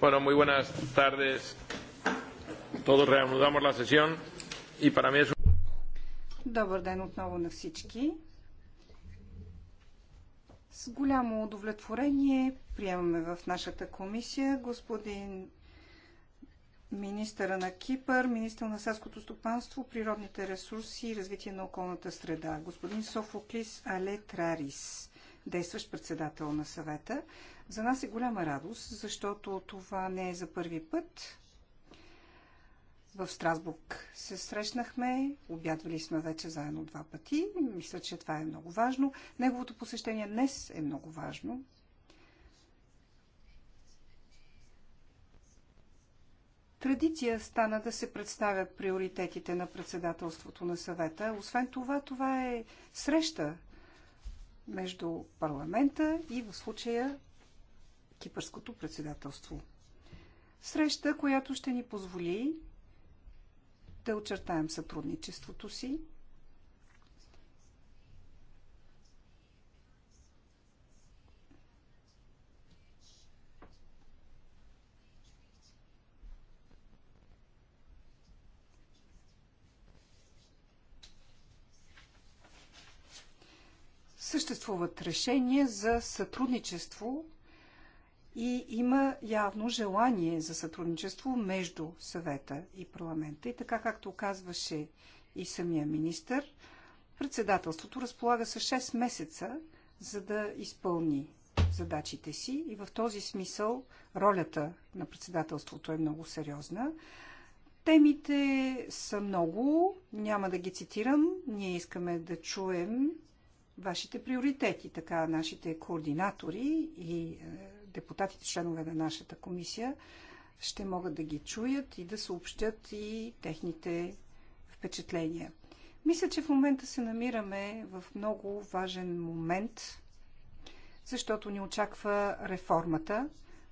Bueno, muy buenas tardes. Todos reanudamos la sesión y para mí es un... Добър ден отново на всички. С голямо удовлетворение приемаме в нашата комисия господин министъра на Кипър, министър на селското стопанство, природните ресурси и развитие на околната среда, господин Софоклис Алетрарис действащ председател на съвета. За нас е голяма радост, защото това не е за първи път. В Страсбург се срещнахме, обядвали сме вече заедно два пъти. Мисля, че това е много важно. Неговото посещение днес е много важно. Традиция стана да се представят приоритетите на председателството на съвета. Освен това, това е среща между парламента и в случая кипърското председателство. Среща, която ще ни позволи да очертаем сътрудничеството си съществуват решения за сътрудничество и има явно желание за сътрудничество между съвета и парламента. И така както казваше и самия министр, председателството разполага с 6 месеца, за да изпълни задачите си и в този смисъл ролята на председателството е много сериозна. Темите са много, няма да ги цитирам. Ние искаме да чуем вашите приоритети. Така нашите координатори и е, депутатите, членове на нашата комисия, ще могат да ги чуят и да съобщят и техните впечатления. Мисля, че в момента се намираме в много важен момент, защото ни очаква реформата,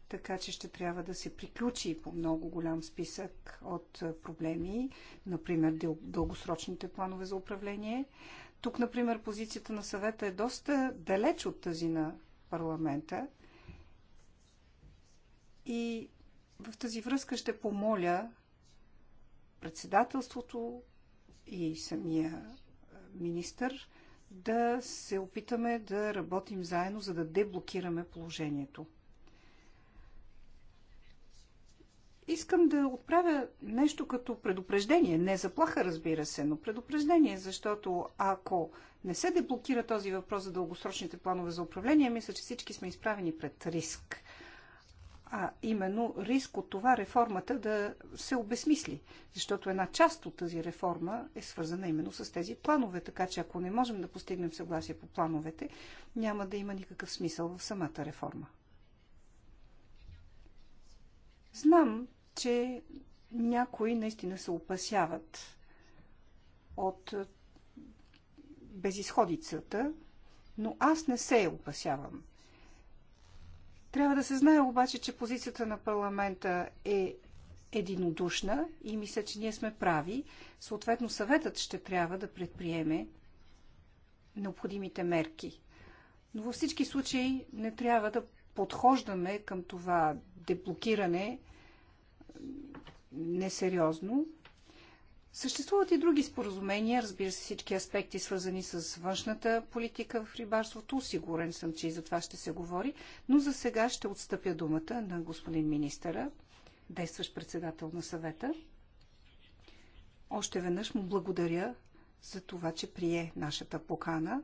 така че ще трябва да се приключи по много голям списък от проблеми, например дългосрочните планове за управление. Тук, например, позицията на съвета е доста далеч от тази на парламента. И в тази връзка ще помоля председателството и самия министър да се опитаме да работим заедно, за да деблокираме положението. Искам да отправя нещо като предупреждение. Не заплаха, разбира се, но предупреждение, защото ако не се деблокира този въпрос за дългосрочните планове за управление, мисля, че всички сме изправени пред риск. А именно риск от това реформата да се обесмисли. Защото една част от тази реформа е свързана именно с тези планове. Така че ако не можем да постигнем съгласие по плановете, няма да има никакъв смисъл в самата реформа. Знам, че някои наистина се опасяват от безисходицата, но аз не се опасявам. Трябва да се знае обаче, че позицията на парламента е единодушна и мисля, че ние сме прави. Съответно, съветът ще трябва да предприеме необходимите мерки. Но във всички случаи не трябва да подхождаме към това деблокиране несериозно. Съществуват и други споразумения, разбира се всички аспекти свързани с външната политика в рибарството. Сигурен съм, че и за това ще се говори, но за сега ще отстъпя думата на господин министъра, действащ председател на съвета. Още веднъж му благодаря за това, че прие нашата покана,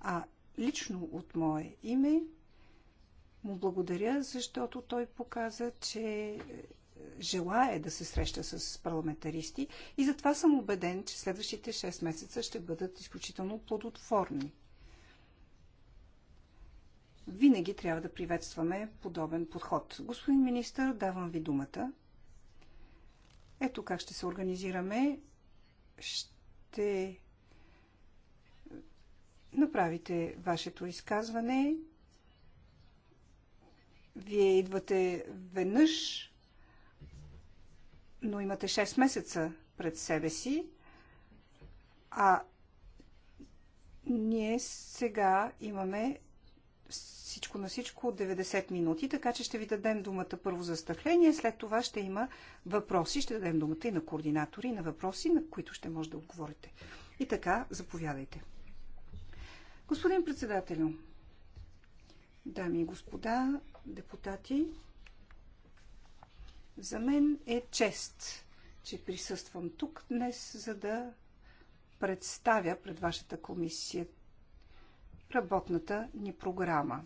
а лично от мое име му благодаря, защото той показа, че желая да се среща с парламентаристи и затова съм убеден, че следващите 6 месеца ще бъдат изключително плодотворни. Винаги трябва да приветстваме подобен подход. Господин министър, давам ви думата. Ето как ще се организираме. Ще направите вашето изказване. Вие идвате веднъж но имате 6 месеца пред себе си, а ние сега имаме всичко на всичко 90 минути, така че ще ви дадем думата първо за стъпление, след това ще има въпроси, ще дадем думата и на координатори, и на въпроси, на които ще може да отговорите. И така, заповядайте. Господин председателю, дами и господа, депутати, за мен е чест, че присъствам тук днес, за да представя пред вашата комисия работната ни програма.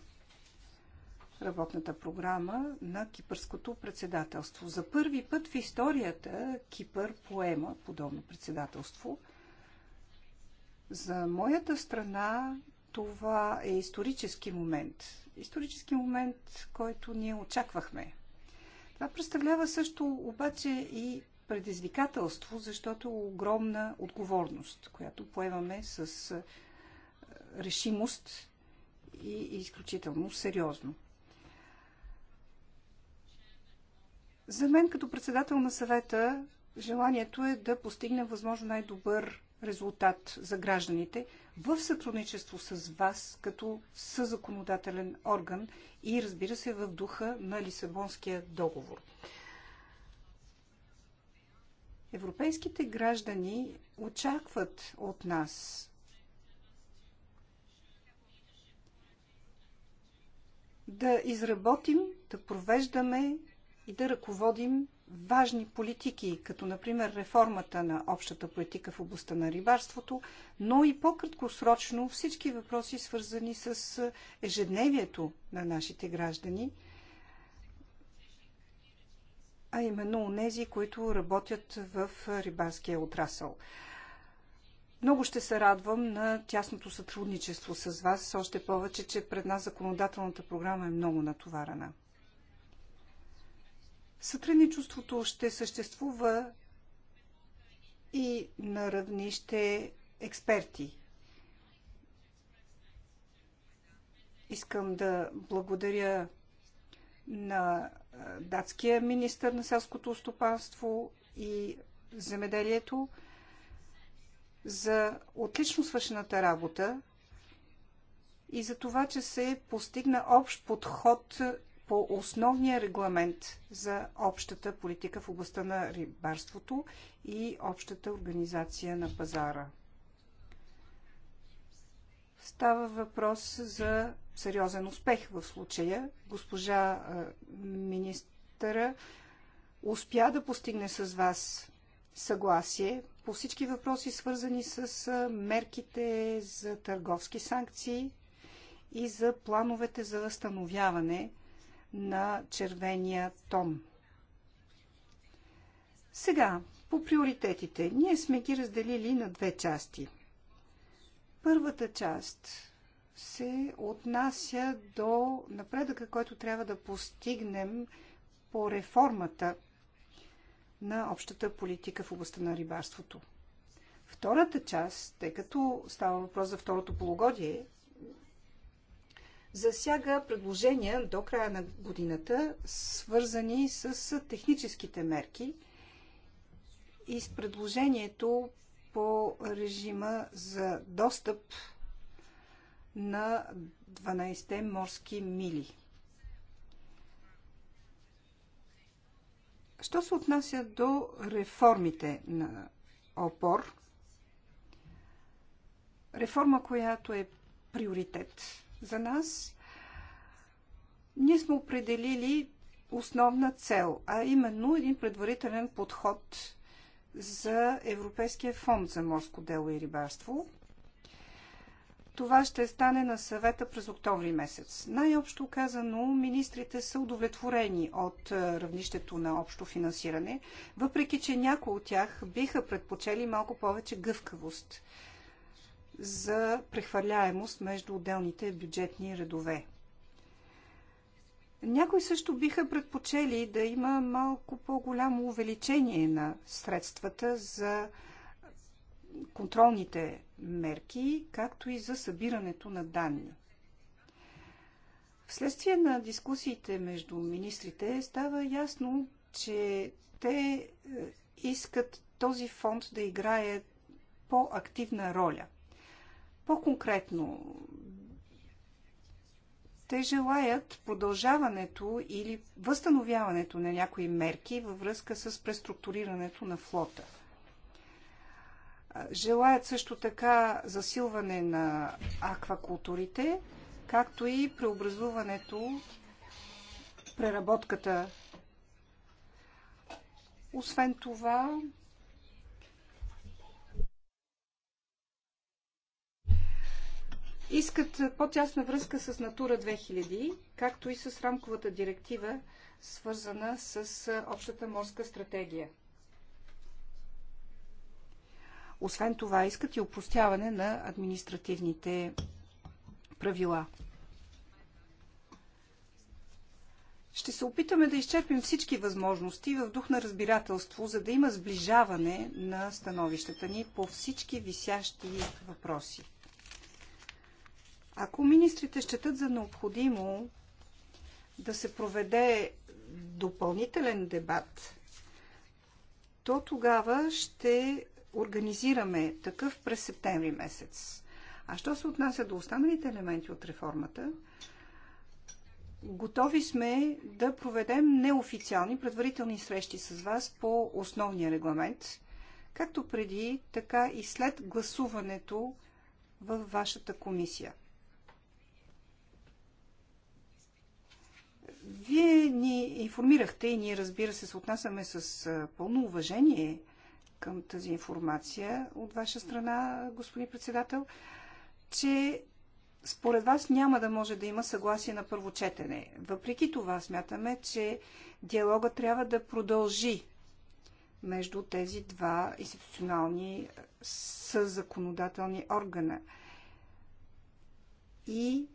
Работната програма на Кипърското председателство. За първи път в историята Кипър поема подобно председателство. За моята страна това е исторически момент. Исторически момент, който ние очаквахме – това представлява също обаче и предизвикателство, защото е огромна отговорност, която поемаме с решимост и изключително сериозно. За мен като председател на съвета желанието е да постигнем възможно най-добър резултат за гражданите в сътрудничество с вас като съзаконодателен орган и разбира се в духа на Лисабонския договор. Европейските граждани очакват от нас да изработим, да провеждаме и да ръководим важни политики, като например реформата на общата политика в областта на рибарството, но и по-краткосрочно всички въпроси, свързани с е, ежедневието на нашите граждани, а именно у нези, които работят в рибарския отрасъл. Много ще се радвам на тясното сътрудничество с вас, още повече, че пред нас законодателната програма е много натоварена. Сътрудничеството ще съществува и на равнище експерти. Искам да благодаря на датския министр на селското стопанство и земеделието за отлично свършената работа и за това, че се постигна общ подход по основния регламент за общата политика в областта на рибарството и общата организация на пазара. Става въпрос за сериозен успех в случая. Госпожа министъра успя да постигне с вас съгласие по всички въпроси, свързани с мерките за търговски санкции и за плановете за възстановяване – на червения том. Сега, по приоритетите. Ние сме ги разделили на две части. Първата част се отнася до напредъка, който трябва да постигнем по реформата на общата политика в областта на рибарството. Втората част, тъй като става въпрос за второто полугодие, засяга предложения до края на годината, свързани с техническите мерки и с предложението по режима за достъп на 12-те морски мили. Що се отнася до реформите на ОПОР, реформа, която е приоритет – за нас, ние сме определили основна цел, а именно един предварителен подход за Европейския фонд за морско дело и рибарство. Това ще стане на съвета през октомври месец. Най-общо казано, министрите са удовлетворени от е, равнището на общо финансиране, въпреки че някои от тях биха предпочели малко повече гъвкавост – за прехвърляемост между отделните бюджетни редове. Някои също биха предпочели да има малко по-голямо увеличение на средствата за контролните мерки, както и за събирането на данни. Вследствие на дискусиите между министрите става ясно, че те е, искат този фонд да играе по-активна роля. По-конкретно, те желаят продължаването или възстановяването на някои мерки във връзка с преструктурирането на флота. Желаят също така засилване на аквакултурите, както и преобразуването, преработката. Освен това, искат по-тясна връзка с Натура 2000, както и с рамковата директива, свързана с общата морска стратегия. Освен това, искат и опростяване на административните правила. Ще се опитаме да изчерпим всички възможности в дух на разбирателство, за да има сближаване на становищата ни по всички висящи въпроси. Ако министрите щетат за необходимо да се проведе допълнителен дебат, то тогава ще организираме такъв през септември месец. А що се отнася до останалите елементи от реформата, готови сме да проведем неофициални предварителни срещи с вас по основния регламент, както преди, така и след гласуването във вашата комисия – Вие ни информирахте и ние, разбира се, се отнасяме с пълно уважение към тази информация от ваша страна, господин председател, че според вас няма да може да има съгласие на първо четене. Въпреки това смятаме, че диалога трябва да продължи между тези два институционални съзаконодателни органа. И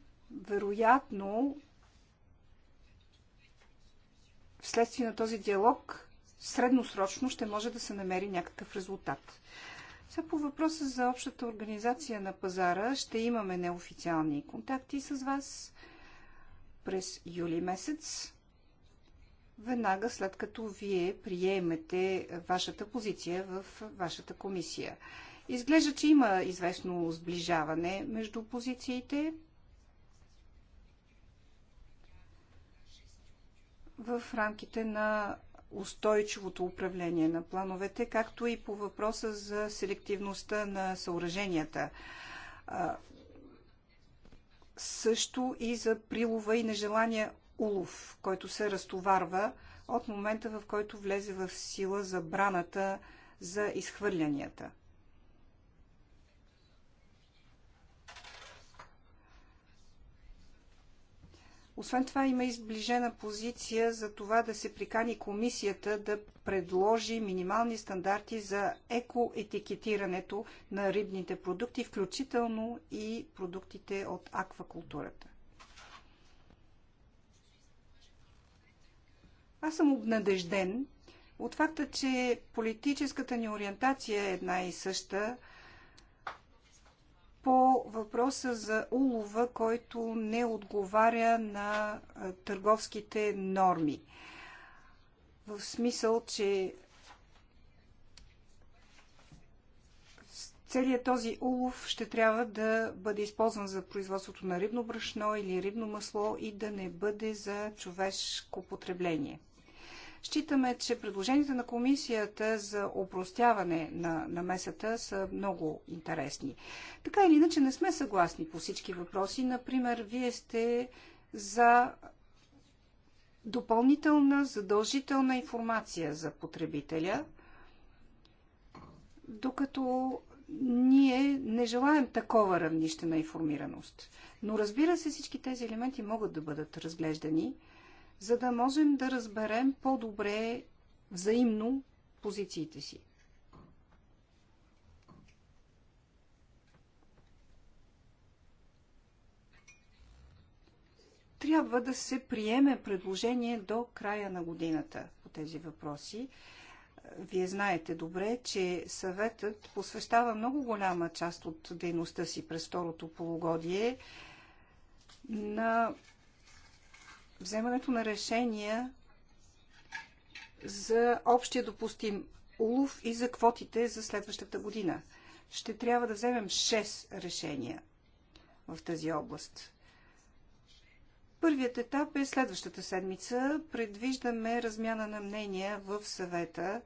вероятно вследствие на този диалог средносрочно ще може да се намери някакъв резултат. Сега по въпроса за общата организация на пазара ще имаме неофициални контакти с вас през юли месец, веднага след като вие приемете вашата позиция в вашата комисия. Изглежда, че има известно сближаване между позициите. в рамките на устойчивото управление на плановете, както и по въпроса за селективността на съоръженията. А, също и за прилова и нежелания улов, който се разтоварва от момента, в който влезе в сила забраната за изхвърлянията. Освен това има изближена позиция за това да се прикани комисията да предложи минимални стандарти за екоетикетирането на рибните продукти, включително и продуктите от аквакултурата. Аз съм обнадежден от факта, че политическата ни ориентация е една и съща – по въпроса за улова, който не отговаря на търговските норми. В смисъл, че целият този улов ще трябва да бъде използван за производството на рибно брашно или рибно масло и да не бъде за човешко потребление. Считаме, че предложенията на комисията за опростяване на намесата са много интересни. Така или иначе не сме съгласни по всички въпроси. Например, вие сте за допълнителна задължителна информация за потребителя, докато ние не желаем такова равнище на информираност. Но разбира се, всички тези елементи могат да бъдат разглеждани за да можем да разберем по-добре взаимно позициите си. Трябва да се приеме предложение до края на годината по тези въпроси. Вие знаете добре, че съветът посвещава много голяма част от дейността си през второто полугодие на вземането на решения за общия допустим улов и за квотите за следващата година. Ще трябва да вземем 6 решения в тази област. Първият етап е следващата седмица. Предвиждаме размяна на мнения в съвета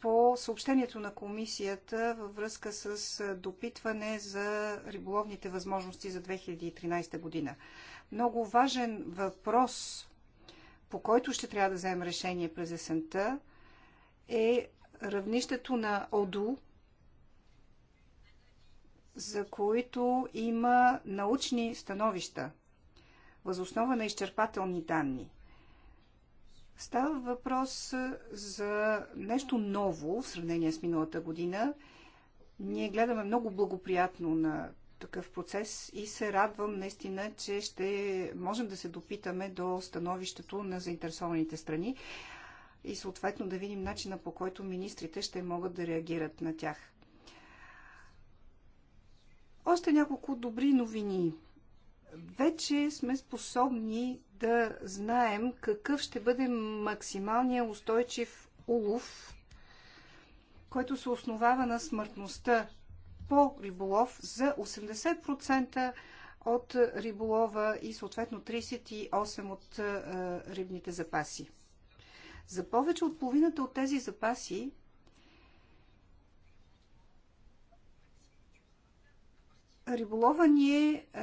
по съобщението на комисията във връзка с допитване за риболовните възможности за 2013 година много важен въпрос, по който ще трябва да вземем решение през есента, е равнището на ОДУ, за които има научни становища, възоснова на изчерпателни данни. Става въпрос за нещо ново в сравнение с миналата година. Ние гледаме много благоприятно на такъв процес и се радвам наистина, че ще можем да се допитаме до становището на заинтересованите страни и съответно да видим начина по който министрите ще могат да реагират на тях. Още няколко добри новини. Вече сме способни да знаем какъв ще бъде максималният устойчив улов, който се основава на смъртността по риболов за 80% от риболова и съответно 38% от е, рибните запаси. За повече от половината от тези запаси риболова ни е, е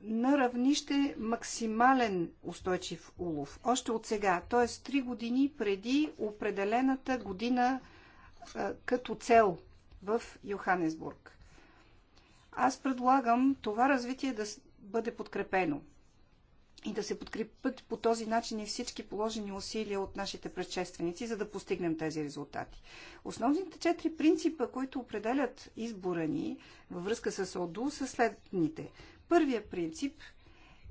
на равнище максимален устойчив улов. Още от сега, т.е. 3 години преди определената година е, като цел в Йоханесбург. Аз предлагам това развитие да бъде подкрепено и да се подкрепят по този начин и всички положени усилия от нашите предшественици, за да постигнем тези резултати. Основните четири принципа, които определят избора ни във връзка с ОДУ, са следните. Първият принцип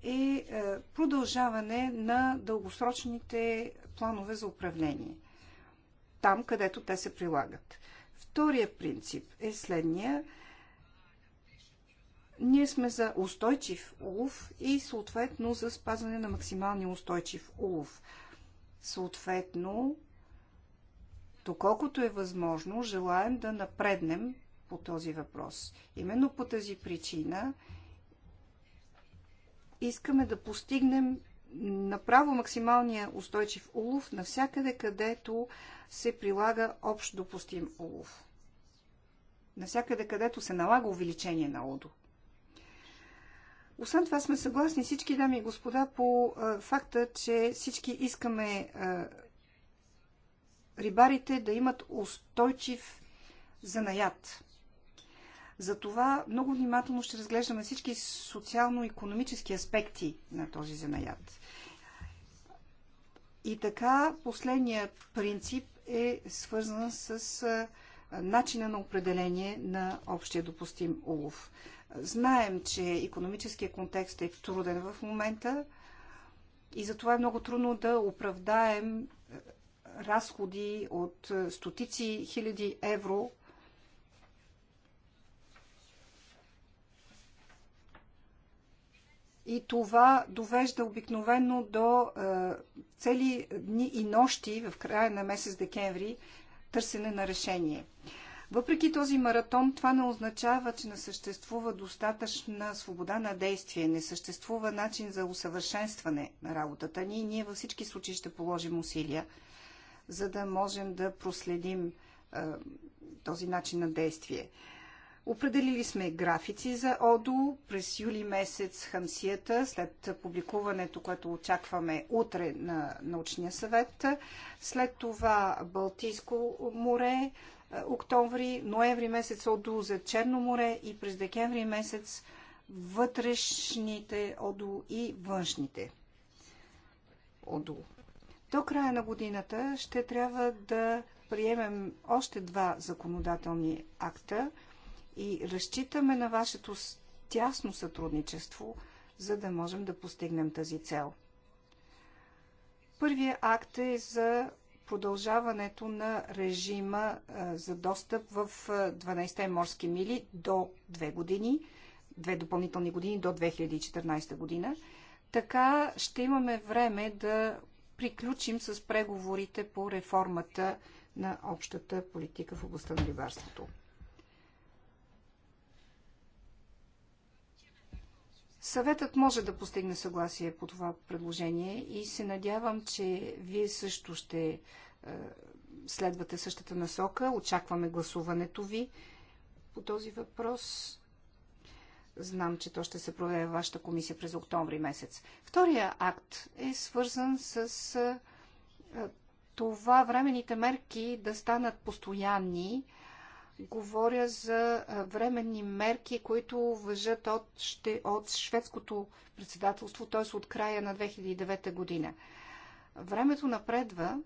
е, е продължаване на дългосрочните планове за управление, там където те се прилагат. Вторият принцип е следния – ние сме за устойчив улов и съответно за спазване на максималния устойчив улов. Съответно, доколкото е възможно, желаем да напреднем по този въпрос. Именно по тази причина искаме да постигнем направо максималния устойчив улов навсякъде, където се прилага общ допустим улов. Навсякъде, където се налага увеличение на ОДО. Освен това сме съгласни всички дами и господа по а, факта, че всички искаме а, рибарите да имат устойчив занаят. Затова много внимателно ще разглеждаме всички социално-економически аспекти на този занаят. И така, последният принцип е свързан с начина на определение на общия допустим улов. Знаем, че економическия контекст е труден в момента и затова е много трудно да оправдаем е, разходи от е, стотици хиляди евро, И това довежда обикновено до е, цели дни и нощи в края на месец декември, търсене на решение. Въпреки този маратон, това не означава, че не съществува достатъчна свобода на действие, не съществува начин за усъвършенстване на работата ни. Ние във всички случаи ще положим усилия, за да можем да проследим е, този начин на действие. Определили сме графици за ОДО през юли месец Хамсията, след публикуването, което очакваме утре на научния съвет. След това Балтийско море, е, октомври, ноември месец ОДО за Черно море и през декември месец вътрешните ОДО и външните ОДО. До края на годината ще трябва да приемем още два законодателни акта – и разчитаме на вашето тясно сътрудничество, за да можем да постигнем тази цел. Първият акт е за продължаването на режима за достъп в 12-те морски мили до 2 години, две допълнителни години до 2014 година. Така ще имаме време да приключим с преговорите по реформата на общата политика в областта на рибарството. Съветът може да постигне съгласие по това предложение и се надявам, че вие също ще е, следвате същата насока. Очакваме гласуването ви по този въпрос. Знам, че то ще се проведе в вашата комисия през октомври месец. Втория акт е свързан с е, е, това времените мерки да станат постоянни Говоря за временни мерки, които въжат от, ще, от шведското председателство, т.е. от края на 2009 година. Времето напредва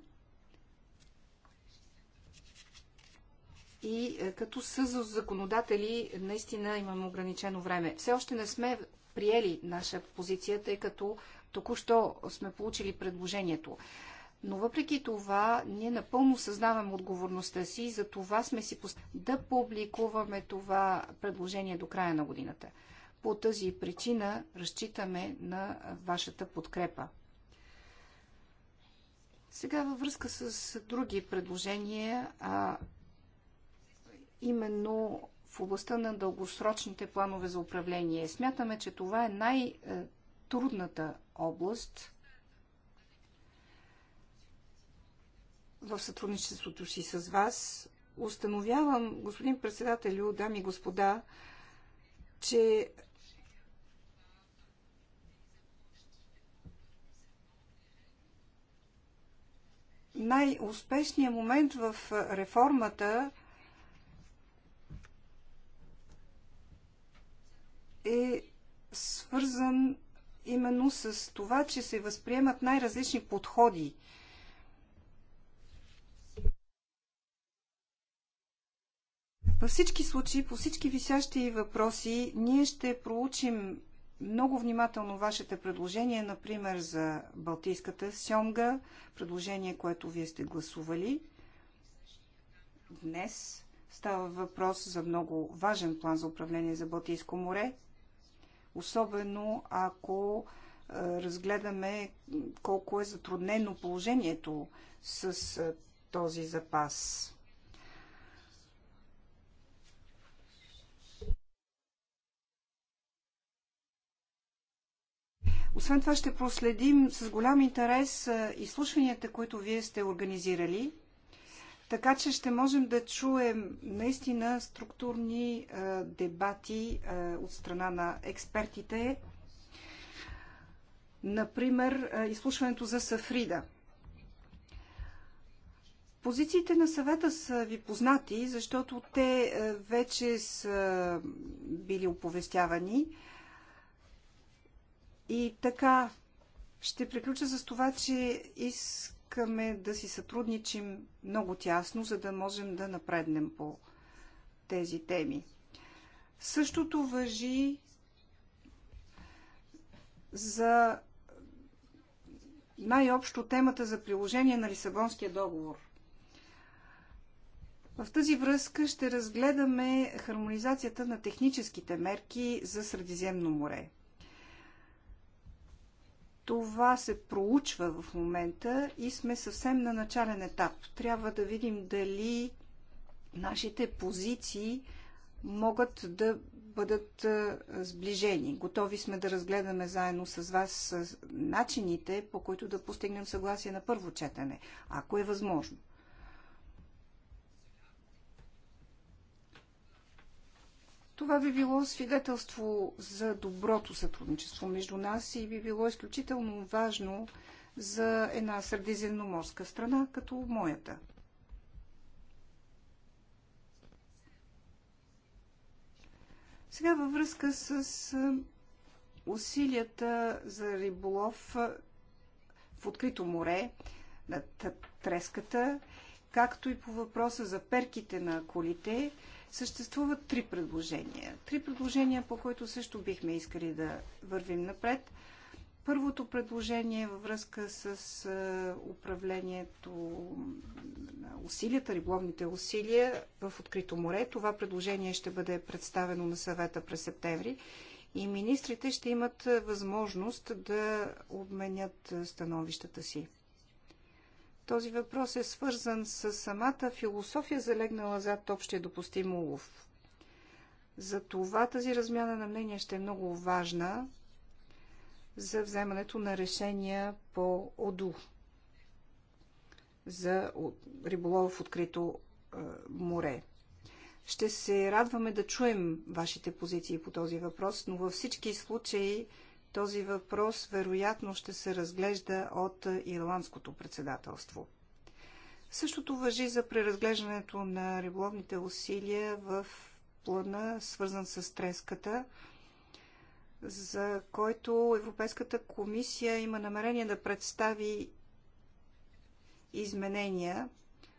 и като съзо законодатели наистина имаме ограничено време. Все още не сме приели наша позиция, тъй като току-що сме получили предложението. Но въпреки това, ние напълно съзнаваме отговорността си и за това сме си пост... да публикуваме това предложение до края на годината. По тази причина разчитаме на вашата подкрепа. Сега във връзка с други предложения, а именно в областта на дългосрочните планове за управление. Смятаме, че това е най-трудната е, област в сътрудничеството си с вас установявам, господин председателю, дами и господа, че най-успешният момент в реформата е свързан именно с това, че се възприемат най-различни подходи – Във всички случаи, по всички висящи въпроси, ние ще проучим много внимателно вашите предложения, например за Балтийската сьомга, предложение, което вие сте гласували днес. Става въпрос за много важен план за управление за Балтийско море, особено ако разгледаме колко е затруднено положението с този запас. Освен това ще проследим с голям интерес изслушванията, които вие сте организирали, така че ще можем да чуем наистина структурни дебати от страна на експертите. Например, изслушването за Сафрида. Позициите на съвета са ви познати, защото те вече са били оповестявани. И така, ще приключа с това, че искаме да си сътрудничим много тясно, за да можем да напреднем по тези теми. Същото въжи за най-общо темата за приложение на Лисабонския договор. В тази връзка ще разгледаме хармонизацията на техническите мерки за Средиземно море. Това се проучва в момента и сме съвсем на начален етап. Трябва да видим дали нашите позиции могат да бъдат сближени. Готови сме да разгледаме заедно с вас начините, по които да постигнем съгласие на първо четене, ако е възможно. Това би било свидетелство за доброто сътрудничество между нас и би било изключително важно за една средиземноморска страна, като моята. Сега във връзка с усилията за риболов в открито море над треската, както и по въпроса за перките на колите, Съществуват три предложения. Три предложения, по които също бихме искали да вървим напред. Първото предложение е във връзка с управлението на усилията, риболовните усилия в открито море. Това предложение ще бъде представено на съвета през септември и министрите ще имат възможност да обменят становищата си. Този въпрос е свързан с самата философия, залегнала зад общия допустим улов. За това тази размяна на мнение ще е много важна за вземането на решения по ОДУ за риболов в открито е, море. Ще се радваме да чуем вашите позиции по този въпрос, но във всички случаи този въпрос вероятно ще се разглежда от ирландското председателство. Същото въжи за преразглеждането на риболовните усилия в плана, свързан с треската, за който Европейската комисия има намерение да представи изменения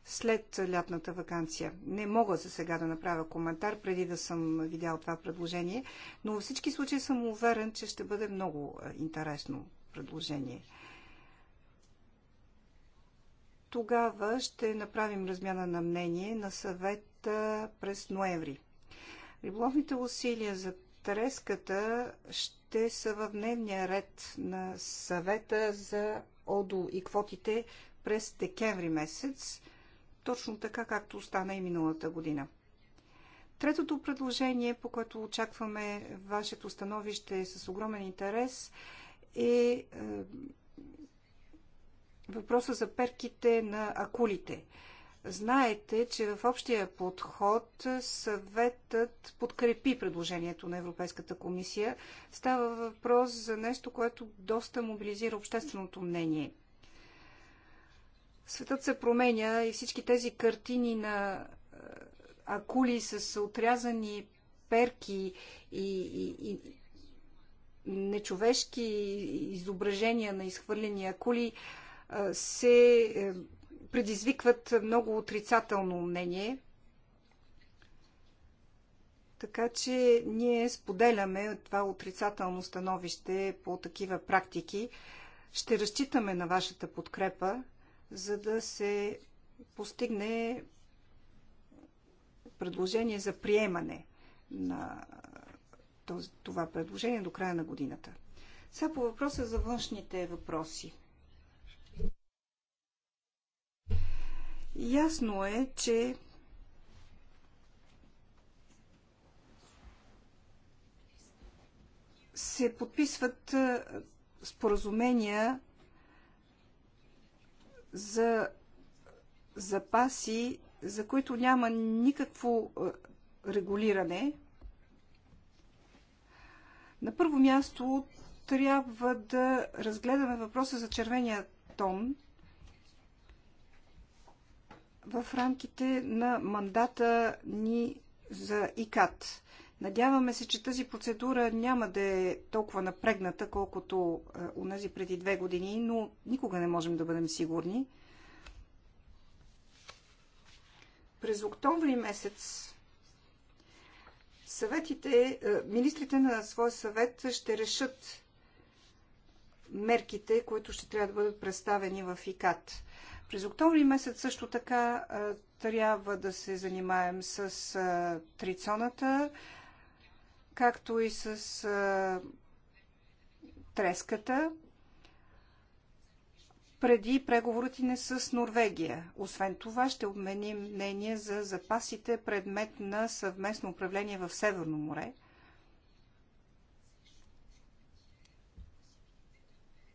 след лятната вакансия. Не мога за сега да направя коментар, преди да съм видял това предложение, но във всички случаи съм уверен, че ще бъде много е, интересно предложение. Тогава ще направим размяна на мнение на съвета през ноември. Риболовните усилия за треската ще са в дневния ред на съвета за ОДО и квотите през декември месец точно така, както остана и миналата година. Третото предложение, по което очакваме вашето становище с огромен интерес, е, е въпроса за перките на акулите. Знаете, че в общия подход съветът подкрепи предложението на Европейската комисия. Става въпрос за нещо, което доста мобилизира общественото мнение – Светът се променя и всички тези картини на акули с отрязани перки и, и, и нечовешки изображения на изхвърлени акули се е, предизвикват много отрицателно мнение. Така че ние споделяме това отрицателно становище по такива практики. Ще разчитаме на вашата подкрепа за да се постигне предложение за приемане на това предложение до края на годината. Сега по въпроса за външните въпроси. Ясно е, че се подписват споразумения за запаси, за които няма никакво е, регулиране. На първо място трябва да разгледаме въпроса за червения тон в рамките на мандата ни за ИКАТ. Надяваме се, че тази процедура няма да е толкова напрегната, колкото е, у и преди две години, но никога не можем да бъдем сигурни. През октомври месец съветите, е, министрите на своя съвет ще решат мерките, които ще трябва да бъдат представени в ИКАТ. През октомври месец също така е, трябва да се занимаем с трицоната, както и с а, треската, преди преговорите не с Норвегия. Освен това ще обменим мнение за запасите предмет на съвместно управление в Северно море.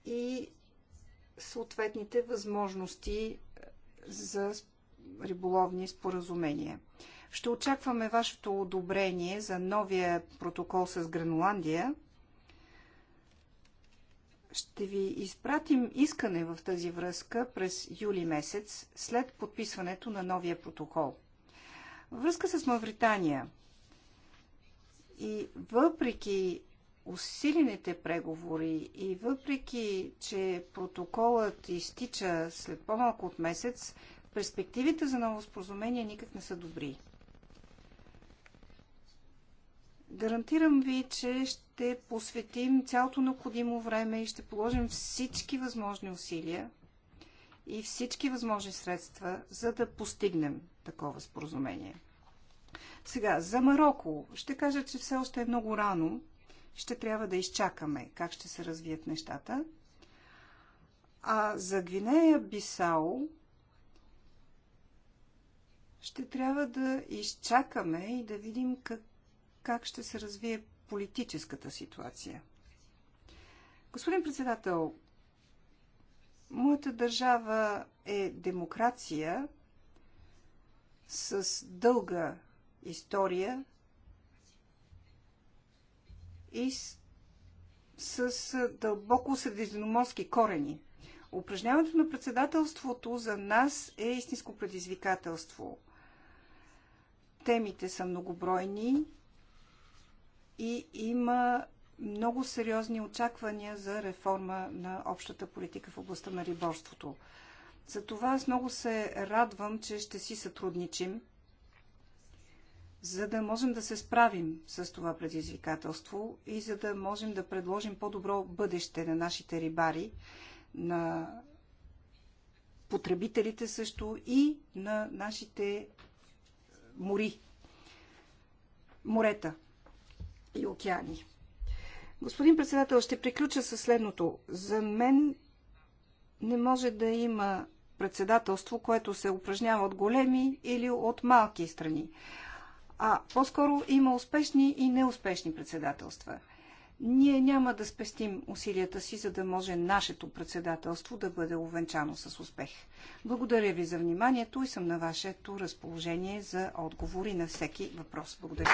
И съответните възможности за риболовни споразумения. Ще очакваме вашето одобрение за новия протокол с Гренландия. Ще ви изпратим искане в тази връзка през юли месец, след подписването на новия протокол. Връзка с Мавритания. И въпреки усилените преговори и въпреки, че протоколът изтича след по-малко от месец, перспективите за ново споразумение никак не са добри. Гарантирам ви, че ще посветим цялото необходимо време и ще положим всички възможни усилия и всички възможни средства, за да постигнем такова споразумение. Сега, за Марокко ще кажа, че все още е много рано. Ще трябва да изчакаме как ще се развият нещата. А за Гвинея Бисао ще трябва да изчакаме и да видим как как ще се развие политическата ситуация. Господин председател, моята държава е демокрация с дълга история и с, с дълбоко средиземноморски корени. Упражняването на председателството за нас е истинско предизвикателство. Темите са многобройни, и има много сериозни очаквания за реформа на общата политика в областта на риборството. Затова аз много се радвам, че ще си сътрудничим, за да можем да се справим с това предизвикателство и за да можем да предложим по-добро бъдеще на нашите рибари, на потребителите също и на нашите мори, морета и океани. Господин председател, ще приключа със следното. За мен не може да има председателство, което се упражнява от големи или от малки страни. А по-скоро има успешни и неуспешни председателства. Ние няма да спестим усилията си, за да може нашето председателство да бъде увенчано с успех. Благодаря ви за вниманието и съм на вашето разположение за отговори на всеки въпрос. Благодаря.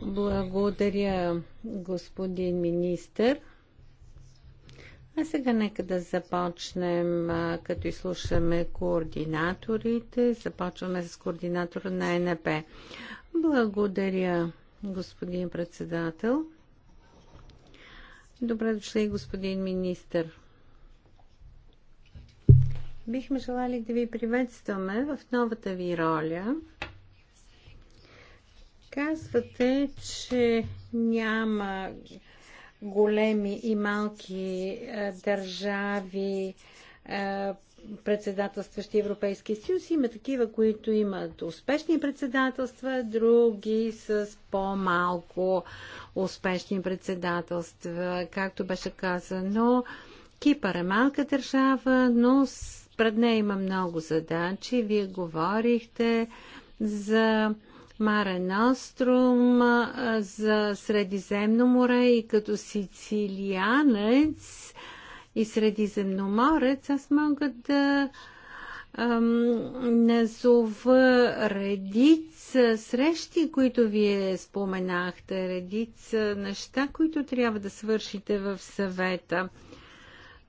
Благодаря, господин министър. А сега нека да започнем, като изслушаме координаторите. Започваме с координатора на НП. Благодаря, господин председател. Добре дошли, господин министър. Бихме желали да ви приветстваме в новата ви роля. Казвате, че няма големи и малки е, държави е, председателстващи Европейския съюз. Има такива, които имат успешни председателства, други с по-малко успешни председателства. Както беше казано, Кипър е малка държава, но пред нея има много задачи. Вие говорихте за Маре Ностром, за Средиземно море и като сицилианец и Средиземноморец, аз мога да ам, назова редица срещи, които вие споменахте, редица неща, които трябва да свършите в съвета.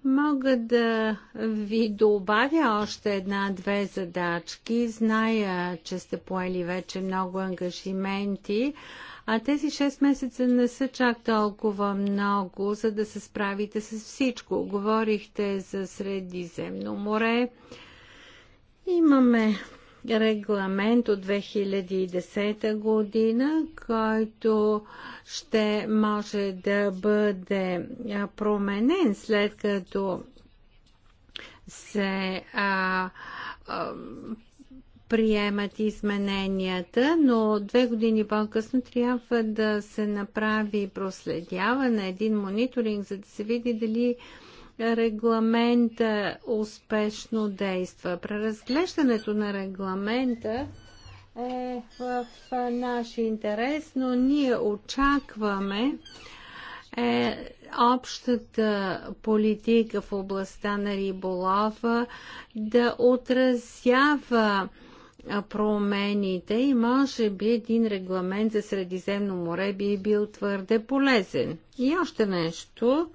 Мога да ви добавя още една-две задачки. Зная, че сте поели вече много ангажименти. А тези 6 месеца не са чак толкова много, за да се справите с всичко. Говорихте за Средиземно море. Имаме регламент от 2010 година, който ще може да бъде променен след като се а, а, приемат измененията, но две години по-късно трябва да се направи проследяване, един мониторинг, за да се види дали регламента успешно действа. Преразглеждането на регламента е в, в наш интерес, но ние очакваме е общата политика в областта на риболова да отразява промените и може би един регламент за Средиземно море би бил твърде полезен. И още нещо.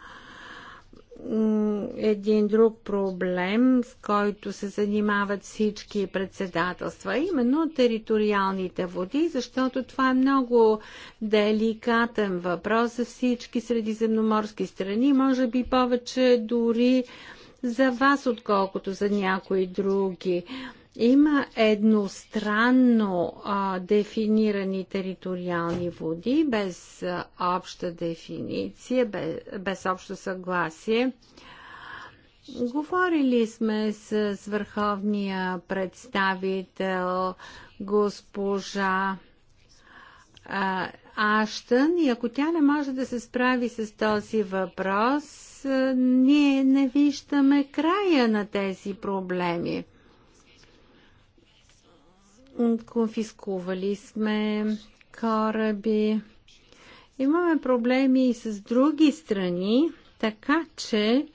Един друг проблем, с който се занимават всички председателства, именно териториалните води, защото това е много деликатен въпрос за всички средиземноморски страни, може би повече дори за вас, отколкото за някои други. Има едностранно а, дефинирани териториални води без а, обща дефиниция, без, без общо съгласие. Говорили сме с, с върховния представител госпожа а, Аштън и ако тя не може да се справи с този въпрос, а, ние не виждаме края на тези проблеми конфискували сме кораби. Имаме проблеми и с други страни, така че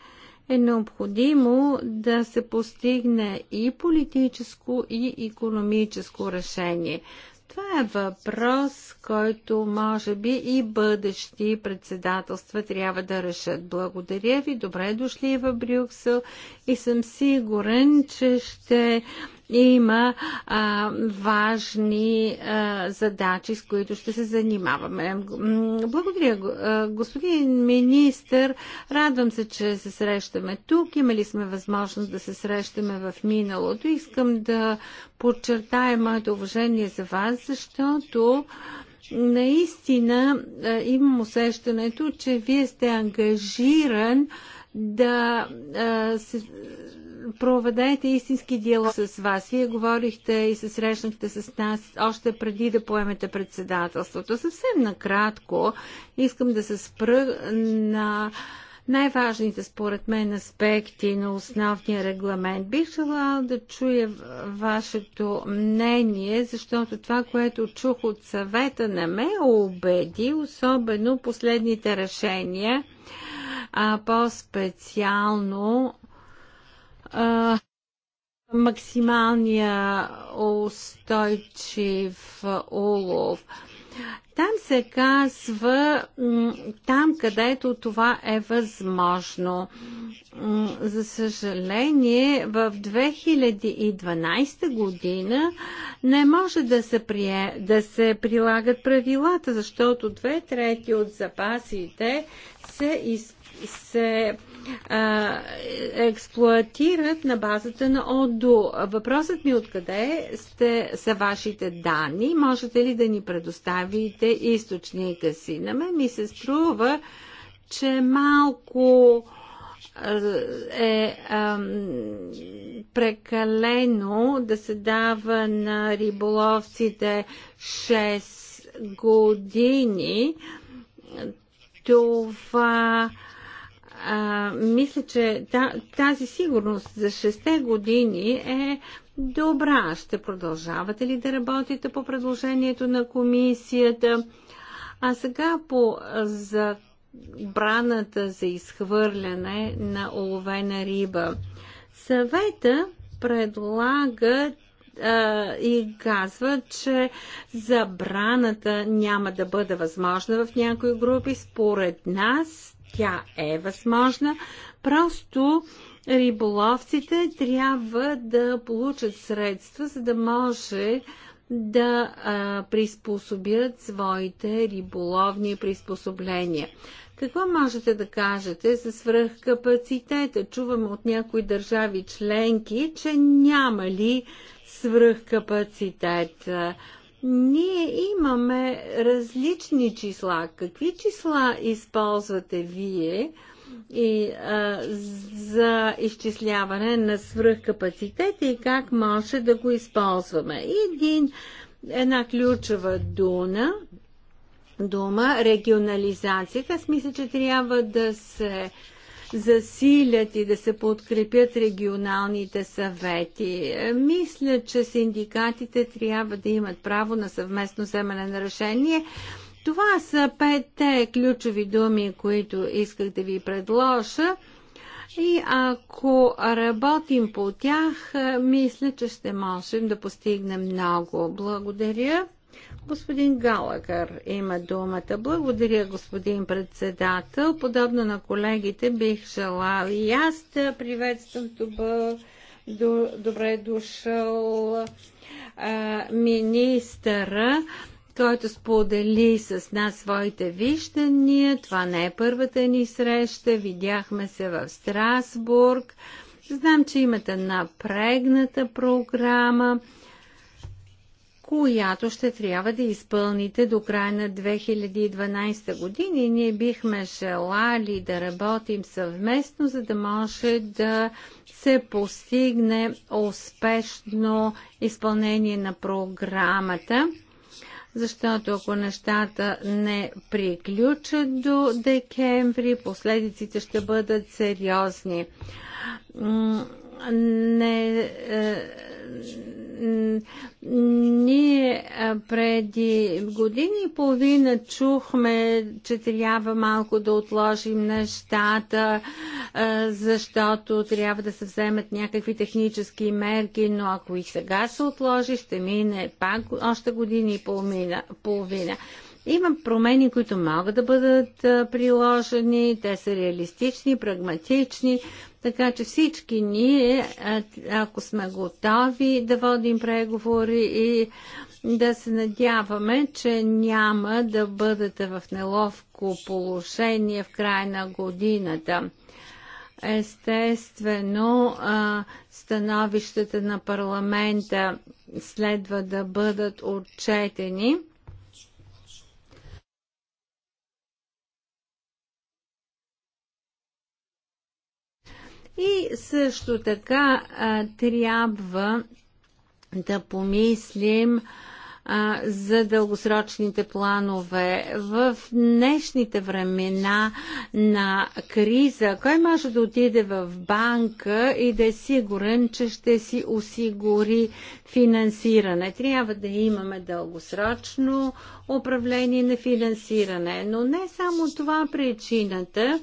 е необходимо да се постигне и политическо, и економическо решение. Това е въпрос, който може би и бъдещи председателства трябва да решат. Благодаря ви, добре дошли в Брюксел и съм сигурен, че ще има а, важни а, задачи, с които ще се занимаваме. Благодаря, господин министр. Радвам се, че се срещаме тук. Имали сме възможност да се срещаме в миналото. Искам да подчертая моето уважение за вас, защото наистина имам усещането, че вие сте ангажиран да се проведете истински диалог с вас. Вие говорихте и се срещнахте с нас още преди да поемете председателството. Съвсем накратко искам да се спра на най-важните според мен аспекти на основния регламент. Бих желала да чуя вашето мнение, защото това, което чух от съвета не ме убеди, особено последните решения, а по-специално а, максималния устойчив улов. Там се казва, там където това е възможно. За съжаление, в 2012 година не може да се, прие, да се прилагат правилата, защото две трети от запасите се, из, се експлуатират на базата на ОДО. Въпросът ми е откъде сте, са вашите данни? Можете ли да ни предоставите източника си? На мен ми се струва, че малко е прекалено да се дава на риболовците 6 години. Това а, мисля, че тази сигурност за 6 години е добра. Ще продължавате ли да работите по предложението на комисията? А сега по забраната за изхвърляне на оловена риба. Съвета предлага и казва, че забраната няма да бъде възможна в някои групи. Според нас тя е възможна. Просто риболовците трябва да получат средства, за да може да а, приспособят своите риболовни приспособления. Какво можете да кажете за свръхкапацитета? Чуваме от някои държави членки, че няма ли свръхкапацитет. Ние имаме различни числа. Какви числа използвате вие и, а, за изчисляване на свръхкапацитета и как може да го използваме? Един, една ключова дуна, дума, регионализацията. Аз мисля, че трябва да се засилят и да се подкрепят регионалните съвети. Е, мисля, че синдикатите трябва да имат право на съвместно вземане на решение. Това са петте ключови думи, които исках да ви предложа. И ако работим по тях, е, мисля, че ще можем да постигнем много. Благодаря. Господин Галагър има думата. Благодаря, господин председател. Подобно на колегите, бих желал и аз да приветствам добър, до, добре дошъл а, министъра който сподели с нас своите виждания. Това не е първата ни среща. Видяхме се в Страсбург. Знам, че имате напрегната програма която ще трябва да изпълните до края на 2012 година и ние бихме желали да работим съвместно, за да може да се постигне успешно изпълнение на програмата защото ако нещата не приключат до декември, последиците ще бъдат сериозни. Не, е, ние преди години и половина чухме, че трябва малко да отложим нещата, защото трябва да се вземат някакви технически мерки, но ако и сега се отложи, ще мине пак още години и половина. Има промени, които могат да бъдат приложени, те са реалистични, прагматични, така че всички ние, ако сме готови да водим преговори и да се надяваме, че няма да бъдете в неловко положение в края на годината. Естествено, становищата на парламента следва да бъдат отчетени И също така трябва да помислим за дългосрочните планове. В днешните времена на криза, кой може да отиде в банка и да е сигурен, че ще си осигури финансиране? Трябва да имаме дългосрочно управление на финансиране. Но не само това е причината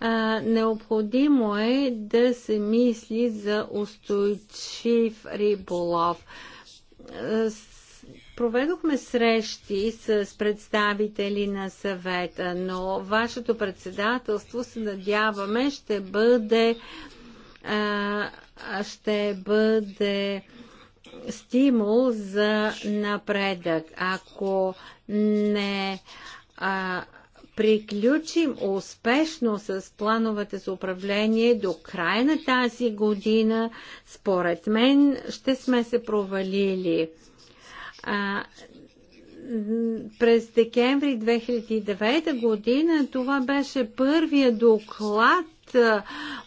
а, необходимо е да се мисли за устойчив риболов. Проведохме срещи с представители на съвета, но вашето председателство се надяваме ще бъде а, ще бъде стимул за напредък. Ако не а, приключим успешно с плановете за управление до края на тази година, според мен ще сме се провалили. А, през декември 2009 година това беше първия доклад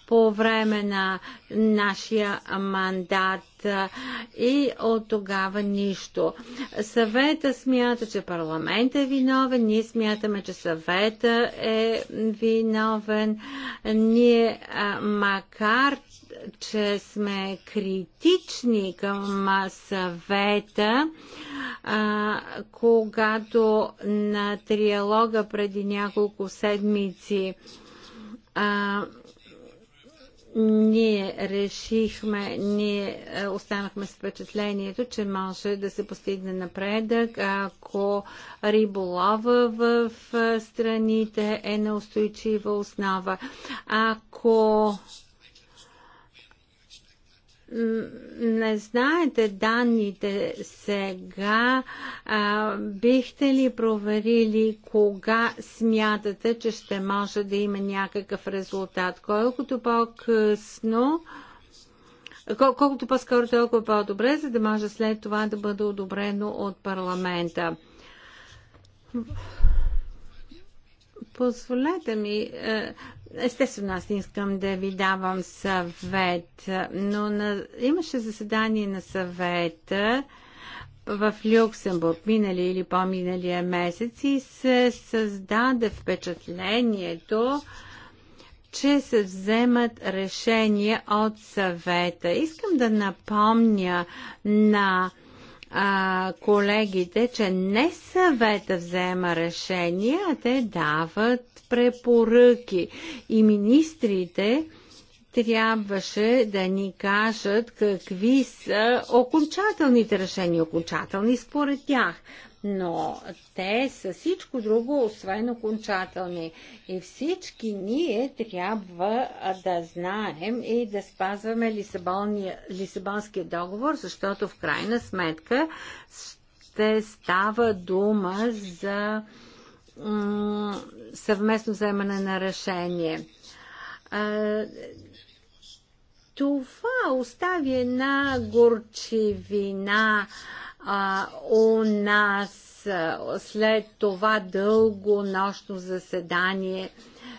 по време на нашия мандат и от тогава нищо. Съвета смята, че парламент е виновен, ние смятаме, че съвета е виновен. Ние, макар че сме критични към съвета, а, когато на триалога преди няколко седмици а, ние решихме, ние е, останахме с впечатлението, че може да се постигне напредък, ако риболова в е, страните е на устойчива основа. Ако не знаете данните сега, а, бихте ли проверили кога смятате, че ще може да има някакъв резултат? Колкото по-късно, кол- колкото по-скоро, толкова по-добре, за да може след това да бъде одобрено от парламента. Позволете ми, е, Естествено, аз не искам да ви давам съвет, но на... имаше заседание на съвета в Люксембург минали или по-миналия месец и се създаде впечатлението, че се вземат решения от съвета. Искам да напомня на а, колегите, че не съвета взема решения, а те дават препоръки. И министрите трябваше да ни кажат какви са окончателните решения, окончателни според тях но те са всичко друго, освен окончателни. И всички ние трябва да знаем и да спазваме Лисабонския договор, защото в крайна сметка ще става дума за съвместно вземане на решение. Това остави една горчивина а, у нас след това дълго нощно заседание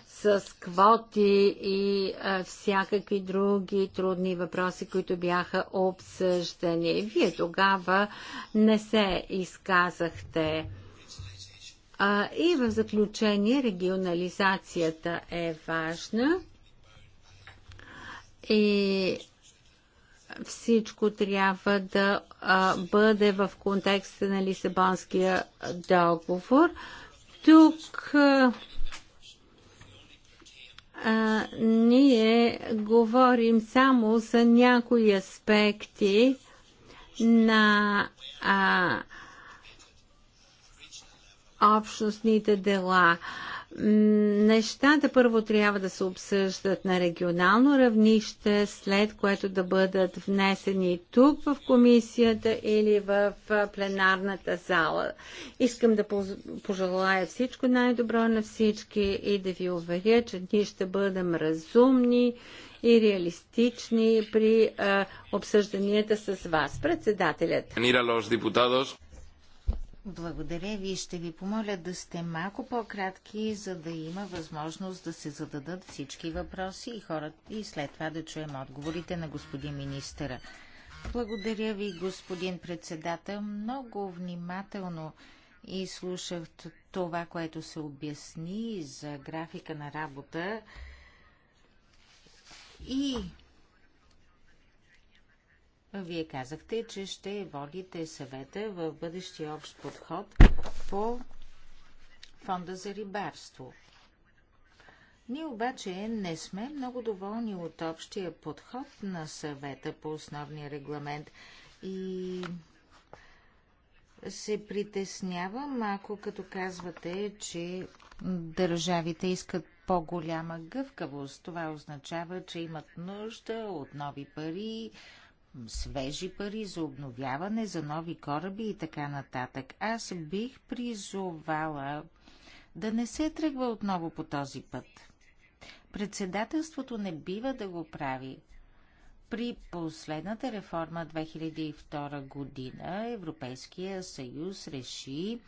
с квоти и а, всякакви други трудни въпроси, които бяха обсъждани. Вие тогава не се изказахте. А, и в заключение регионализацията е важна и всичко трябва да а, бъде в контекста на Лисабонския договор. Тук а, а, ние говорим само за някои аспекти на а, общностните дела. А, Нещата първо трябва да се обсъждат на регионално равнище, след което да бъдат внесени тук в комисията или в пленарната зала. Искам да пожелая всичко най-добро на всички и да ви уверя, че ние ще бъдем разумни и реалистични при а, обсъжданията с вас, председателят. Благодаря ви. Ще ви помоля да сте малко по-кратки, за да има възможност да се зададат всички въпроси и хората и след това да чуем отговорите на господин министъра. Благодаря ви, господин председател. Много внимателно и слушах това, което се обясни за графика на работа. И вие казахте, че ще водите съвета в бъдещия общ подход по фонда за рибарство. Ние обаче не сме много доволни от общия подход на съвета по основния регламент и се притеснявам, ако като казвате, че държавите искат по-голяма гъвкавост. Това означава, че имат нужда от нови пари, свежи пари за обновяване, за нови кораби и така нататък. Аз бих призовала да не се тръгва отново по този път. Председателството не бива да го прави. При последната реформа 2002 година Европейския съюз реши,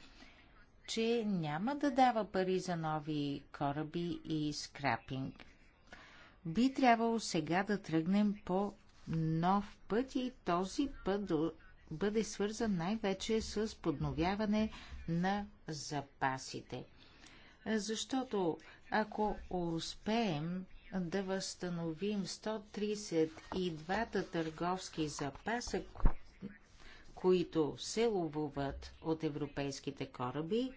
че няма да дава пари за нови кораби и скрапинг. Би трябвало сега да тръгнем по нов път и този път бъде свързан най-вече с подновяване на запасите. Защото ако успеем да възстановим 132-та търговски запаса, които се ловуват от европейските кораби,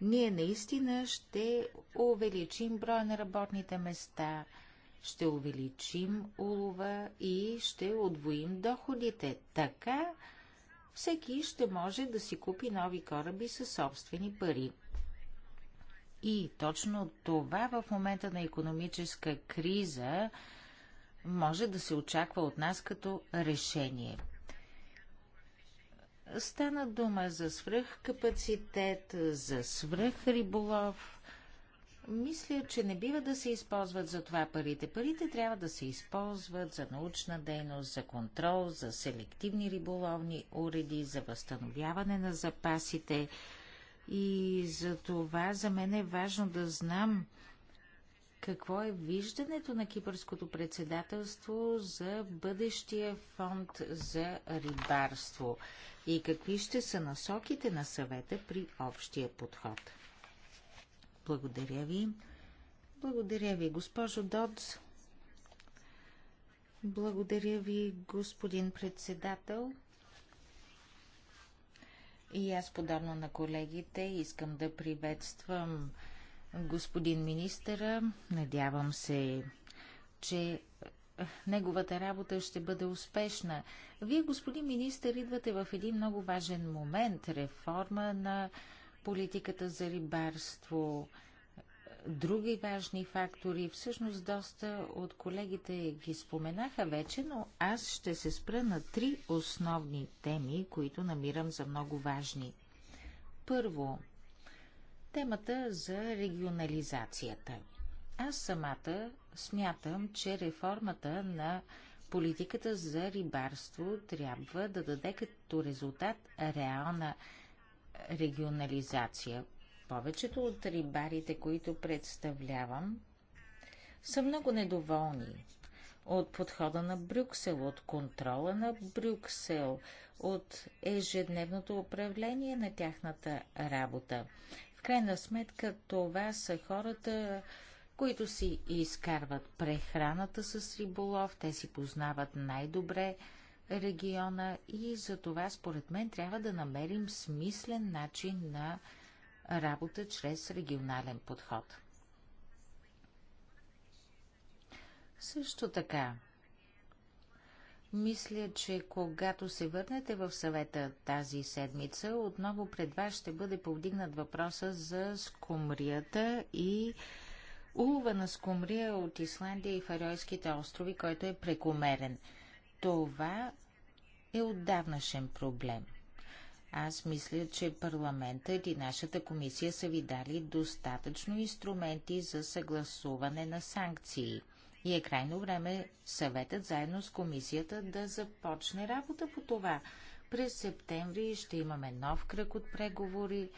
ние наистина ще увеличим броя на работните места – ще увеличим улова и ще отвоим доходите. Така всеки ще може да си купи нови кораби със собствени пари. И точно това в момента на економическа криза може да се очаква от нас като решение. Стана дума за свръхкапацитет, за свръхриболов. Мисля, че не бива да се използват за това парите. Парите трябва да се използват за научна дейност, за контрол, за селективни риболовни уреди, за възстановяване на запасите. И за това за мен е важно да знам какво е виждането на кипърското председателство за бъдещия фонд за рибарство и какви ще са насоките на съвета при общия подход. Благодаря ви. Благодаря ви, госпожо Додс. Благодаря ви, господин председател. И аз, подобно на колегите, искам да приветствам господин министъра. Надявам се, че неговата работа ще бъде успешна. Вие, господин министър, идвате в един много важен момент – реформа на политиката за рибарство, други важни фактори. Всъщност доста от колегите ги споменаха вече, но аз ще се спра на три основни теми, които намирам за много важни. Първо, темата за регионализацията. Аз самата смятам, че реформата на политиката за рибарство трябва да даде като резултат реална регионализация регионализация. Повечето от рибарите, които представлявам, са много недоволни от подхода на Брюксел, от контрола на Брюксел, от ежедневното управление на тяхната работа. В крайна сметка това са хората, които си изкарват прехраната с риболов, те си познават най-добре региона и за това според мен трябва да намерим смислен начин на работа чрез регионален подход. Също така, мисля, че когато се върнете в съвета тази седмица, отново пред вас ще бъде повдигнат въпроса за скумрията и улова на скумрия от Исландия и Фаройските острови, който е прекомерен – това е отдавнашен проблем. Аз мисля, че парламентът и нашата комисия са ви дали достатъчно инструменти за съгласуване на санкции. И е крайно време съветът заедно с комисията да започне работа по това. През септември ще имаме нов кръг от преговори,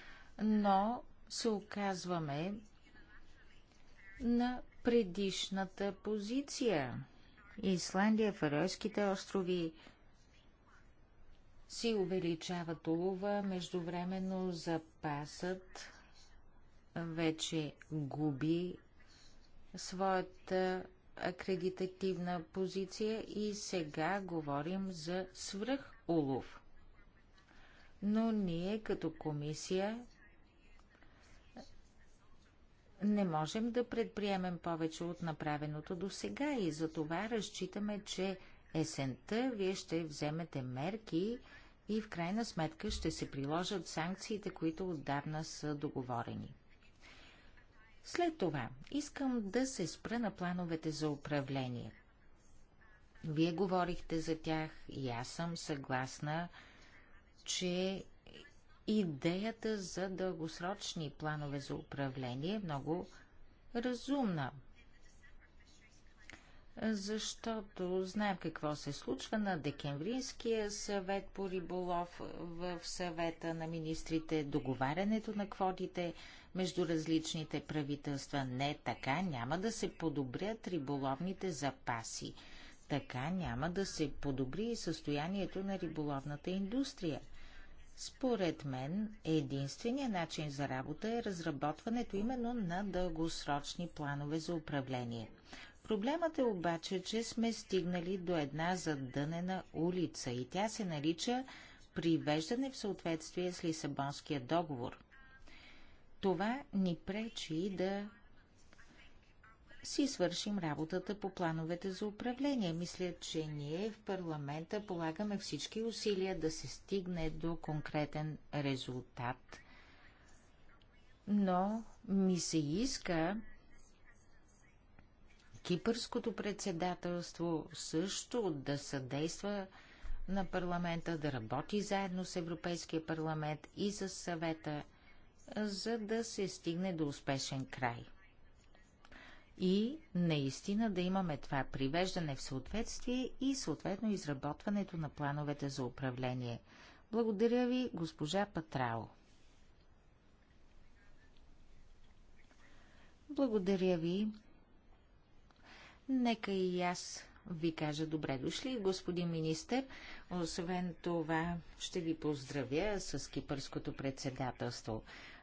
но се оказваме на предишната позиция. Исландия, Фарерските острови си увеличават улова, междувременно запасът вече губи своята акредитативна позиция и сега говорим за свръхулов. Но ние като комисия не можем да предприемем повече от направеното до сега и за това разчитаме, че есента вие ще вземете мерки и в крайна сметка ще се приложат санкциите, които отдавна са договорени. След това искам да се спра на плановете за управление. Вие говорихте за тях и аз съм съгласна, че идеята за дългосрочни планове за управление е много разумна. Защото знаем какво се случва на Декемвринския съвет по риболов в съвета на министрите, договарянето на квотите между различните правителства. Не, така няма да се подобрят риболовните запаси. Така няма да се подобри и състоянието на риболовната индустрия – според мен единственият начин за работа е разработването именно на дългосрочни планове за управление. Проблемът е обаче, че сме стигнали до една задънена улица и тя се нарича привеждане в съответствие с Лисабонския договор. Това ни пречи да си свършим работата по плановете за управление. Мисля, че ние в парламента полагаме всички усилия да се стигне до конкретен резултат. Но ми се иска Кипърското председателство също да съдейства на парламента, да работи заедно с Европейския парламент и с съвета, за да се стигне до успешен край и наистина да имаме това привеждане в съответствие и съответно изработването на плановете за управление. Благодаря ви, госпожа Патрао. Благодаря ви. Нека и аз ви кажа добре дошли, господин министр. Освен това, ще ви поздравя с кипърското председателство.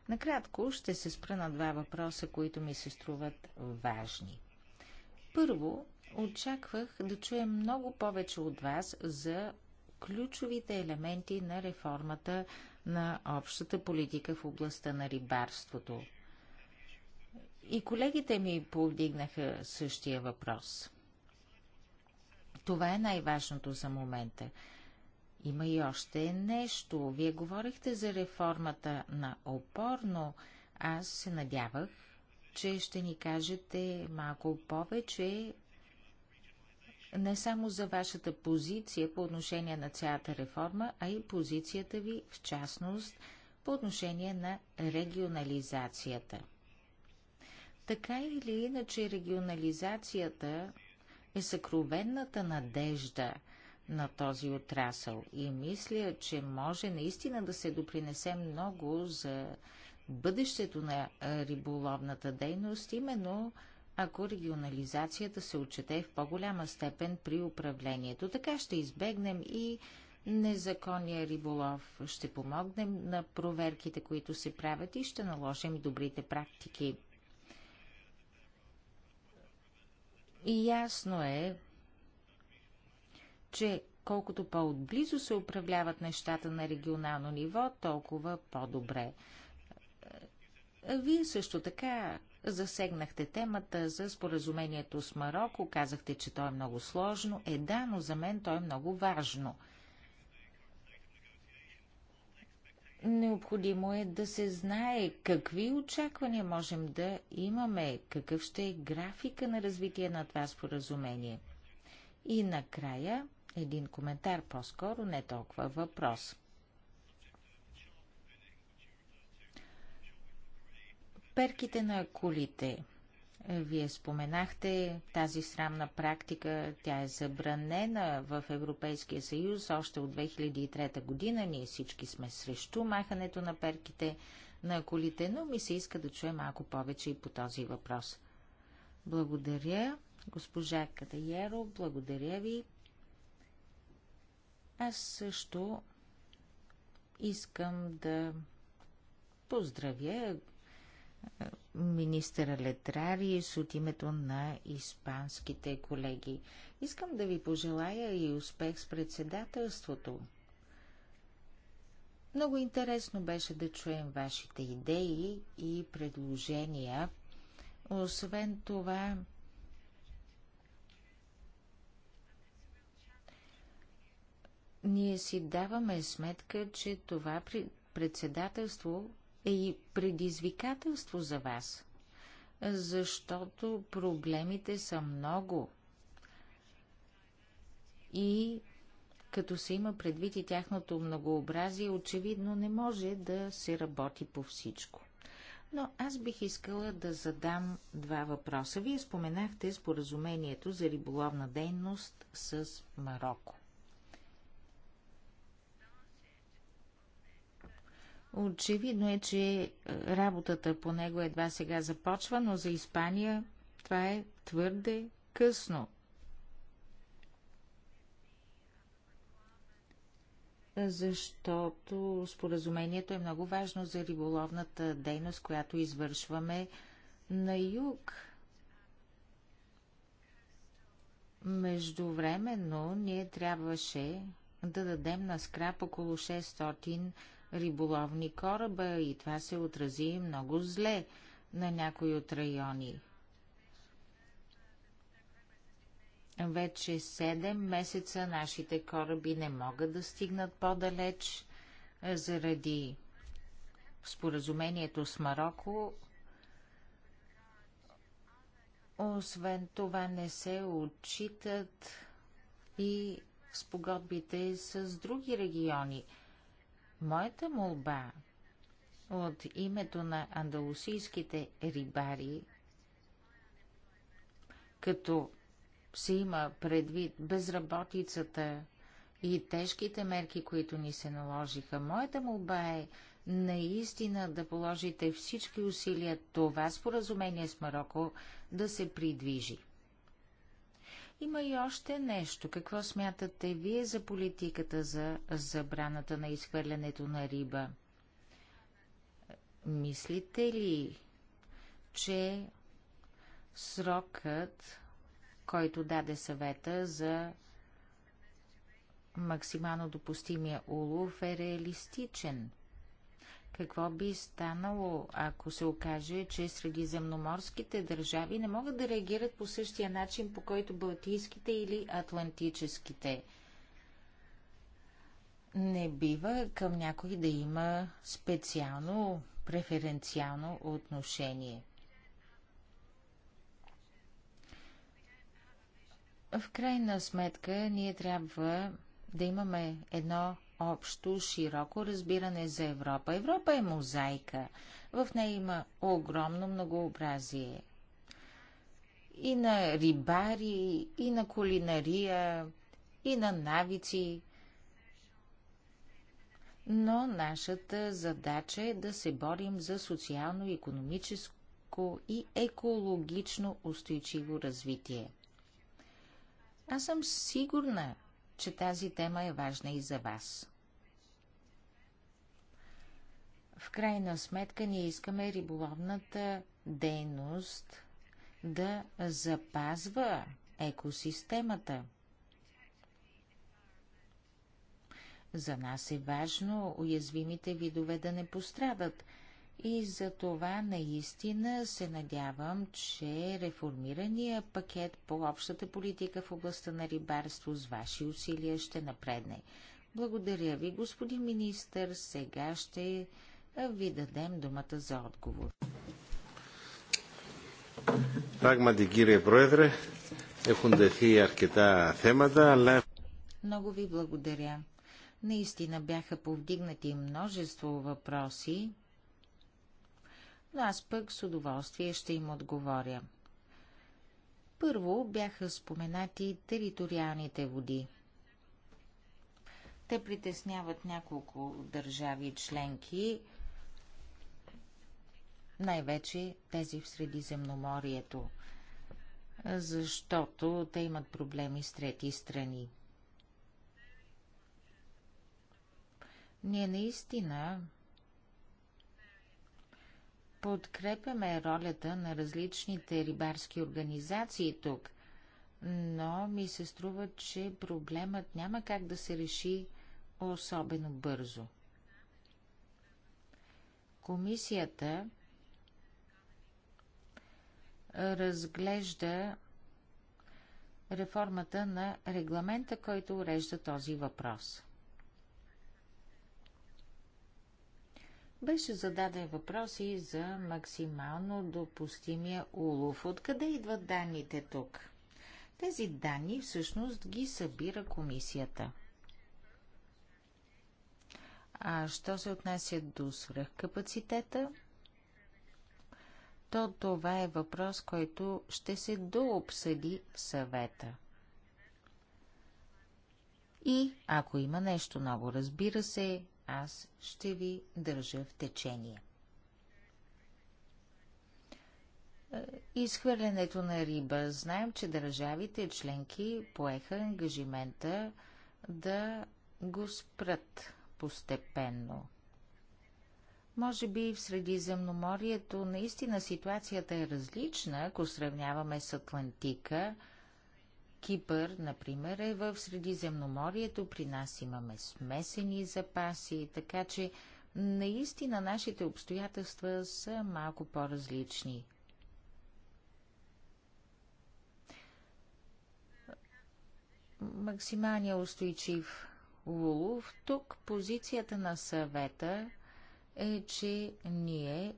Накратко ще се спра на два въпроса, които ми се струват важни. Първо, очаквах да чуя много повече от вас за ключовите елементи на реформата на общата политика в областта на рибарството. И колегите ми повдигнаха същия въпрос. Това е най-важното за момента. Има и още нещо. Вие говорихте за реформата на опор, но аз се надявах, че ще ни кажете малко повече не само за вашата позиция по отношение на цялата реформа, а и позицията ви в частност по отношение на регионализацията. Така или иначе регионализацията е съкровенната надежда – на този отрасъл. И мисля, че може наистина да се допринесе много за бъдещето на риболовната дейност, именно ако регионализацията се отчете в по-голяма степен при управлението. Така ще избегнем и незаконния риболов, ще помогнем на проверките, които се правят и ще наложим добрите практики. И ясно е, че колкото по-отблизо се управляват нещата на регионално ниво, толкова по-добре. Е, вие също така засегнахте темата за споразумението с Марокко, казахте, че то е много сложно. Е да, но за мен то е много важно. Необходимо е да се знае какви очаквания можем да имаме, какъв ще е графика на развитие на това споразумение. И накрая един коментар по-скоро, не толкова въпрос. Перките на кулите. Вие споменахте тази срамна практика, тя е забранена в Европейския съюз още от 2003 година. Ние всички сме срещу махането на перките на колите, но ми се иска да чуем малко повече и по този въпрос. Благодаря, госпожа Катаеро, благодаря ви. Аз също искам да поздравя е, министъра Летрариес от името на испанските колеги. Искам да ви пожелая и успех с председателството. Много интересно беше да чуем вашите идеи и предложения. Освен това, Ние си даваме сметка, че това председателство е и предизвикателство за вас, защото проблемите са много. И като се има предвид и тяхното многообразие, очевидно не може да се работи по всичко. Но аз бих искала да задам два въпроса. Вие споменахте споразумението за риболовна дейност с Марокко. Очевидно е, че е, работата по него едва сега започва, но за Испания това е твърде късно. Защото споразумението е много важно за риболовната дейност, която извършваме на юг. Междувременно ние трябваше да дадем на скрап около 600 риболовни кораба и това се отрази много зле на някои от райони. Вече 7 месеца нашите кораби не могат да стигнат по-далеч заради споразумението с Марокко. Освен това не се отчитат и спогодбите с други региони – Моята молба от името на андалусийските рибари, като се има предвид безработицата и тежките мерки, които ни се наложиха, моята молба е наистина да положите всички усилия това споразумение с Марокко да се придвижи. Има и още нещо. Какво смятате вие за политиката за забраната на изхвърлянето на риба? Мислите ли, че срокът, който даде съвета за максимално допустимия улов е реалистичен? Какво би станало, ако се окаже, че средиземноморските държави не могат да реагират по същия начин, по който балтийските или атлантическите? Не бива към някой да има специално, преференциално отношение. В крайна сметка ние трябва да имаме едно общо широко разбиране за Европа. Европа е мозайка. В нея има огромно многообразие. И на рибари, и на кулинария, и на навици. Но нашата задача е да се борим за социално-економическо и екологично устойчиво развитие. Аз съм сигурна, че тази тема е важна и за вас. В крайна сметка ние искаме риболовната дейност да запазва екосистемата. За нас е важно уязвимите видове да не пострадат – и за това наистина се надявам, че реформирания пакет по общата политика в областта на рибарство с ваши усилия ще напредне. Благодаря ви, господин министър. Сега ще ви дадем думата за отговор. Πράγματι, Много ви благодаря. Наистина бяха повдигнати множество въпроси, но аз пък с удоволствие ще им отговоря. Първо бяха споменати териториалните води. Те притесняват няколко държави членки, най-вече тези в Средиземноморието, защото те имат проблеми с трети страни. Ние наистина Подкрепяме ролята на различните рибарски организации тук, но ми се струва, че проблемът няма как да се реши особено бързо. Комисията разглежда реформата на регламента, който урежда този въпрос. Беше зададен въпрос и за максимално допустимия улов. Откъде идват данните тук? Тези данни всъщност ги събира комисията. А що се отнася до свръхкапацитета? То това е въпрос, който ще се дообсъди в съвета. И ако има нещо ново, разбира се, аз ще ви държа в течение. Е, изхвърлянето на риба. Знаем, че държавите членки поеха ангажимента да го спрат постепенно. Може би в Средиземноморието наистина ситуацията е различна, ако сравняваме с Атлантика – Кипър, например, е в Средиземноморието, при нас имаме смесени запаси, така че наистина нашите обстоятелства са малко по-различни. Максималния устойчив улов. Тук позицията на съвета е, че ние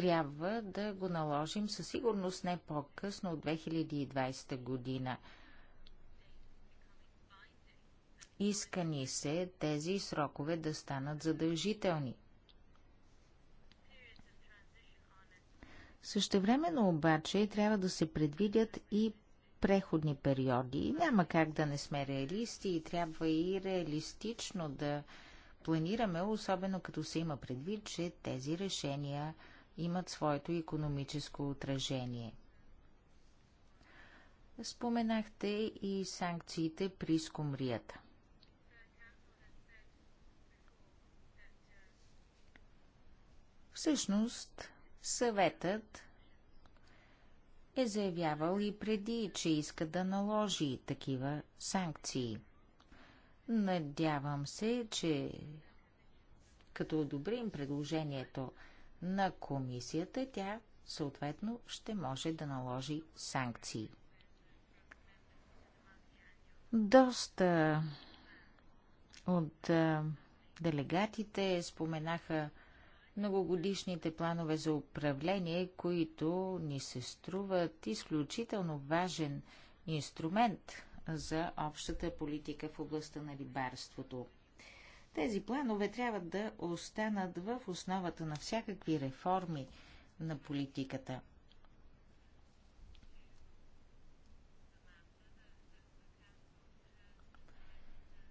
трябва да го наложим със сигурност не по-късно от 2020 година. Иска ни се тези срокове да станат задължителни. Същевременно обаче трябва да се предвидят и преходни периоди. Няма как да не сме реалисти и трябва и реалистично да планираме, особено като се има предвид, че тези решения – имат своето економическо отражение. Споменахте и санкциите при скумрията. Всъщност, съветът е заявявал и преди, че иска да наложи такива санкции. Надявам се, че като одобрим предложението на комисията, тя съответно ще може да наложи санкции. Доста от делегатите споменаха многогодишните планове за управление, които ни се струват изключително важен инструмент за общата политика в областта на рибарството. Тези планове трябва да останат в основата на всякакви реформи на политиката.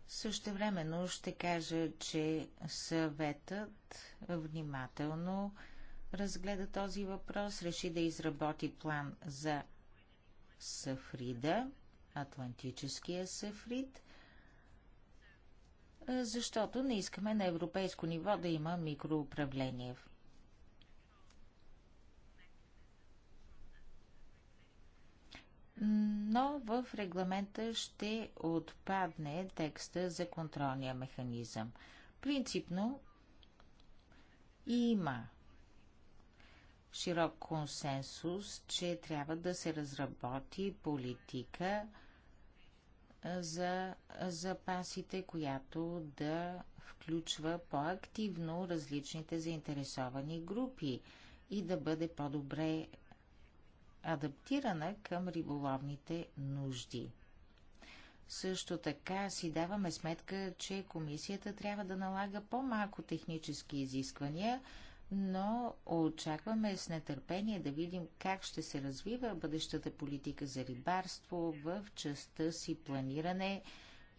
Също времено ще кажа, че съветът внимателно разгледа този въпрос, реши да изработи план за Сафрида, Атлантическия Сафрид – защото не искаме на европейско ниво да има микроуправление. Но в регламента ще отпадне текста за контролния механизъм. Принципно има широк консенсус, че трябва да се разработи политика – за запасите, която да включва по-активно различните заинтересовани групи и да бъде по-добре адаптирана към риболовните нужди. Също така си даваме сметка, че комисията трябва да налага по-малко технически изисквания, но очакваме с нетърпение да видим как ще се развива бъдещата политика за рибарство в частта си планиране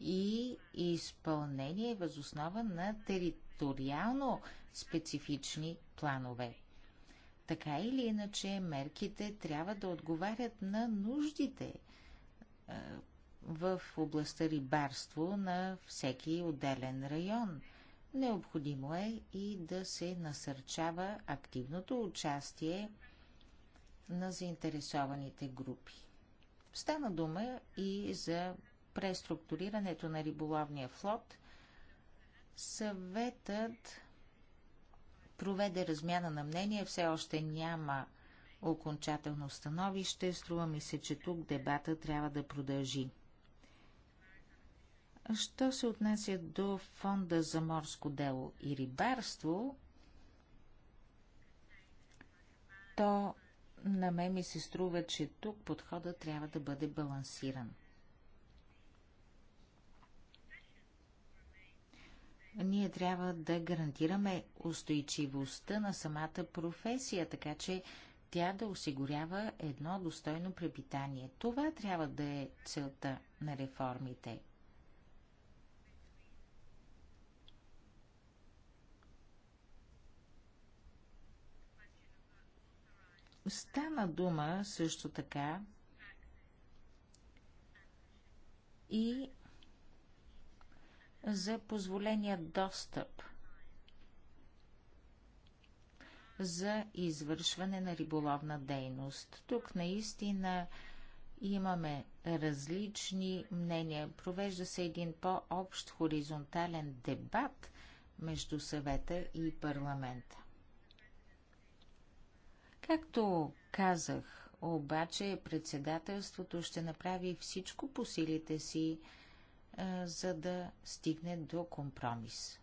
и изпълнение възоснова на териториално специфични планове. Така или иначе, мерките трябва да отговарят на нуждите е, в областта рибарство на всеки отделен район – Необходимо е и да се насърчава активното участие на заинтересованите групи. Стана дума и за преструктурирането на риболовния флот. Съветът проведе размяна на мнение, все още няма окончателно становище. Струва ми се, че тук дебата трябва да продължи. Що се отнася до фонда за морско дело и рибарство, то на мен ми се струва, че тук подхода трябва да бъде балансиран. Ние трябва да гарантираме устойчивостта на самата професия, така че тя да осигурява едно достойно препитание. Това трябва да е целта на реформите – Стана дума също така и за позволения достъп за извършване на риболовна дейност. Тук наистина имаме различни мнения. Провежда се един по-общ хоризонтален дебат между съвета и парламента. Както казах, обаче председателството ще направи всичко по силите си, а, е, за да стигне до компромис.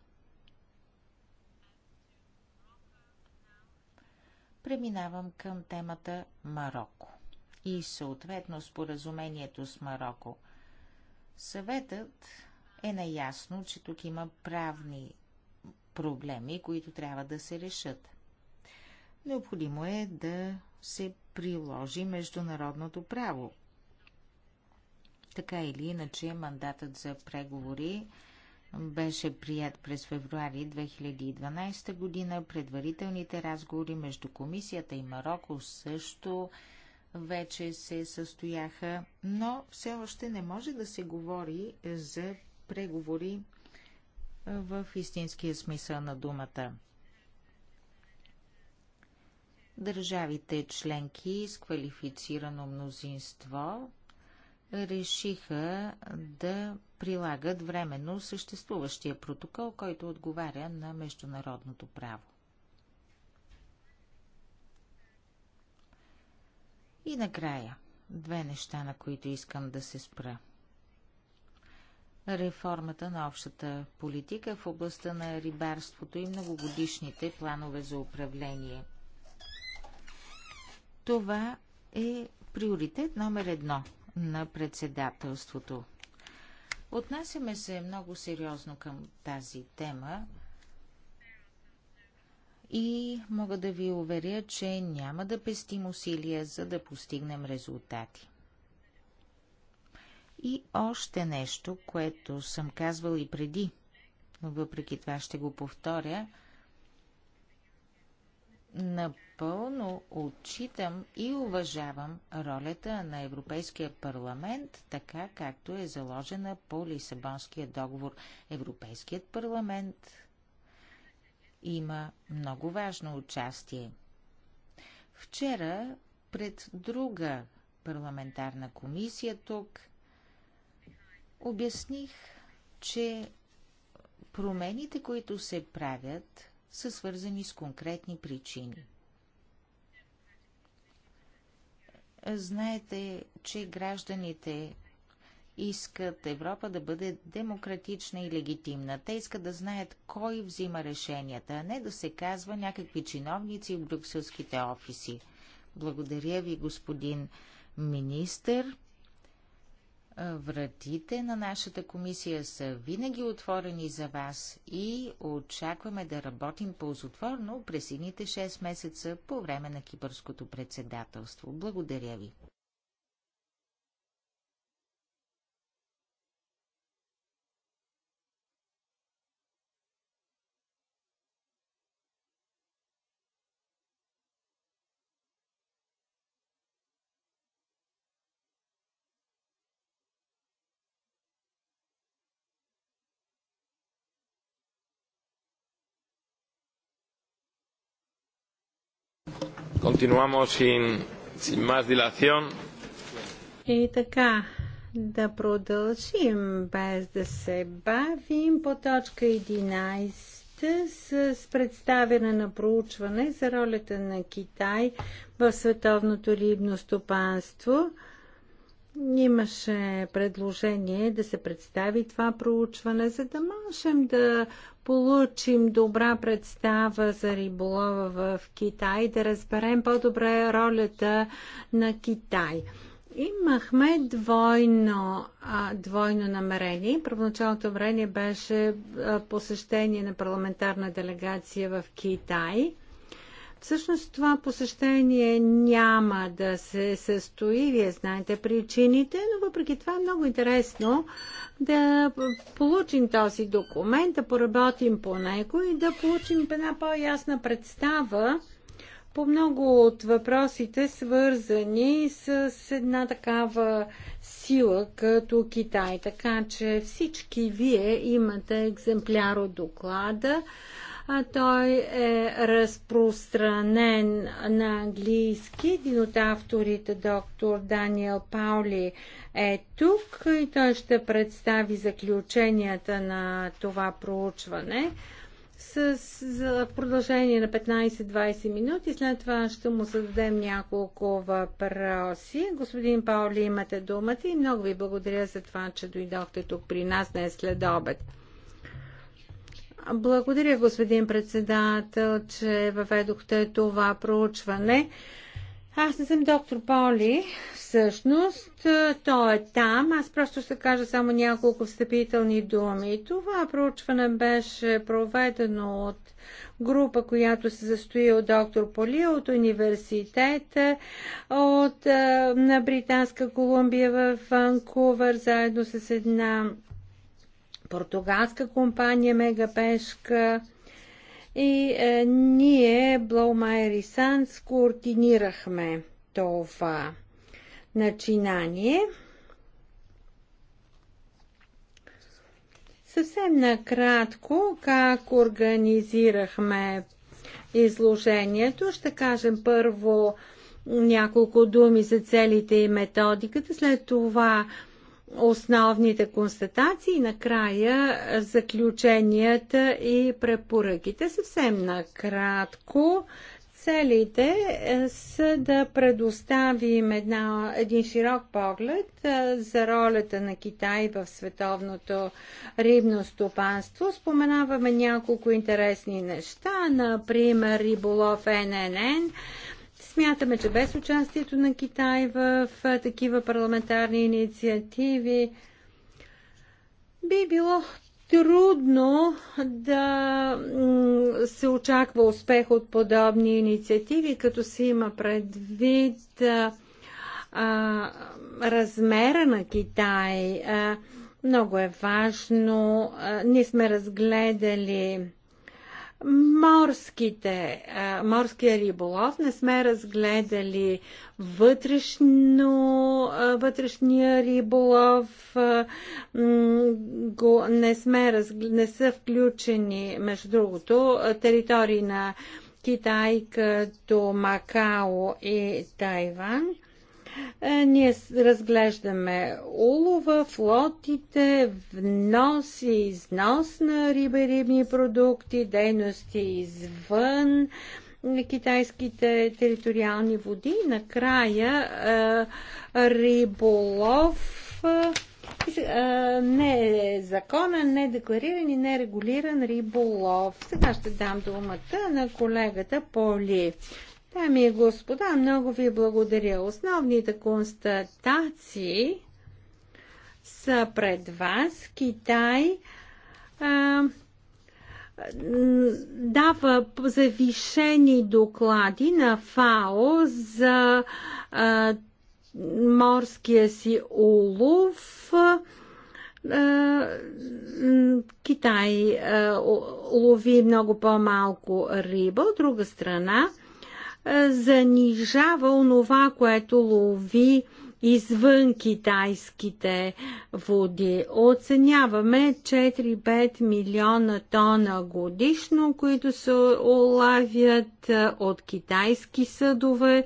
Преминавам към темата Марокко и съответно споразумението с Марокко. Съветът е наясно, че тук има правни проблеми, които трябва да се решат. Необходимо е да се приложи международното право. Така или иначе, мандатът за преговори беше прият през февруари 2012 година. Предварителните разговори между комисията и Марокко също вече се състояха, но все още не може да се говори за преговори в истинския смисъл на думата. Държавите членки с квалифицирано мнозинство решиха да прилагат временно съществуващия протокол, който отговаря на международното право. И накрая, две неща, на които искам да се спра. Реформата на общата политика в областта на рибарството и многогодишните планове за управление – това е приоритет номер едно на председателството. Отнасяме се много сериозно към тази тема и мога да ви уверя, че няма да пестим усилия, за да постигнем резултати. И още нещо, което съм казвал и преди, но въпреки това ще го повторя. На напълно отчитам и уважавам ролята на Европейския парламент, така както е заложена по Лисабонския договор. Европейският парламент има много важно участие. Вчера пред друга парламентарна комисия тук обясних, че промените, които се правят, са свързани с конкретни причини. Знаете, че гражданите искат Европа да бъде демократична и легитимна. Те искат да знаят кой взима решенията, а не да се казва някакви чиновници в брюкселските офиси. Благодаря ви, господин министър. Вратите на нашата комисия са винаги отворени за вас и очакваме да работим ползотворно през едните 6 месеца по време на кипърското председателство. Благодаря ви! Continuamos sin, sin más dilación. И така, да продължим без да се бавим по точка 11 с представяне на проучване за ролята на Китай в световното рибно стопанство. Имаше предложение да се представи това проучване, за да можем да получим добра представа за риболова в Китай, да разберем по-добре ролята на Китай. Имахме двойно, а, двойно намерение. Първоначалното време беше посещение на парламентарна делегация в Китай. Всъщност това посещение няма да се състои, вие знаете причините, но въпреки това е много интересно да получим този документ, да поработим по него и да получим една по-ясна представа по много от въпросите, свързани с една такава сила като Китай. Така че всички вие имате екземпляр от доклада. Той е разпространен на английски. Един от авторите, доктор Даниел Паули, е тук и той ще представи заключенията на това проучване с, за продължение на 15-20 минути. След това ще му зададем няколко въпроси. Господин Паули, имате думата и много ви благодаря за това, че дойдохте тук при нас днес след обед. Благодаря, господин председател, че въведохте това проучване. Аз не съм доктор Поли, всъщност. Той е там. Аз просто ще кажа само няколко встъпителни думи. Това проучване беше проведено от група, която се застои от доктор Поли, от университета, от, е, на Британска Колумбия в Ванкувър, заедно с една португалска компания Мегапешка и е, ние, Блоумайер и Санс, координирахме това начинание. Съвсем накратко, как организирахме изложението, ще кажем първо няколко думи за целите и методиката, след това основните констатации, накрая заключенията и препоръките. Съвсем накратко, целите е, са да предоставим една, един широк поглед е, за ролята на Китай в световното рибно стопанство. Споменаваме няколко интересни неща, например риболов ННН Смятаме, че без участието на Китай в такива парламентарни инициативи би било трудно да се очаква успех от подобни инициативи, като се има предвид а, а, размера на Китай. А, много е важно. А, ние сме разгледали морските, а, морския риболов. Не сме разгледали вътрешно, а, вътрешния риболов. А, го, не, сме разгл... не са включени, между другото, територии на Китай като Макао и Тайван – е, ние разглеждаме улова, флотите, внос и износ на риба и рибни продукти, дейности извън китайските териториални води. Накрая е, риболов е, не е не е деклариран и не е регулиран риболов. Сега ще дам думата на колегата Поли. Дами и господа, много ви благодаря. Основните констатации са пред вас. Китай а, дава завишени доклади на ФАО за а, морския си улов. Китай лови много по-малко риба. От друга страна, е, занижава онова, което лови извън китайските води. Оценяваме 4-5 милиона тона годишно, които се улавят е, от китайски съдове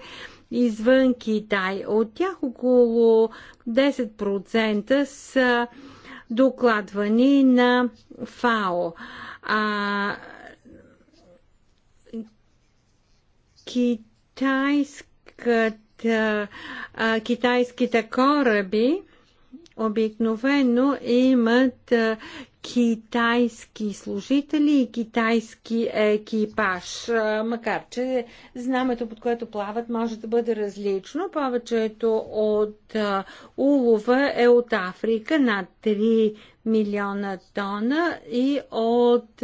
извън Китай. От тях около 10% са докладвани на ФАО. А китайската, а, китайските кораби обикновено имат а, китайски служители и китайски екипаж. Макар, че знамето, под което плават, може да бъде различно. Повечето от улова е от Африка на 3 милиона тона и от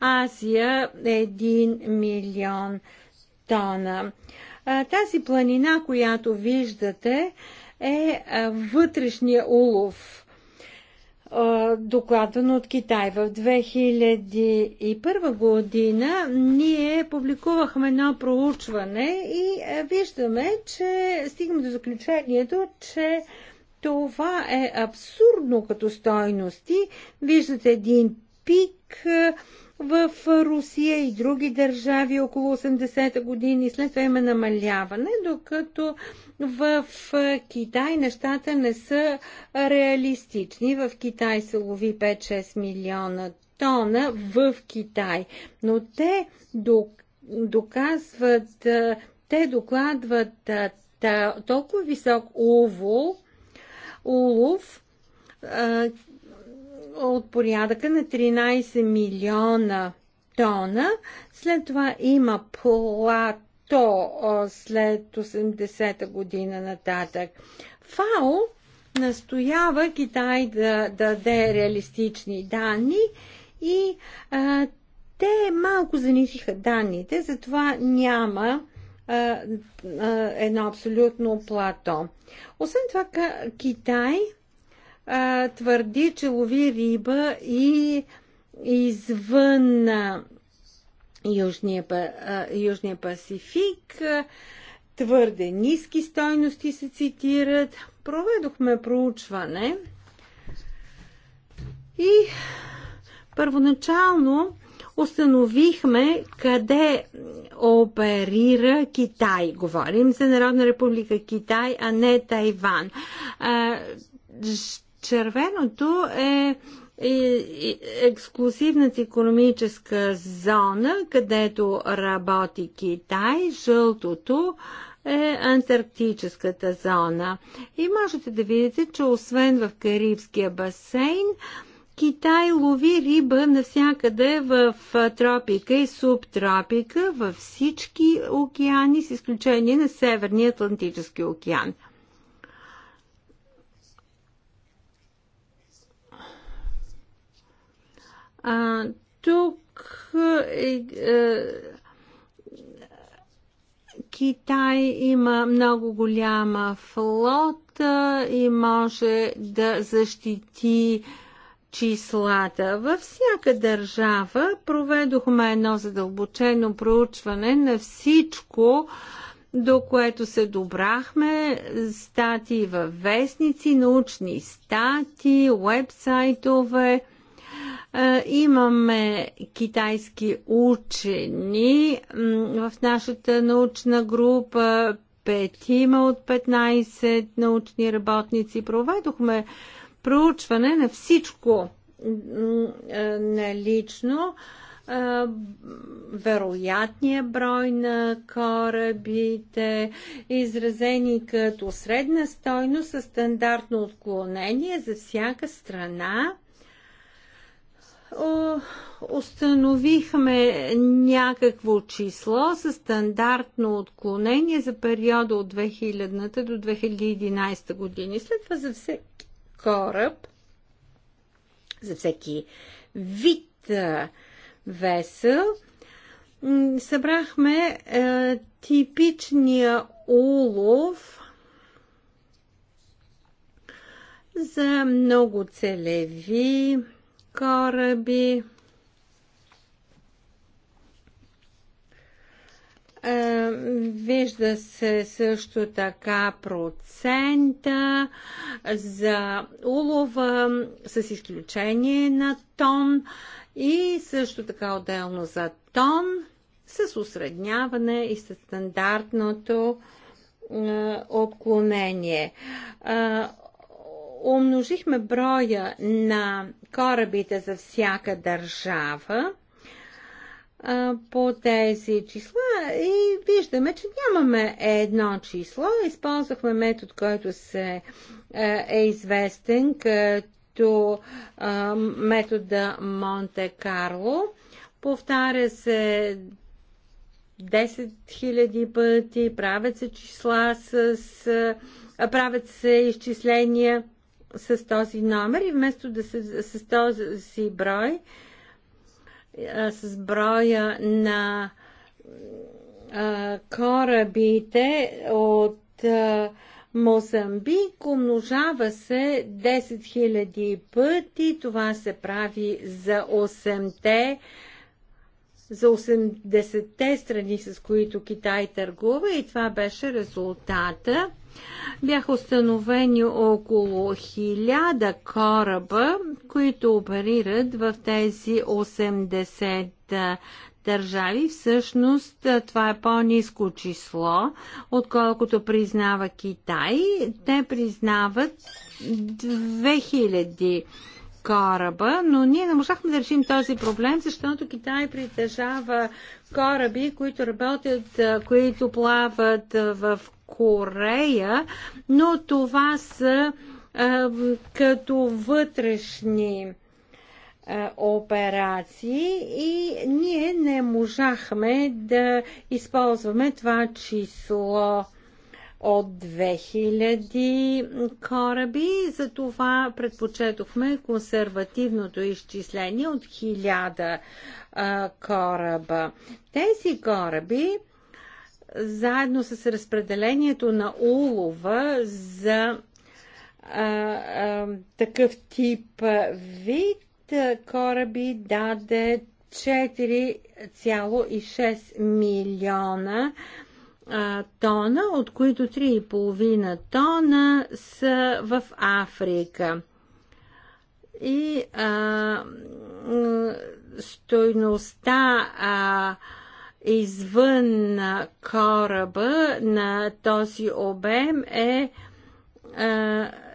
Азия 1 милион тона тона. Тази планина, която виждате, е вътрешния улов докладван от Китай. В 2001 година ние публикувахме едно проучване и виждаме, че стигаме до заключението, че това е абсурдно като стойности. Виждате един пик, в Русия и други държави около 80-та години. След това има намаляване, докато в Китай нещата не са реалистични. В Китай се лови 5-6 милиона тона в Китай. Но те доказват, те докладват толкова висок увол, улов, от порядъка на 13 милиона тона. След това има плато след 80-та година нататък. ФАО настоява Китай да, да даде реалистични данни и а, те малко занижиха данните, затова няма а, а, едно абсолютно плато. Освен това, Китай а, твърди, че лови риба и извън а, Южния, а, Южния Пасифик. А, твърде ниски стойности се цитират. Проведохме проучване и първоначално установихме къде оперира Китай. Говорим за Народна република Китай, а не Тайван. А, Червеното е, е, е ексклюзивната економическа зона, където работи Китай, жълтото е антарктическата зона. И можете да видите, че освен в Карибския басейн, Китай лови риба навсякъде в тропика и субтропика, във всички океани, с изключение на Северния Атлантически океан. А, тук е, е, Китай има много голяма флота и може да защити числата. Във всяка държава проведохме едно задълбочено проучване на всичко, до което се добрахме, статии във вестници, научни статии, уебсайтове, Имаме китайски учени в нашата научна група, петима от 15 научни работници. Проведохме проучване на всичко налично вероятния брой на корабите, изразени като средна стойност със стандартно отклонение за всяка страна установихме някакво число с стандартно отклонение за периода от 2000 та до 2011 години. След това за всеки кораб, за всеки вид весел, събрахме е, типичния улов за много целеви кораби. Вижда се също така процента за улова с изключение на тон и също така отделно за тон с осредняване и с стандартното отклонение. Умножихме броя на корабите за всяка държава по тези числа и виждаме, че нямаме едно число. Използвахме метод, който се е, е известен като метода Монте-Карло. Повтаря се 10 000 пъти, правят се числа с... правят се изчисления с този номер и вместо да се с този брой, с броя на корабите от Мозамбик умножава се 10 000 пъти. Това се прави за 8-те за 80-те страни, с които Китай търгува и това беше резултата. Бяха установени около 1000 кораба, които оперират в тези 80 държави. Всъщност това е по-низко число, отколкото признава Китай. Те признават 2000 кораба, но ние не можахме да решим този проблем, защото Китай притежава кораби, които работят, които плават в Корея, но това са а, като вътрешни операции и ние не можахме да използваме това число от 2000 кораби, затова предпочетохме консервативното изчисление от 1000 а, кораба. Тези кораби заедно с разпределението на улова за а, а, такъв тип вид кораби даде 4,6 милиона а, тона, от които 3,5 тона са в Африка. И а, стойността а, извън кораба на този обем е, а,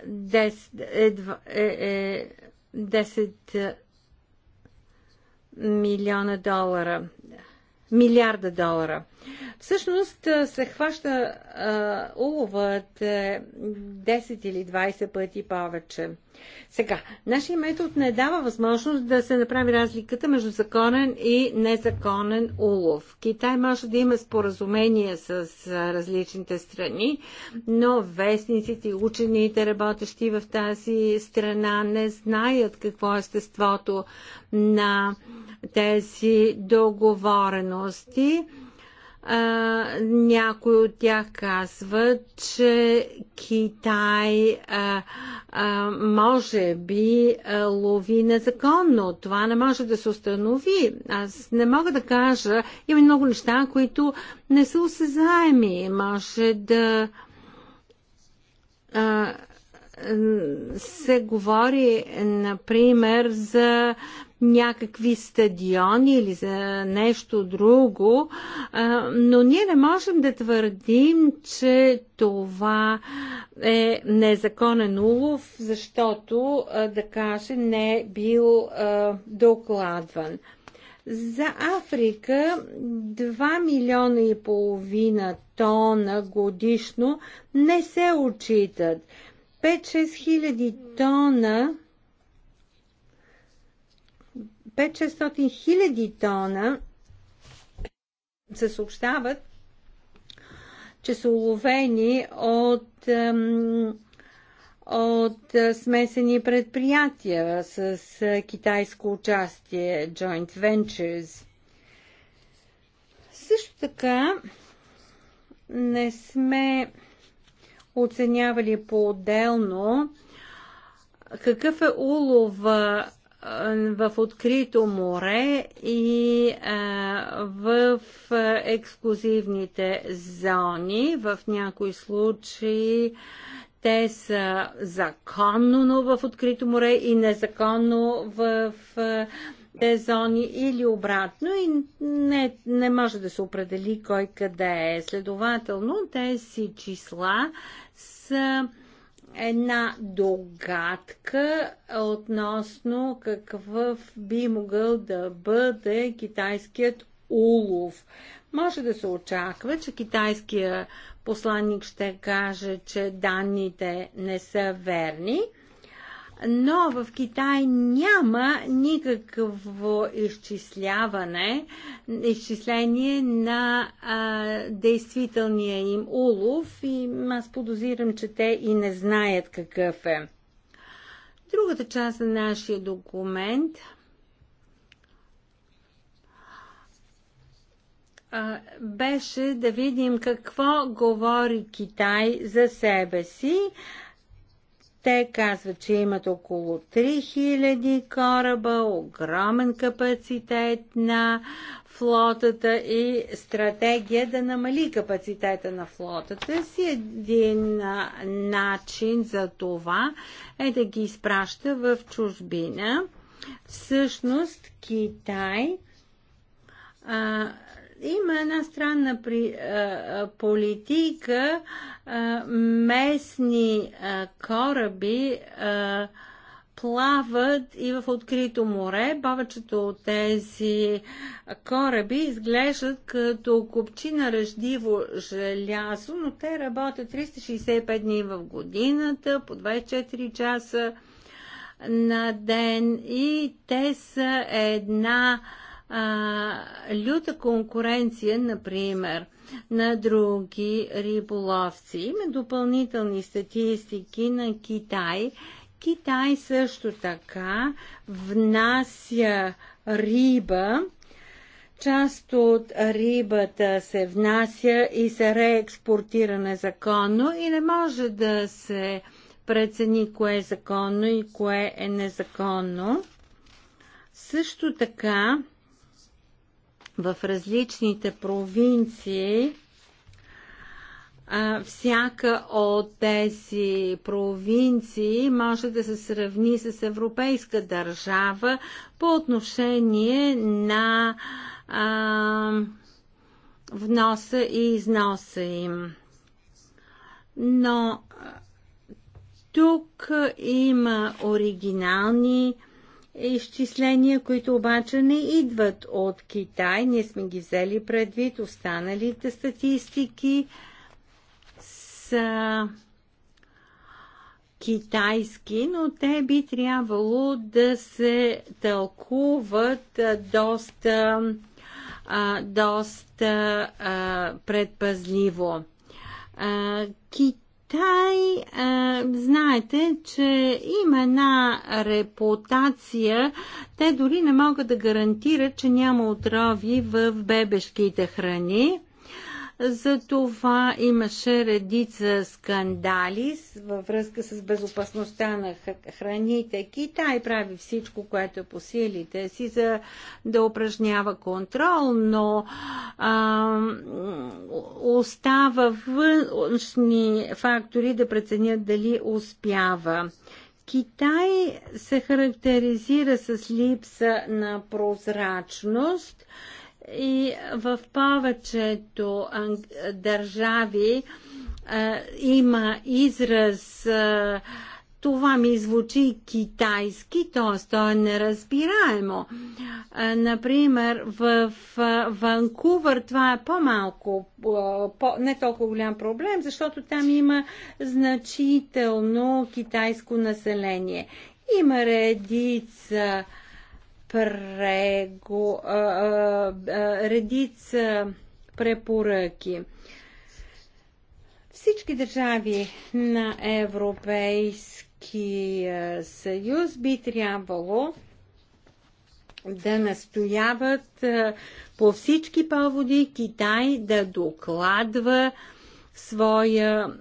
10, е, е, е 10 милиона долара милиарда долара. Всъщност се хваща уловът 10 е, или 20 пъти повече. Сега, нашия метод не дава възможност да се направи разликата между законен и незаконен улов. Китай може да има споразумение с различните страни, но вестниците и учените, работещи в тази страна, не знаят какво е естеството на тези договорености. А, някои от тях казват, че Китай а, а, може би а, лови незаконно. Това не може да се установи. Аз не мога да кажа. Има много неща, които не са осезаеми. Може да. А, се говори, например, за някакви стадиони или за нещо друго, но ние не можем да твърдим, че това е незаконен улов, защото, да кажем, не е бил докладван. За Африка 2 милиона и половина тона годишно не се отчитат. 5-6 хиляди тона 5 600 хиляди тона се съобщават, че са уловени от, от е, смесени предприятия с е, китайско участие, joint ventures. Също така не сме оценявали по-отделно какъв е улова в открито море и в ексклюзивните зони. В някои случаи те са законно но в открито море и незаконно в те зони или обратно и не, не може да се определи кой къде е. Следователно, тези числа са една догадка относно какъв би могъл да бъде китайският улов. Може да се очаква, че китайският посланник ще каже, че данните не са верни, но в Китай няма никакво изчисляване, изчисление на а, действителния им улов и аз подозирам, че те и не знаят какъв е. Другата част на нашия документ беше да видим какво говори Китай за себе си. Те казват, че имат около 3000 кораба, огромен капацитет на флотата и стратегия да намали капацитета на флотата си. Един начин за това е да ги изпраща в чужбина. Всъщност Китай а, има една странна при, а, политика а, местни а, кораби. А, плават и в открито море. Повечето от тези кораби изглеждат като купчи на ръждиво желязо, но те работят 365 дни в годината, по 24 часа на ден и те са една а, а, люта конкуренция, например, на други риболовци. Има допълнителни статистики на Китай. Китай също така внася риба. Част от рибата се внася и се реекспортира незаконно и не може да се прецени кое е законно и кое е незаконно. Също така в различните провинции, всяка от тези провинции може да се сравни с европейска държава по отношение на а, вноса и износа им. Но тук има оригинални а, изчисления, които обаче не идват от Китай. Ние сме ги взели предвид. Останалите статистики са китайски, но те би трябвало да се тълкуват доста, доста предпазливо. Китай Китай, е, знаете, че има една репутация. Те дори не могат да гарантират, че няма отрови в бебешките храни. За това имаше редица скандали във връзка с безопасността на храните. Китай прави всичко, което е по силите си, за да упражнява контрол, но а, остава външни фактори да преценят дали успява. Китай се характеризира с липса на прозрачност и в повечето държави а, е, има израз а, е, това ми звучи китайски, т.е. то е неразбираемо. А, е, например, в Ванкувър това е по-малко, по, не толкова голям проблем, защото там има значително китайско население. Има редица прего, а, а, редица препоръки. Всички държави на Европейския съюз би трябвало да настояват по всички поводи Китай да докладва своя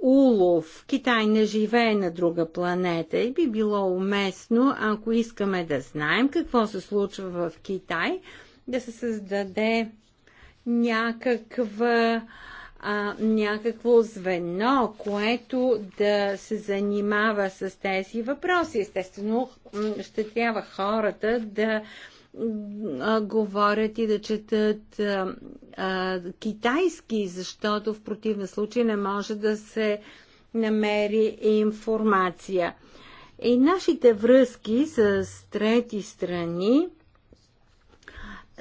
улов. Китай не живее на друга планета и би било уместно, ако искаме да знаем какво се случва в Китай, да се създаде някаква а, някакво звено, което да се занимава с тези въпроси. Естествено, ще трябва хората да а, говорят и да четат а, а, китайски, защото в противен случай не може да се намери информация. И нашите връзки с трети страни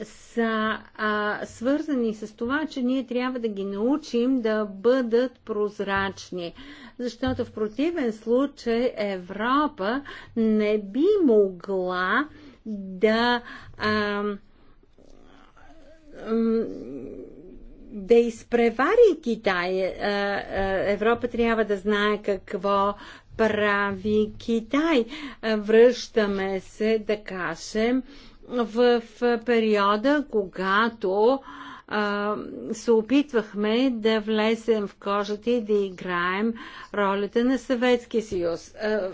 са а, свързани с това, че ние трябва да ги научим да бъдат прозрачни. Защото в противен случай Европа не би могла а, да а, да изпревари Китай. Европа трябва да знае какво прави Китай. Връщаме се, да кажем, в периода, когато се опитвахме да влезем в кожата и да играем ролята на Съветския съюз.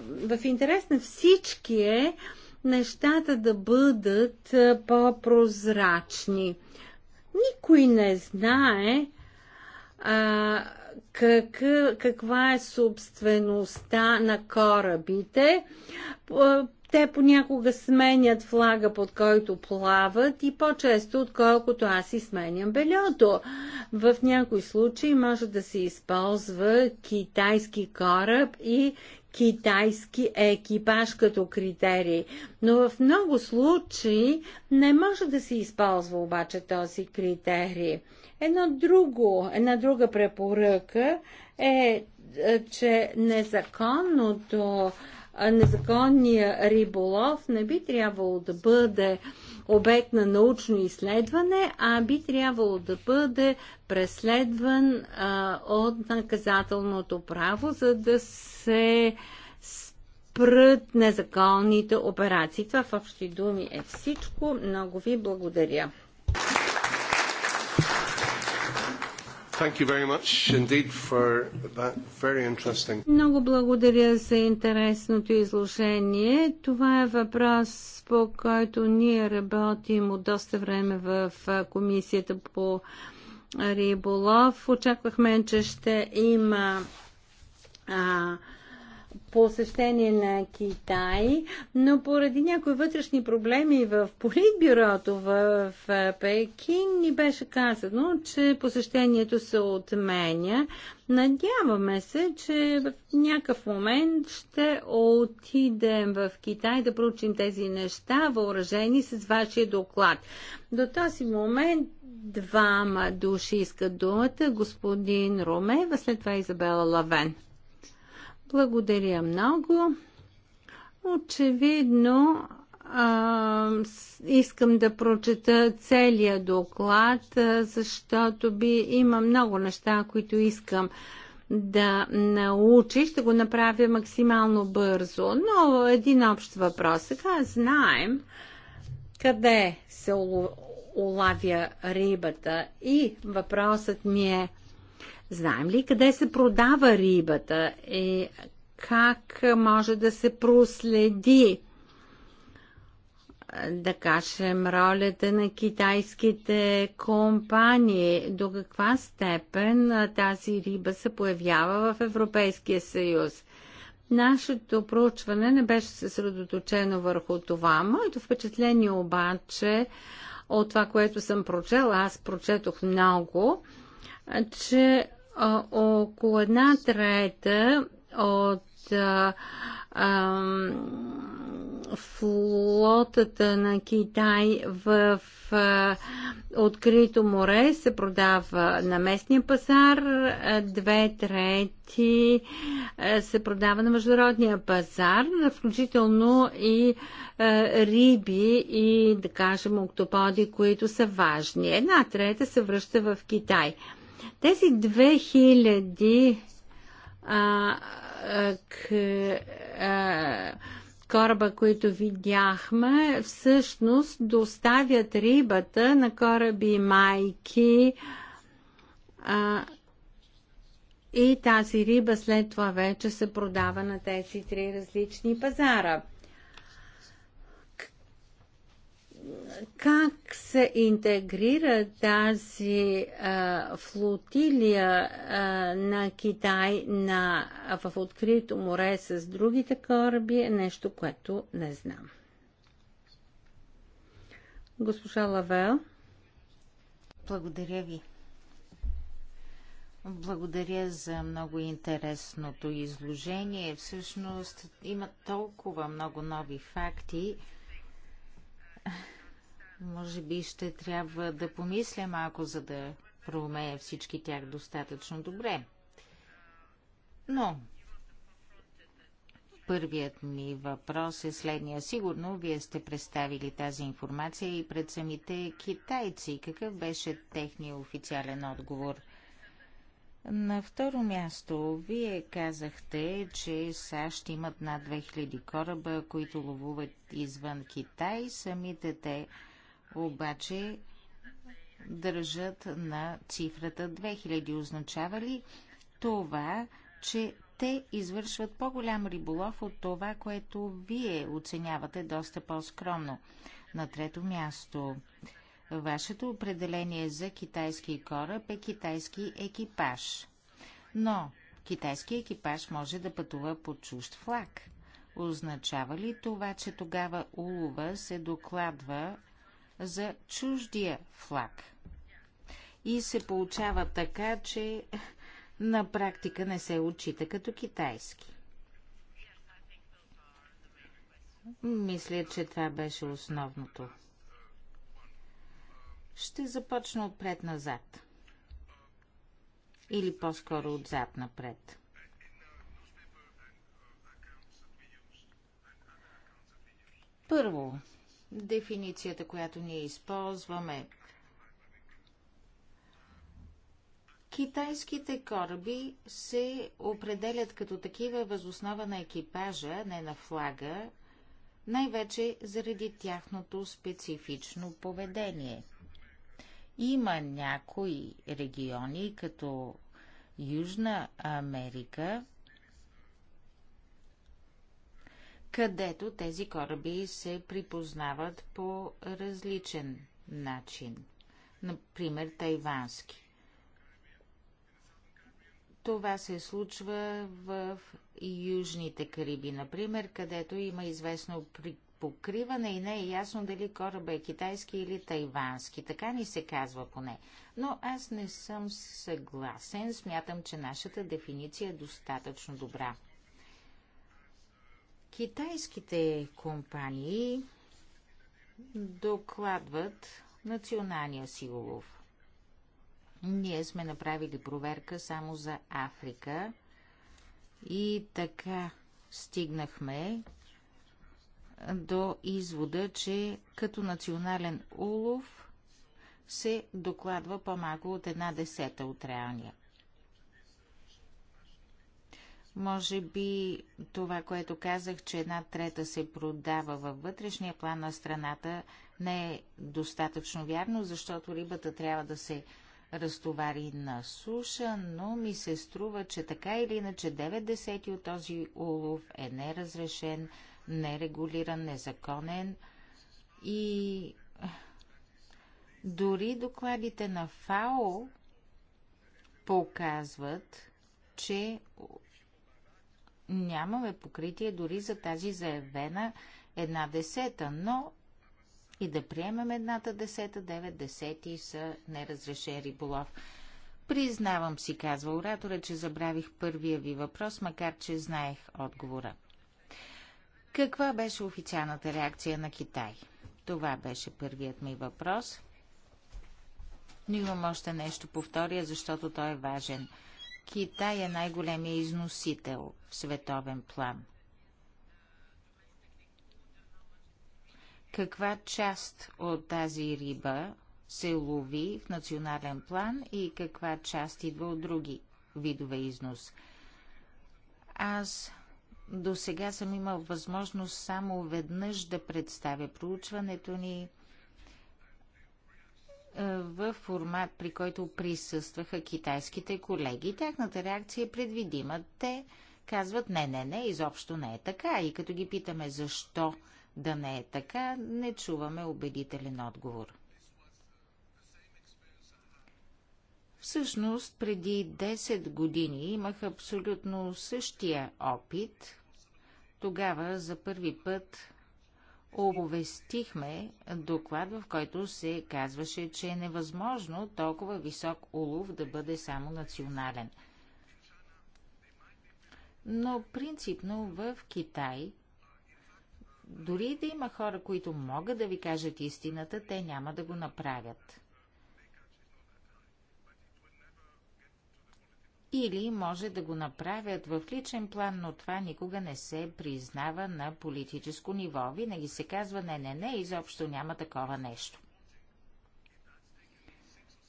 В интерес на всички е, нещата да бъдат по-прозрачни. Никой не знае а, как, каква е собствеността на корабите. Те понякога сменят флага, под който плават и по-често, отколкото аз и сменям бельото. В някои случаи може да се използва китайски кораб и китайски екипаж като критерий. Но в много случаи не може да се използва обаче този критерий. Едно друго, една друга препоръка е, е че незаконното незаконния риболов не би трябвало да бъде обект на научно изследване, а би трябвало да бъде преследван а, от наказателното право, за да се спрат незаконните операции. Това в общи думи е всичко. Много ви благодаря. Thank you very much indeed for that very interesting. Много благодаря за интересното изложение. Това е въпрос, по който ние работим от доста време в комисията по риболов. Очаквахме, че ще има а, посещение на Китай, но поради някои вътрешни проблеми в политбюрото в Пекин ни беше казано, че посещението се отменя. Надяваме се, че в някакъв момент ще отидем в Китай да проучим тези неща, въоръжени с вашия доклад. До този момент двама души искат думата, господин Ромева, след това Изабела Лавен. Благодаря много. Очевидно, а, искам да прочета целия доклад, защото би, има много неща, които искам да научи. Ще го направя максимално бързо. Но един общ въпрос. Сега знаем къде се улавя рибата и въпросът ми е Знаем ли къде се продава рибата и е, как може да се проследи, да кажем, ролята на китайските компании? До каква степен тази риба се появява в Европейския съюз? Нашето проучване не беше съсредоточено върху това. Моето впечатление обаче от това, което съм прочела, аз прочетох много, че около една трета от а, а, флотата на Китай в а, открито море се продава на местния пазар, две трети а, се продава на международния пазар, включително и а, риби и, да кажем, октоподи, които са важни. Една трета се връща в Китай. А, тези 2000 а, а, к, а, кораба, които видяхме, всъщност доставят рибата на кораби майки а, и тази риба след това вече се продава на тези три различни пазара. как се интегрира тази а, флотилия а, на Китай на, в открито море с другите кораби е нещо, което не знам. Госпожа Лавел. Благодаря ви. Благодаря за много интересното изложение. Всъщност има толкова много нови факти. Може би ще трябва да помисля малко, за да проумея всички тях достатъчно добре. Но първият ми въпрос е следния. Сигурно вие сте представили тази информация и пред самите китайци. Какъв беше техния официален отговор? На второ място, вие казахте, че САЩ имат над 2000 кораба, които ловуват извън Китай. Самите те обаче държат на цифрата 2000. Означава ли това, че те извършват по-голям риболов от това, което вие оценявате доста по-скромно? На трето място, вашето определение за китайски кораб е китайски екипаж. Но китайски екипаж може да пътува под чужд флаг. Означава ли това, че тогава улова се докладва за чуждия флаг. И се получава така, че на практика не се отчита като китайски. Мисля, че това беше основното. Ще започна отпред-назад. Или по-скоро отзад-напред. Първо, дефиницията, която ние използваме. Китайските кораби се определят като такива възоснова на екипажа, не на флага, най-вече заради тяхното специфично поведение. Има някои региони, като Южна Америка, където тези кораби се припознават по различен начин. Например, тайвански. Това се случва в Южните Кариби, например, където има известно покриване и не е ясно дали кораба е китайски или тайвански. Така ни се казва поне. Но аз не съм съгласен. Смятам, че нашата дефиниция е достатъчно добра. Китайските компании докладват националния си улов. Ние сме направили проверка само за Африка и така стигнахме до извода, че като национален улов се докладва по-малко от една десета от реалния. Може би това, което казах, че една трета се продава във вътрешния план на страната, не е достатъчно вярно, защото рибата трябва да се разтовари на суша, но ми се струва, че така или иначе 9 десети от този улов е неразрешен, нерегулиран, незаконен и дори докладите на ФАО показват, че нямаме покритие дори за тази заявена една десета, но и да приемем едната десета, девет десети са неразрешен риболов. Признавам си, казва оратора, че забравих първия ви въпрос, макар че знаех отговора. Каква беше официалната реакция на Китай? Това беше първият ми въпрос. Но имам още нещо по втория, защото той е важен – Китай е най-големия износител в световен план. Каква част от тази риба се лови в национален план и каква част идва от други видове износ? Аз до сега съм имал възможност само веднъж да представя проучването ни – е, в формат, при който присъстваха китайските колеги. Тяхната реакция е предвидима. Те казват не, не, не, изобщо не е така. И като ги питаме защо да не е така, не чуваме убедителен отговор. Всъщност, преди 10 години имах абсолютно същия опит. Тогава за първи път оповестихме доклад, в който се казваше, че е невъзможно толкова висок улов да бъде само национален. Но принципно в Китай, дори да има хора, които могат да ви кажат истината, те няма да го направят. или може да го направят в личен план, но това никога не се признава на политическо ниво. Винаги се казва не, не, не, изобщо няма такова нещо.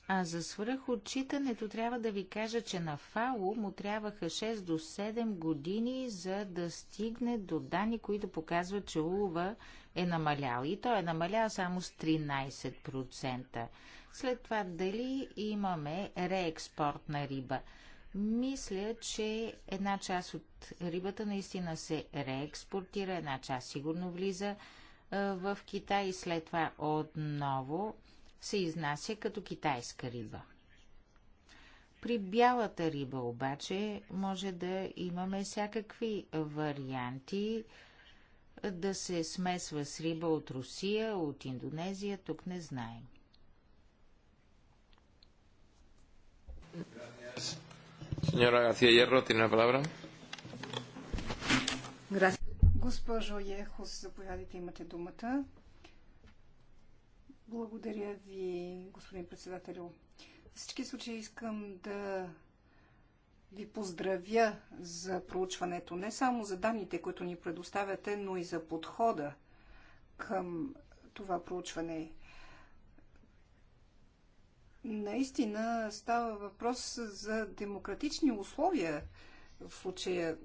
А за свръхотчитането трябва да ви кажа, че на Фау му трябваха 6 до 7 години, за да стигне до данни, които показват, че улова е намалял. И той е намалял само с 13%. След това дали имаме реекспорт на риба – мисля, че една част от рибата наистина се реекспортира, една част сигурно влиза в Китай и след това отново се изнася като китайска риба. При бялата риба обаче може да имаме всякакви варианти да се смесва с риба от Русия, от Индонезия, тук не знаем. Señora García Hierro, tiene la palabra. Gracias. Госпожо Ехос, заповядайте, имате думата. Благодаря ви, господин председател. В всички случаи искам да ви поздравя за проучването, не само за данните, които ни предоставяте, но и за подхода към това проучване. Наистина става въпрос за демократични условия в случая.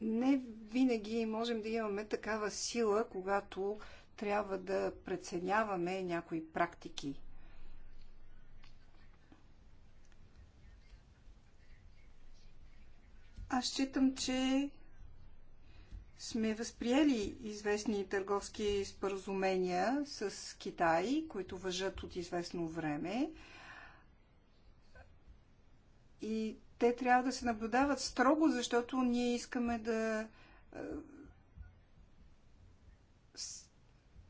Не винаги можем да имаме такава сила, когато трябва да преценяваме някои практики. Аз считам, че сме възприели известни търговски споразумения с Китай, които въжат от известно време. И те трябва да се наблюдават строго, защото ние искаме да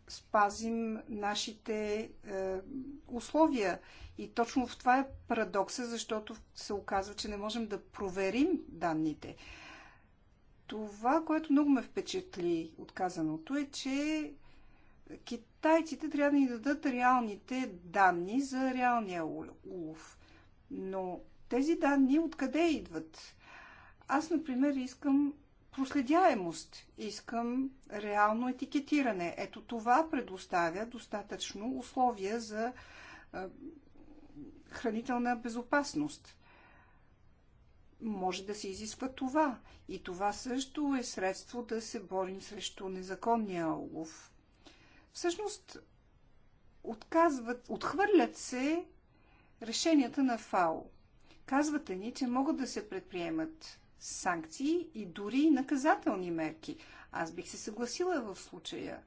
спазим нашите е, условия. И точно в това е парадокса, защото се оказва, че не можем да проверим данните. Това, което много ме впечатли от казаното е, че китайците трябва да ни дадат реалните данни за реалния улов. Но тези данни откъде идват? Аз, например, искам проследяемост, искам реално етикетиране. Ето това предоставя достатъчно условия за хранителна безопасност може да се изисква това. И това също е средство да се борим срещу незаконния улов. Всъщност, отказват, отхвърлят се решенията на ФАО. Казвате ни, че могат да се предприемат санкции и дори наказателни мерки. Аз бих се съгласила в случая.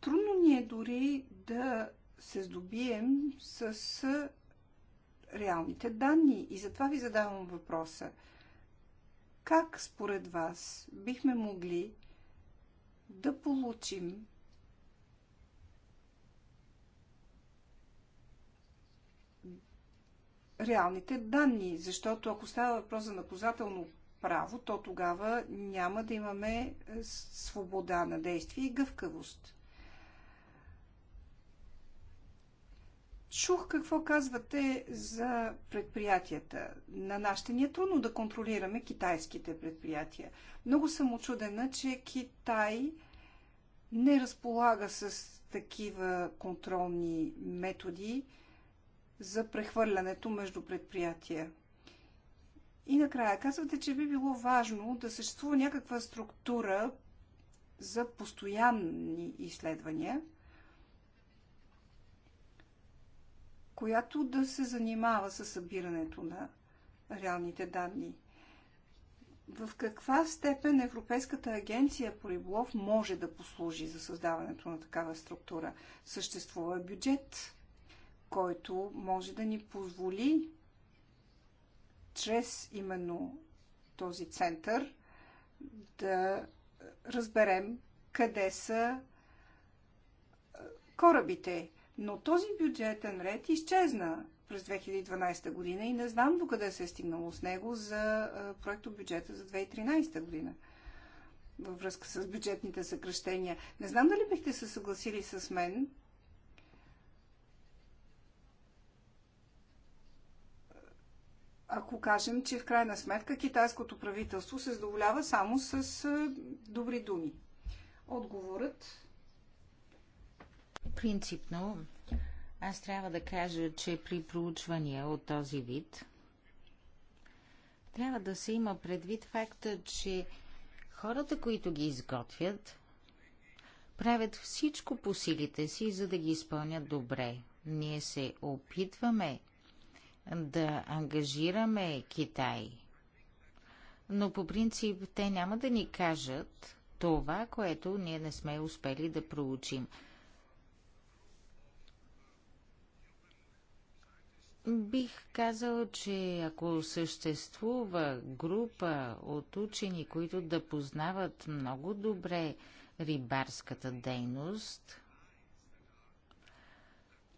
Трудно ни е дори да се здобием с реалните данни. И затова ви задавам въпроса. Как според вас бихме могли да получим реалните данни? Защото ако става въпрос за наказателно право, то тогава няма да имаме свобода на действие и гъвкавост. Чух какво казвате за предприятията. На нашите ни е трудно да контролираме китайските предприятия. Много съм очудена, че Китай не разполага с такива контролни методи за прехвърлянето между предприятия. И накрая казвате, че би било важно да съществува някаква структура за постоянни изследвания. която да се занимава с събирането на реалните данни. В каква степен Европейската агенция по риболов може да послужи за създаването на такава структура? Съществува бюджет, който може да ни позволи чрез именно този център да разберем къде са корабите, но този бюджетен ред изчезна през 2012 година и не знам докъде се е стигнало с него за проекто бюджета за 2013 година във връзка с бюджетните съкръщения. Не знам дали бихте се съгласили с мен, ако кажем, че в крайна сметка китайското правителство се задоволява само с добри думи. Отговорът Принципно, аз трябва да кажа, че при проучвания от този вид трябва да се има предвид факта, че хората, които ги изготвят, правят всичко по силите си, за да ги изпълнят добре. Ние се опитваме да ангажираме Китай, но по принцип те няма да ни кажат това, което ние не сме успели да проучим – Бих казал, че ако съществува група от учени, които да познават много добре рибарската дейност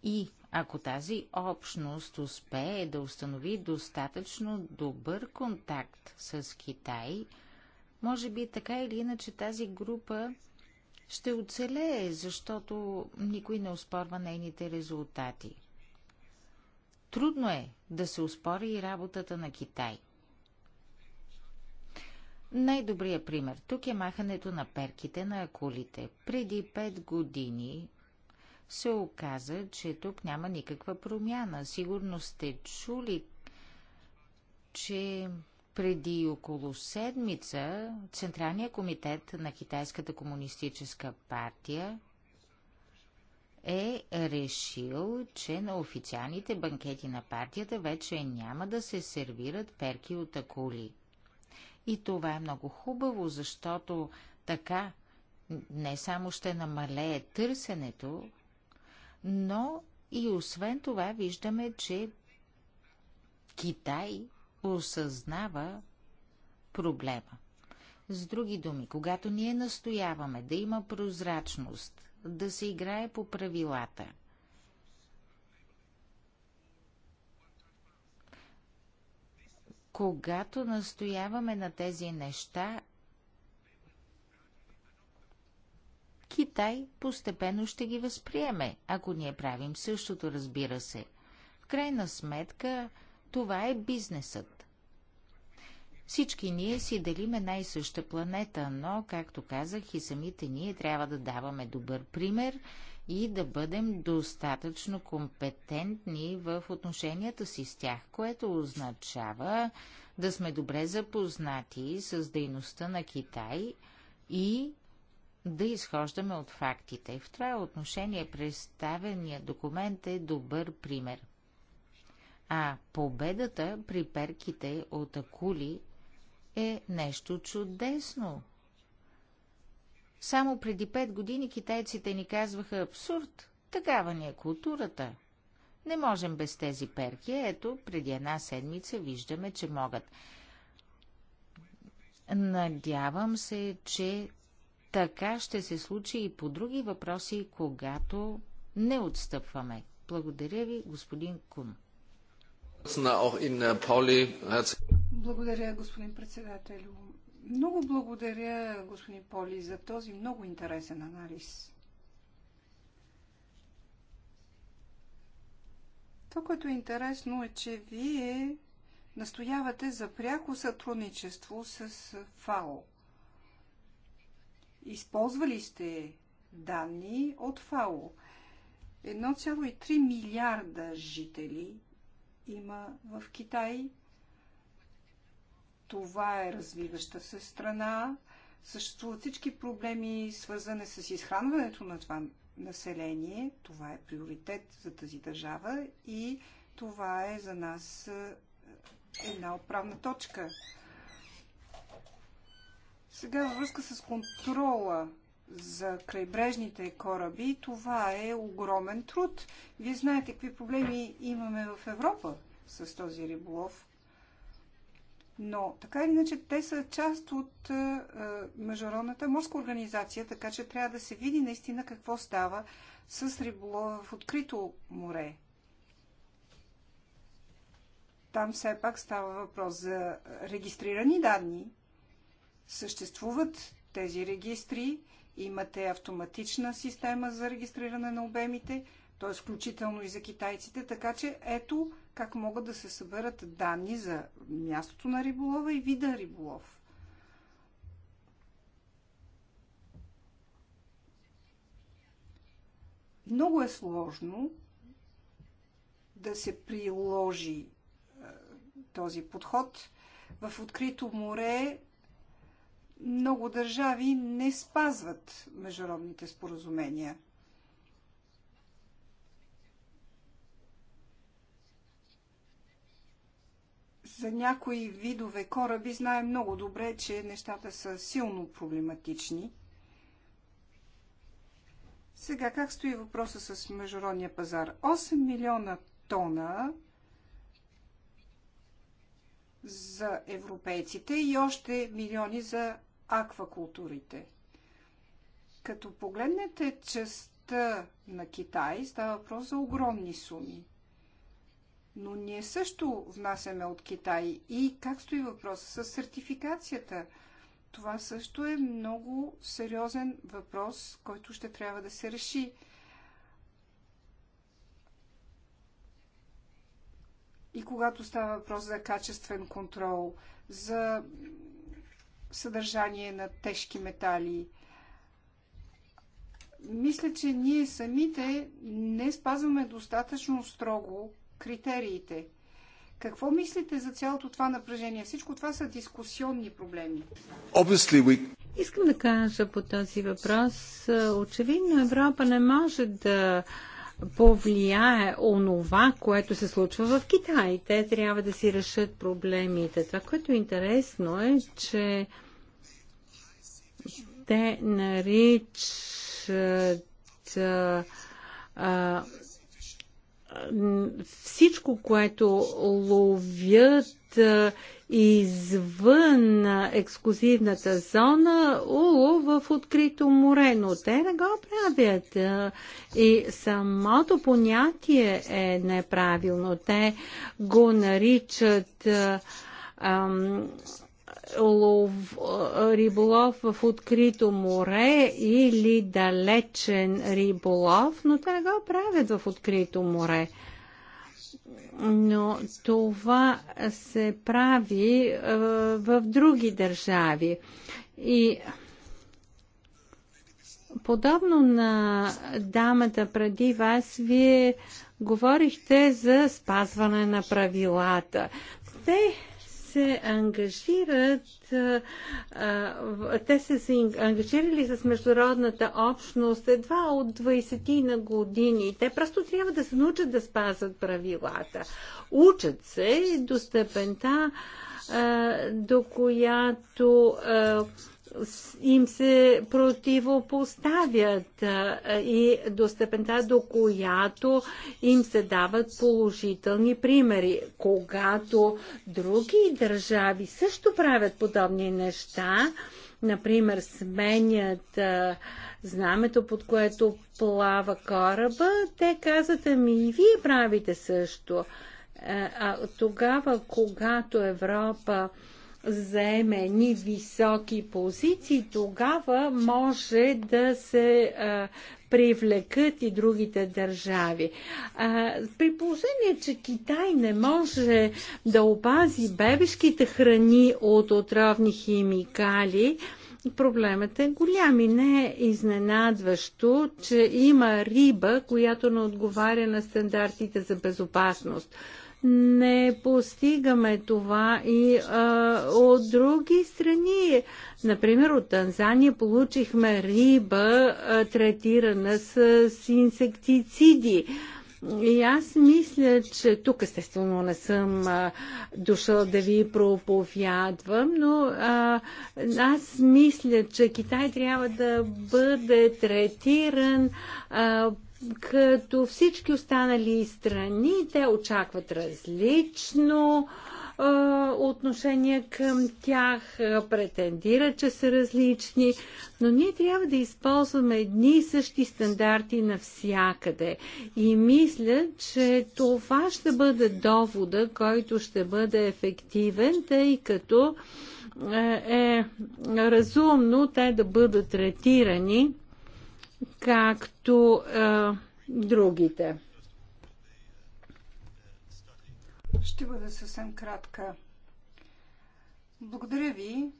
и ако тази общност успее да установи достатъчно добър контакт с Китай, може би така или иначе тази група ще оцелее, защото никой не успорва нейните резултати. Трудно е да се успори и работата на Китай. Най-добрият пример тук е махането на перките на акулите. Преди 5 години се оказа, че тук няма никаква промяна. Сигурно сте чули, че преди около седмица Централния комитет на Китайската комунистическа партия е решил, че на официалните банкети на партията вече няма да се сервират перки от акули. И това е много хубаво, защото така не само ще намалее търсенето, но и освен това виждаме, че Китай осъзнава проблема. С други думи, когато ние настояваме да има прозрачност – да се играе по правилата. Когато настояваме на тези неща, Китай постепенно ще ги възприеме, ако ние правим същото, разбира се. В крайна сметка, това е бизнесът. Всички ние си делим една и съща планета, но, както казах, и самите ние трябва да даваме добър пример и да бъдем достатъчно компетентни в отношенията си с тях, което означава да сме добре запознати с дейността на Китай и да изхождаме от фактите. В това отношение представения документ е добър пример. А победата при перките от акули е нещо чудесно. Само преди пет години китайците ни казваха абсурд, такава ни е културата. Не можем без тези перки, ето, преди една седмица виждаме, че могат. Надявам се, че така ще се случи и по други въпроси, когато не отстъпваме. Благодаря ви, господин Кун. Благодаря, господин председател. Много благодаря, господин Поли, за този много интересен анализ. Това, което е интересно е, че вие настоявате за пряко сътрудничество с ФАО. Използвали сте данни от ФАО. 1,3 милиарда жители има в Китай това е развиваща се страна. Съществуват всички проблеми, свързани с изхранването на това население. Това е приоритет за тази държава и това е за нас е, една отправна точка. Сега във връзка с контрола за крайбрежните кораби, това е огромен труд. Вие знаете какви проблеми имаме в Европа с този риболов. Но така или иначе те са част от е, е, Международната морска организация, така че трябва да се види наистина какво става с риболова в открито море. Там все пак става въпрос за регистрирани данни. Съществуват тези регистри, имате автоматична система за регистриране на обемите, т.е. включително и за китайците, така че ето как могат да се съберат данни за мястото на риболова и вида риболов. Много е сложно да се приложи е, този подход. В открито море много държави не спазват международните споразумения – За някои видове кораби знаем много добре, че нещата са силно проблематични. Сега как стои въпроса с международния пазар? 8 милиона тона за европейците и още милиони за аквакултурите. Като погледнете частта на Китай, става въпрос за огромни суми. Но ние също внасяме от Китай. И как стои въпроса с сертификацията? Това също е много сериозен въпрос, който ще трябва да се реши. И когато става въпрос за качествен контрол, за съдържание на тежки метали, мисля, че ние самите не спазваме достатъчно строго критериите. Какво мислите за цялото това напрежение? Всичко това са дискусионни проблеми. Искам да кажа по този въпрос. Е, очевидно Европа не може да повлияе онова, което се случва в Китай. Те трябва да си решат проблемите. Това, което е интересно е, че те наричат е, всичко, което ловят извън ексклюзивната зона, улов в открито море, но те не го правят. И самото понятие е неправилно. Те го наричат ам, лов, риболов в открито море или далечен риболов, но те не го правят в открито море. Но това се прави е, в други държави. И подобно на дамата преди вас, вие говорихте за спазване на правилата. Те се ангажират, те са се ангажирали с международната общност едва от 20 на години. Те просто трябва да се научат да спазват правилата. Учат се до степента, до която им се противопоставят и до степента, до която им се дават положителни примери. Когато други държави също правят подобни неща, например, сменят знамето, под което плава кораба, те казват, ами и вие правите също. А, а тогава, когато Европа заеме ни високи позиции, тогава може да се а, привлекат и другите държави. А, при положение, че Китай не може да опази бебешките храни от отровни химикали, Проблемът е голям и не е изненадващо, че има риба, която не отговаря на стандартите за безопасност не постигаме това и а, от други страни. Например, от Танзания получихме риба, а, третирана с, с инсектициди. И аз мисля, че тук естествено не съм а, дошъл да ви проповядвам, но а, аз мисля, че Китай трябва да бъде третиран а, като всички останали страни, те очакват различно е, отношение към тях, претендират, че са различни, но ние трябва да използваме едни и същи стандарти навсякъде. И мисля, че това ще бъде довода, който ще бъде ефективен, тъй като е разумно те да бъдат третирани както а, е, другите. Ще бъда съвсем кратка. Благодаря ви.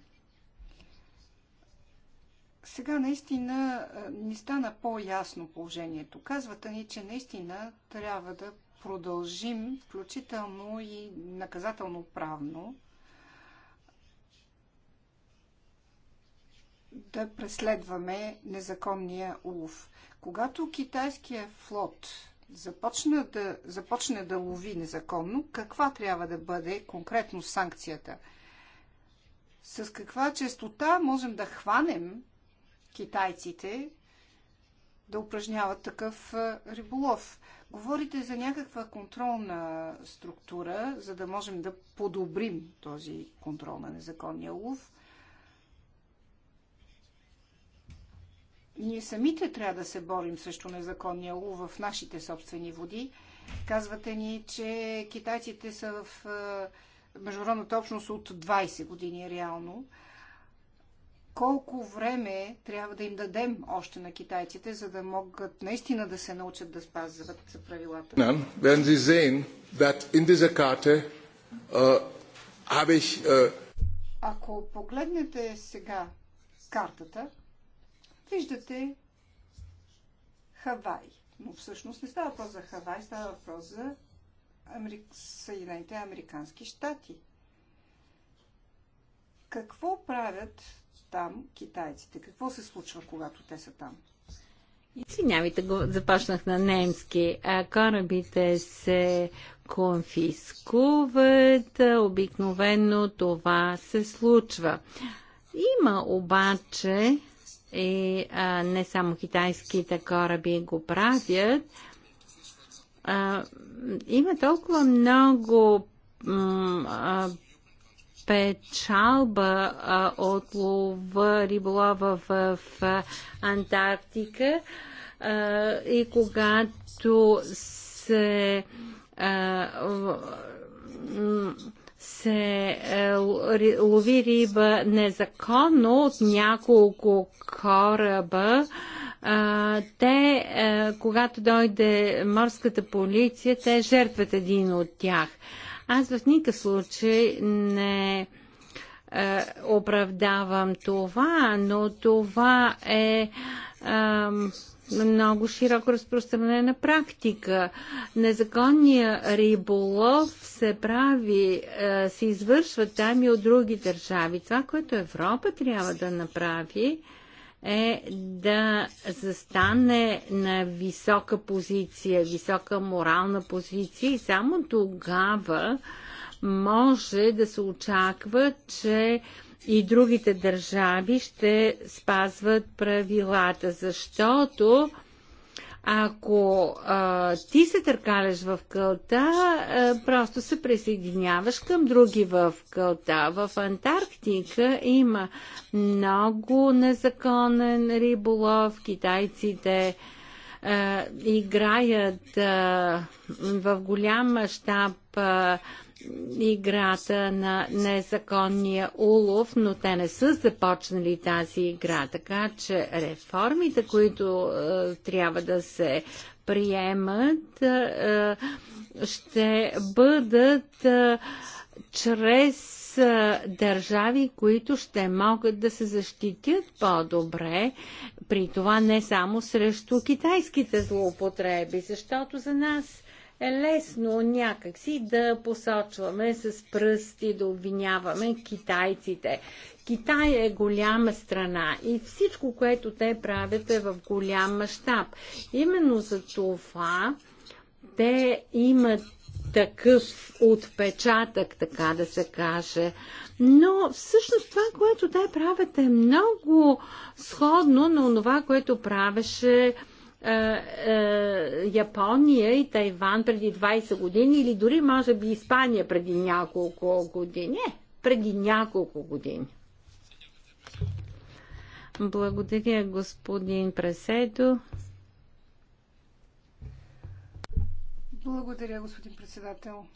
Сега наистина е, ни стана по-ясно положението. Казвате ни, че наистина трябва да продължим, включително и наказателно-правно, да преследваме незаконния улов. Когато китайският флот започне да, започне да лови незаконно, каква трябва да бъде конкретно санкцията? С каква честота можем да хванем китайците да упражняват такъв риболов? Говорите за някаква контролна структура, за да можем да подобрим този контрол на незаконния улов – Ние самите трябва да се борим срещу незаконния лов в нашите собствени води. Казвате ни, че китайците са в е, международната общност от 20 години реално. Колко време трябва да им дадем още на китайците, за да могат наистина да се научат да спазват правилата? Ако погледнете сега картата, Виждате Хавай. Но всъщност не става въпрос за Хавай, става въпрос за Америк... Съединените Американски щати. Какво правят там китайците? Какво се случва, когато те са там? Извинявайте, го започнах на немски. А, корабите се конфискуват, обикновено това се случва. Има обаче и а, не само китайските кораби го правят. А, има толкова много а, печалба а, от лова риболова в, в Антарктика а, и когато се а, в, се е, лови риба незаконно от няколко кораба, а, те, е, когато дойде морската полиция, те жертват един от тях. Аз в никакъв случай не е, оправдавам това, но това е. е много широко разпространена практика. Незаконният риболов се прави, е, се извършва там и от други държави. Това, което Европа трябва да направи, е да застане на висока позиция, висока морална позиция и само тогава може да се очаква, че и другите държави ще спазват правилата, защото ако а, ти се търкаляш в кълта, а, просто се присъединяваш към други в кълта. В Антарктика има много незаконен риболов. Китайците а, играят а, в голям мащаб играта на незаконния улов, но те не са започнали тази игра. Така че реформите, които е, трябва да се приемат, е, ще бъдат е, чрез е, държави, които ще могат да се защитят по-добре, при това не само срещу китайските злоупотреби, защото за нас е лесно някакси да посочваме с пръсти, да обвиняваме китайците. Китай е голяма страна и всичко, което те правят е в голям мащаб. Именно за това те имат такъв отпечатък, така да се каже. Но всъщност това, което те правят е много сходно на това, което правеше Япония и Тайван преди 20 години или дори може би Испания преди няколко години. Не, преди няколко години. Благодаря, господин Преседо. Благодаря, господин председател.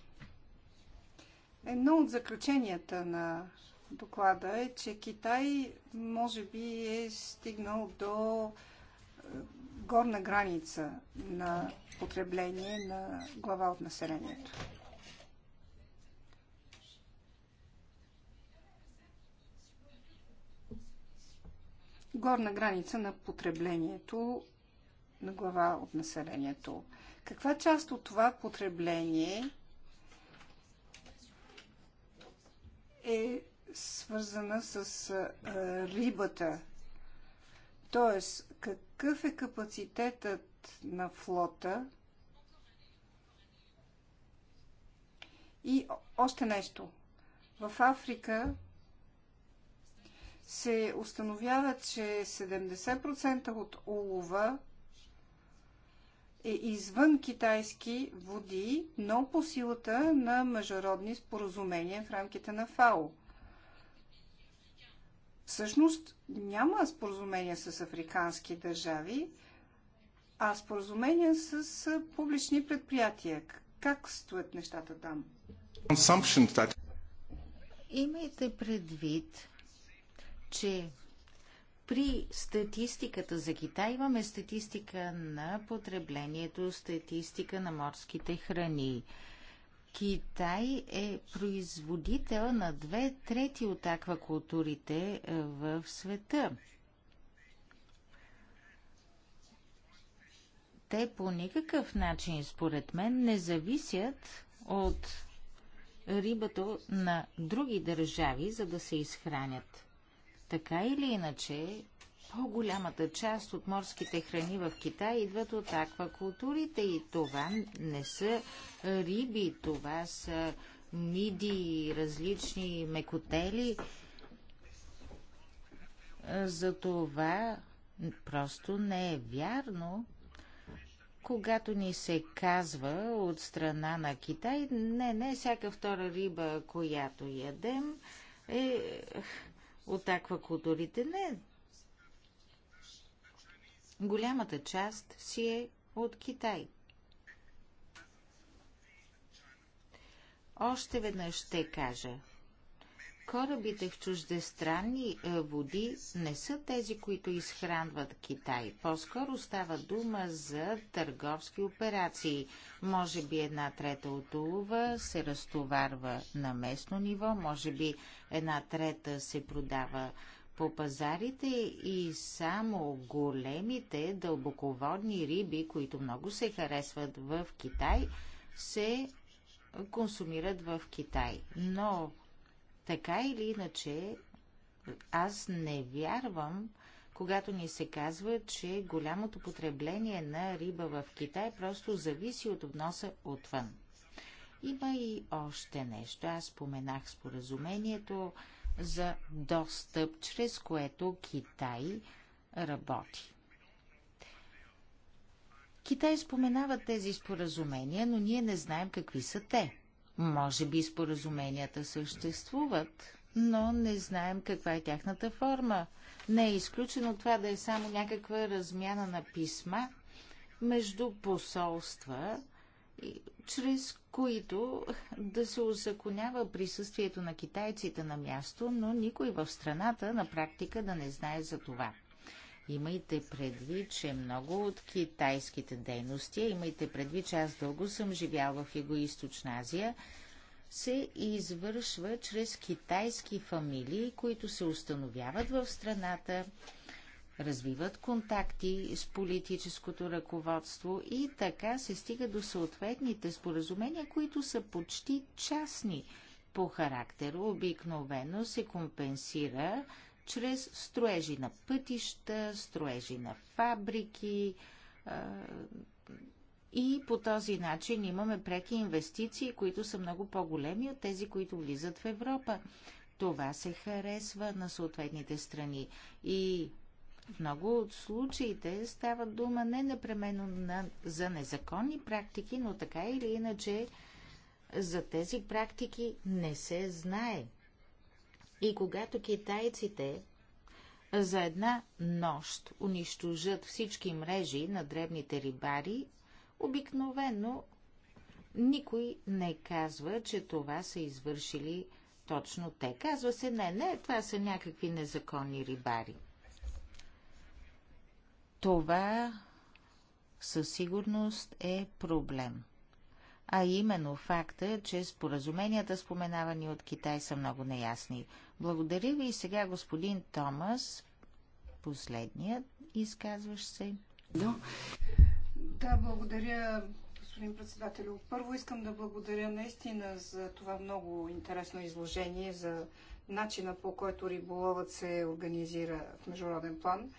Едно от заключенията на доклада е, че Китай може би е стигнал до горна граница на потребление на глава от населението. Горна граница на потреблението на глава от населението. Каква част от това потребление е свързана с рибата? Тоест, как, какъв е капацитетът на флота и още нещо. В Африка се установява, че 70% от улова е извън китайски води, но по силата на международни споразумения в рамките на ФАО – Всъщност няма споразумения с африкански държави, а споразумения с публични предприятия. Как стоят нещата там? Имайте предвид, че при статистиката за Китай имаме статистика на потреблението, статистика на морските храни. Китай е производител на две трети от аквакултурите е, в света. Те по никакъв начин, според мен, не зависят от рибата на други държави, за да се изхранят. Така или иначе, по-голямата част от морските храни в Китай идват от аквакултурите и това не са риби, това са миди, различни мекотели. За това просто не е вярно, когато ни се казва от страна на Китай, не, не всяка втора риба, която ядем, е от аквакултурите. Не, Голямата част си е от Китай. Още веднъж ще кажа. Корабите в чуждестранни е, води не са тези, които изхранват Китай. По-скоро става дума за търговски операции. Може би една трета от улова се разтоварва на местно ниво, може би една трета се продава по пазарите и само големите дълбоководни риби, които много се харесват в Китай, се консумират в Китай. Но така или иначе, аз не вярвам, когато ни се казва, че голямото потребление на риба в Китай просто зависи от вноса отвън. Има и още нещо. Аз споменах споразумението за достъп, чрез което Китай работи. Китай споменава тези споразумения, но ние не знаем какви са те. Може би споразуменията съществуват, но не знаем каква е тяхната форма. Не е изключено това да е само някаква размяна на писма между посолства, чрез които да се озаконява присъствието на китайците на място, но никой в страната на практика да не знае за това. Имайте предвид, че много от китайските дейности, имайте предвид, че аз дълго съм живял в Юго-Источна Азия, се извършва чрез китайски фамилии, които се установяват в страната развиват контакти с политическото ръководство и така се стига до съответните споразумения, които са почти частни по характер. Обикновено се компенсира чрез строежи на пътища, строежи на фабрики и по този начин имаме преки инвестиции, които са много по-големи от тези, които влизат в Европа. Това се харесва на съответните страни и в много от случаите става дума не непременно на, за незаконни практики, но така или иначе за тези практики не се знае. И когато китайците за една нощ унищожат всички мрежи на дребните рибари, обикновено никой не казва, че това са извършили точно те. Казва се, не, не, това са някакви незаконни рибари. Това със сигурност е проблем. А именно факта, че споразуменията, споменавани от Китай, са много неясни. Благодаря ви и сега господин Томас, последният изказващ се. Да. да, благодаря, господин председател. Първо искам да благодаря наистина за това много интересно изложение, за начина по който риболовът се организира в международен план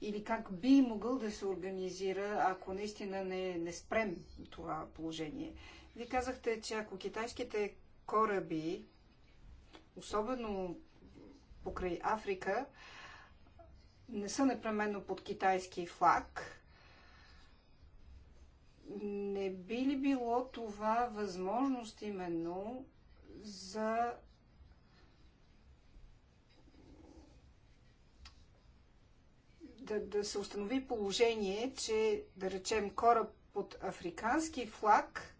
или как би могъл да се организира, ако наистина не, не спрем това положение. Вие казахте, че ако китайските кораби, особено покрай Африка, не са непременно под китайски флаг, не би ли било това възможност именно за да, да се установи положение, че да речем кораб под африкански флаг,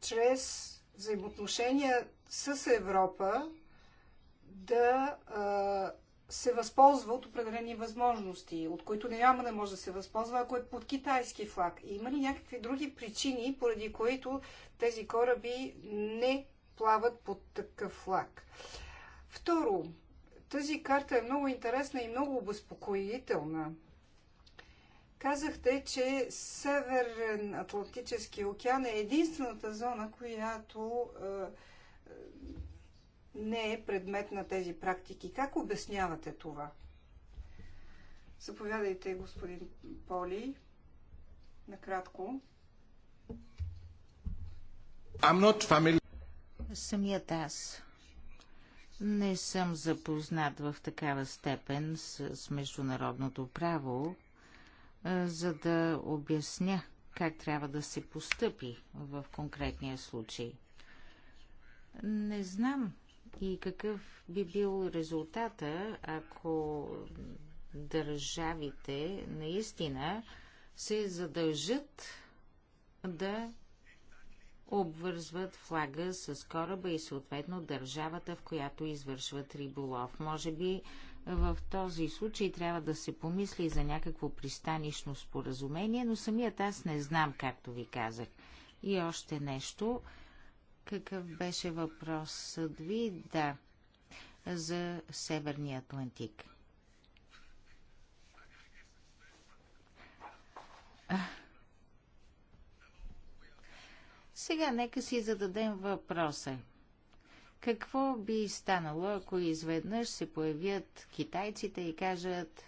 чрез взаимоотношения с Европа, да а, се възползва от определени възможности, от които няма да може да се възползва, ако е под китайски флаг. И има ли някакви други причини, поради които тези кораби не плават под такъв флаг? Второ, тази карта е много интересна и много обезпокоителна. Казахте, че Северен Атлантически океан е единствената зона, която е, е, не е предмет на тези практики. Как обяснявате това? Заповядайте, господин Поли, накратко. I'm not familiar. Самият аз не съм запознат в такава степен с международното право, за да обясня как трябва да се постъпи в конкретния случай. Не знам и какъв би бил резултата, ако държавите наистина се задължат да обвързват флага с кораба и съответно държавата, в която извършват риболов. Може би в този случай трябва да се помисли за някакво пристанищно споразумение, но самият аз не знам, както ви казах. И още нещо. Какъв беше въпросът ви? Да, за Северния Атлантик. Сега нека си зададем въпроса. Какво би станало, ако изведнъж се появят китайците и кажат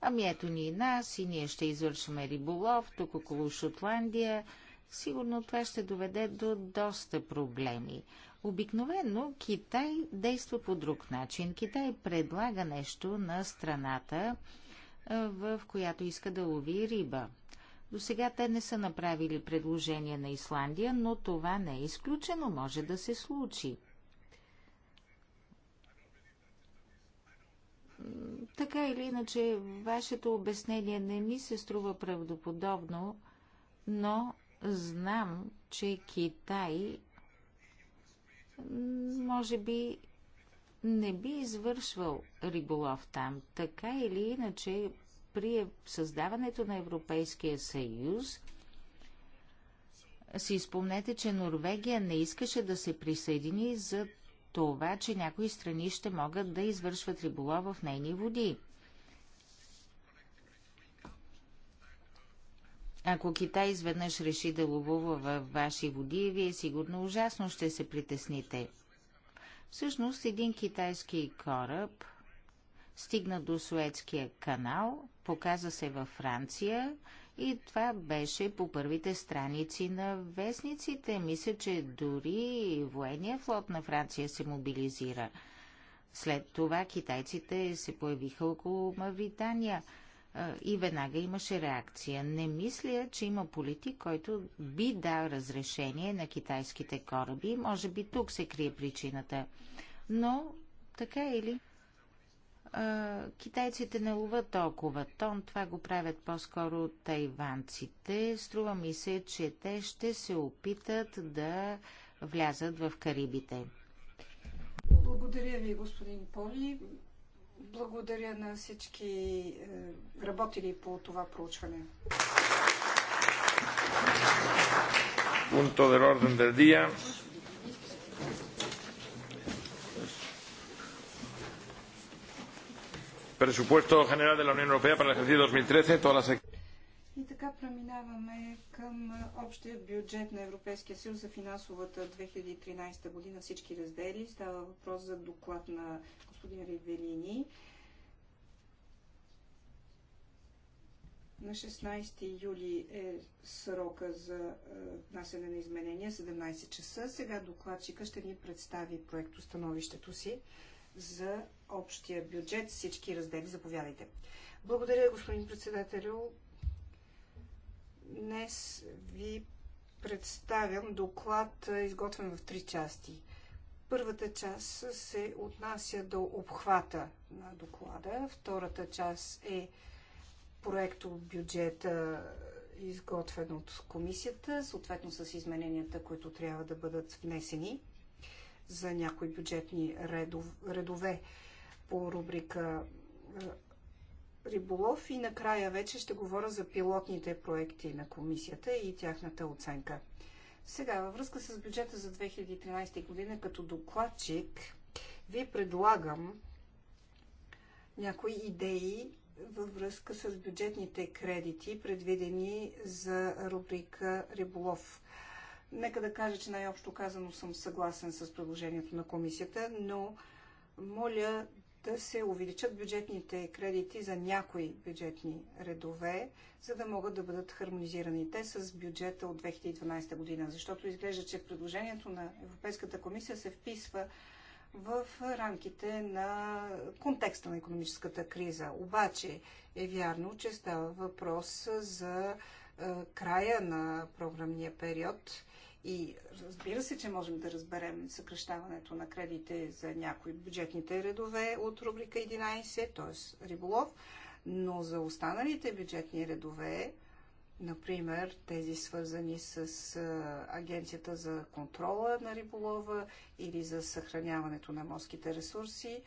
Ами ето ни и нас, и ние ще извършваме риболов тук около Шотландия. Сигурно това ще доведе до доста проблеми. Обикновено Китай действа по друг начин. Китай предлага нещо на страната, в която иска да лови риба. До сега те не са направили предложение на Исландия, но това не е изключено, може да се случи. Така или иначе, вашето обяснение не ми се струва правдоподобно, но знам, че Китай може би не би извършвал риболов там. Така или иначе, при създаването на Европейския съюз си спомнете, че Норвегия не искаше да се присъедини за това, че някои страни ще могат да извършват риболов в нейни води. Ако Китай изведнъж реши да ловува във ваши води, вие сигурно ужасно ще се притесните. Всъщност, един китайски кораб – стигна до Суетския канал, показа се във Франция и това беше по първите страници на вестниците. Мисля, че дори военния флот на Франция се мобилизира. След това китайците се появиха около Мавритания и веднага имаше реакция. Не мисля, че има политик, който би дал разрешение на китайските кораби. Може би тук се крие причината. Но така или е а, китайците не ловат толкова тон, това го правят по-скоро тайванците. Струва ми се, че те ще се опитат да влязат в Карибите. Благодаря ви, господин Поли. Благодаря на всички е, работили по това проучване. Пункто del orden del día. Presupuesto general de la Unión Europea para el ejercicio 2013, todas las... И така преминаваме към общия бюджет на Европейския съюз за финансовата 2013 година, всички раздели. Става въпрос за доклад на господин Ривелини. На 16 юли е срока за внасяне на изменения, 17 часа. Сега докладчика ще ни представи установището си за общия бюджет, всички раздели. Заповядайте. Благодаря, господин председателю. Днес ви представям доклад, изготвен в три части. Първата част се отнася до обхвата на доклада. Втората част е проекто бюджета, изготвен от комисията, съответно с измененията, които трябва да бъдат внесени за някои бюджетни редове по рубрика е, Риболов и накрая вече ще говоря за пилотните проекти на комисията и тяхната оценка. Сега, във връзка с бюджета за 2013 година, като докладчик, ви предлагам някои идеи във връзка с бюджетните кредити, предвидени за рубрика Риболов. Нека да кажа, че най-общо казано съм съгласен с предложението на комисията, но моля да се увеличат бюджетните кредити за някои бюджетни редове, за да могат да бъдат хармонизирани те с бюджета от 2012 година. Защото изглежда, че предложението на Европейската комисия се вписва в рамките на контекста на економическата криза. Обаче е вярно, че става въпрос за е, края на програмния период и разбира се, че можем да разберем съкръщаването на кредите за някои бюджетните редове от рубрика 11, т.е. риболов, но за останалите бюджетни редове, например тези свързани с Агенцията за контрола на риболова или за съхраняването на морските ресурси,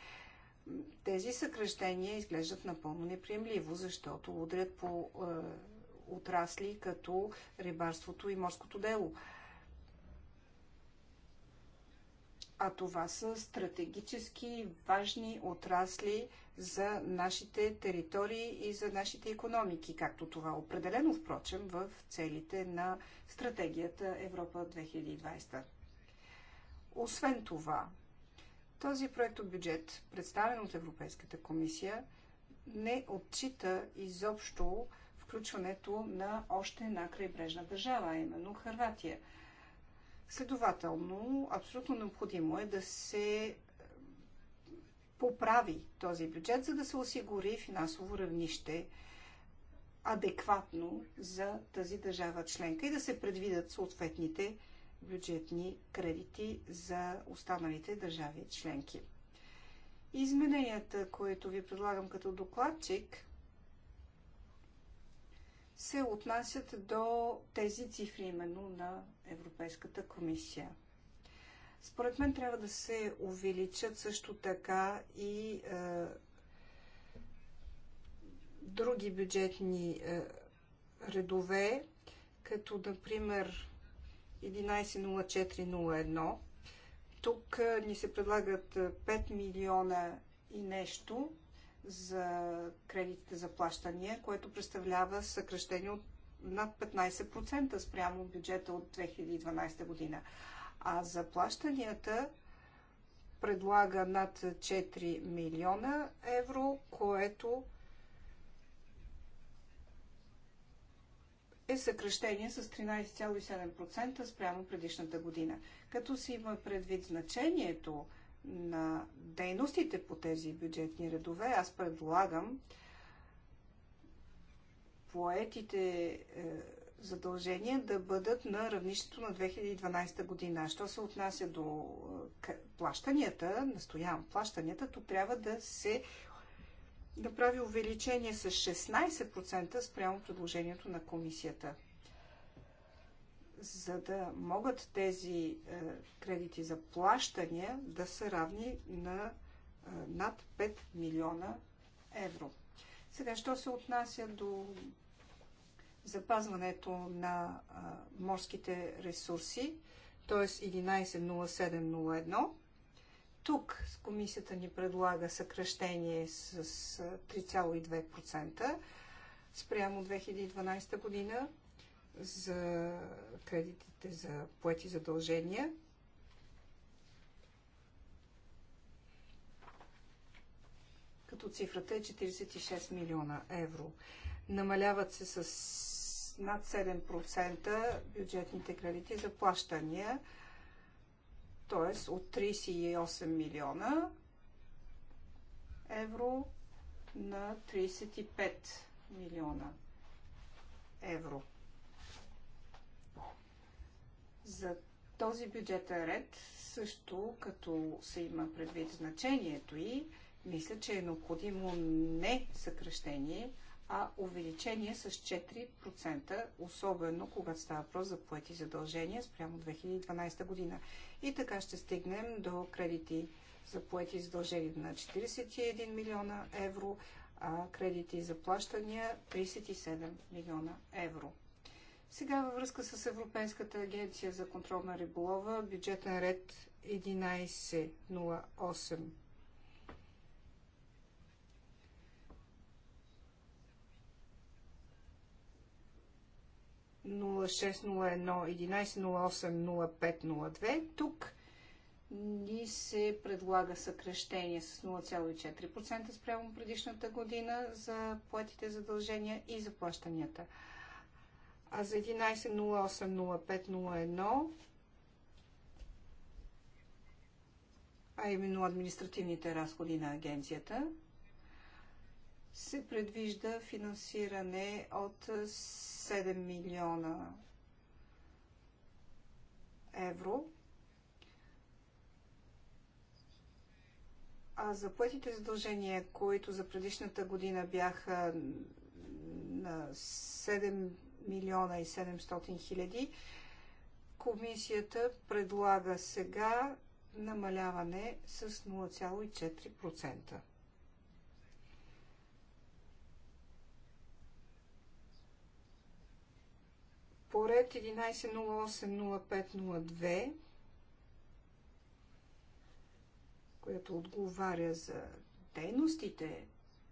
тези съкръщения изглеждат напълно неприемливо, защото удрят по е, отрасли като рибарството и морското дело. а това са стратегически важни отрасли за нашите територии и за нашите економики, както това определено, впрочем, в целите на стратегията Европа 2020. Освен това, този бюджет, представен от Европейската комисия, не отчита изобщо включването на още една крайбрежна държава, а именно Харватия – Следователно, абсолютно необходимо е да се поправи този бюджет, за да се осигури финансово равнище адекватно за тази държава членка и да се предвидят съответните бюджетни кредити за останалите държави членки. Измененията, които ви предлагам като докладчик, се отнасят до тези цифри именно на Европейската комисия. Според мен трябва да се увеличат също така и е, други бюджетни е, редове, като например 110401. Тук е, ни се предлагат 5 е, милиона и нещо за кредитите за плащания, което представлява съкръщение от над 15% спрямо бюджета от 2012 година. А за плащанията предлага над 4 милиона евро, което е съкръщение с 13,7% спрямо предишната година. Като си има предвид значението на дейностите по тези бюджетни редове, аз предлагам поетите е, задължения да бъдат на равнището на 2012 година. Що се отнася до е, плащанията, настоявам плащанията, то трябва да се направи прави увеличение с 16% спрямо предложението на комисията за да могат тези е, кредити за плащания да са равни на е, над 5 милиона евро. Сега, що се отнася до запазването на е, морските ресурси, т.е. 110701, тук комисията ни предлага съкръщение с 3,2% спрямо 2012 година за кредитите за плати задължения. Като цифрата е 46 милиона евро. Намаляват се с над 7% бюджетните кредити за плащания, т.е. от 38 милиона евро на 35 милиона евро. За този бюджетен ред също, като се има предвид значението и, мисля, че е необходимо не съкръщение, а увеличение с 4%, особено когато става въпрос за поети задължения спрямо 2012 година. И така ще стигнем до кредити за поети задължения на 41 милиона евро, а кредити за плащания 37 милиона евро. Сега във връзка с Европейската агенция за контрол на риболова, бюджетен ред 1108. Тук ни се предлага съкрещение с 0,4% спрямо предишната година за платите задължения и заплащанията. плащанията. А за 11.08.05.01 а именно административните разходи на агенцията, се предвижда финансиране от 7 милиона евро. А за платите задължения, които за предишната година бяха на 7 милиона и 700 хиляди. Комисията предлага сега намаляване с 0,4%. По ред 11080502, която отговаря за дейностите,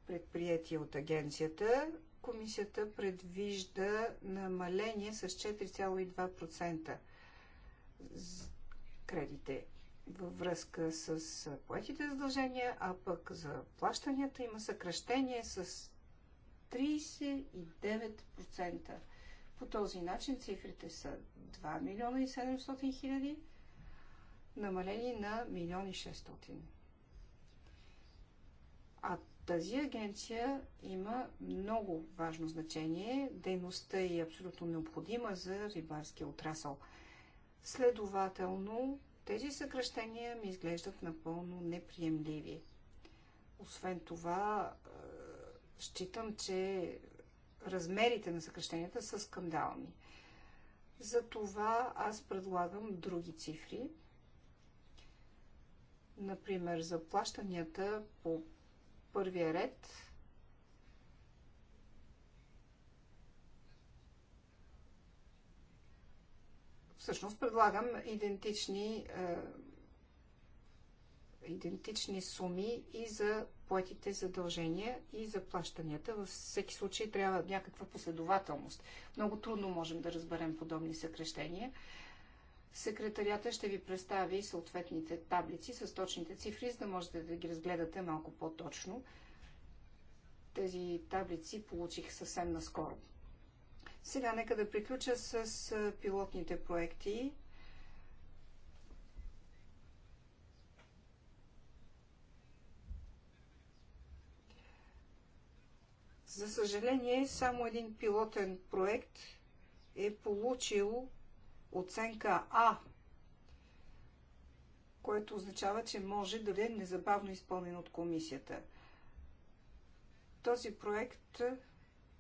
предприятия от агенцията, комисията предвижда намаление с 4,2% кредите във връзка с поетите задължения, а пък за плащанията има съкръщение с 39%. По този начин цифрите са 2 милиона и 700 хиляди, намалени на милион и 600. 000. А тази агенция има много важно значение. Дейността е абсолютно необходима за рибарския отрасъл. Следователно, тези съкръщения ми изглеждат напълно неприемливи. Освен това, е, считам, че размерите на съкръщенията са скандални. Затова аз предлагам други цифри. Например, заплащанията по първия ред. Всъщност предлагам идентични, е, идентични суми и за поетите задължения и за плащанията. Във всеки случай трябва някаква последователност. Много трудно можем да разберем подобни съкрещения. Секретарията ще ви представи съответните таблици с точните цифри, за да можете да ги разгледате малко по-точно. Тези таблици получих съвсем наскоро. Сега нека да приключа с пилотните проекти. За съжаление, само един пилотен проект е получил оценка А, което означава, че може да бъде незабавно изпълнен от комисията. Този проект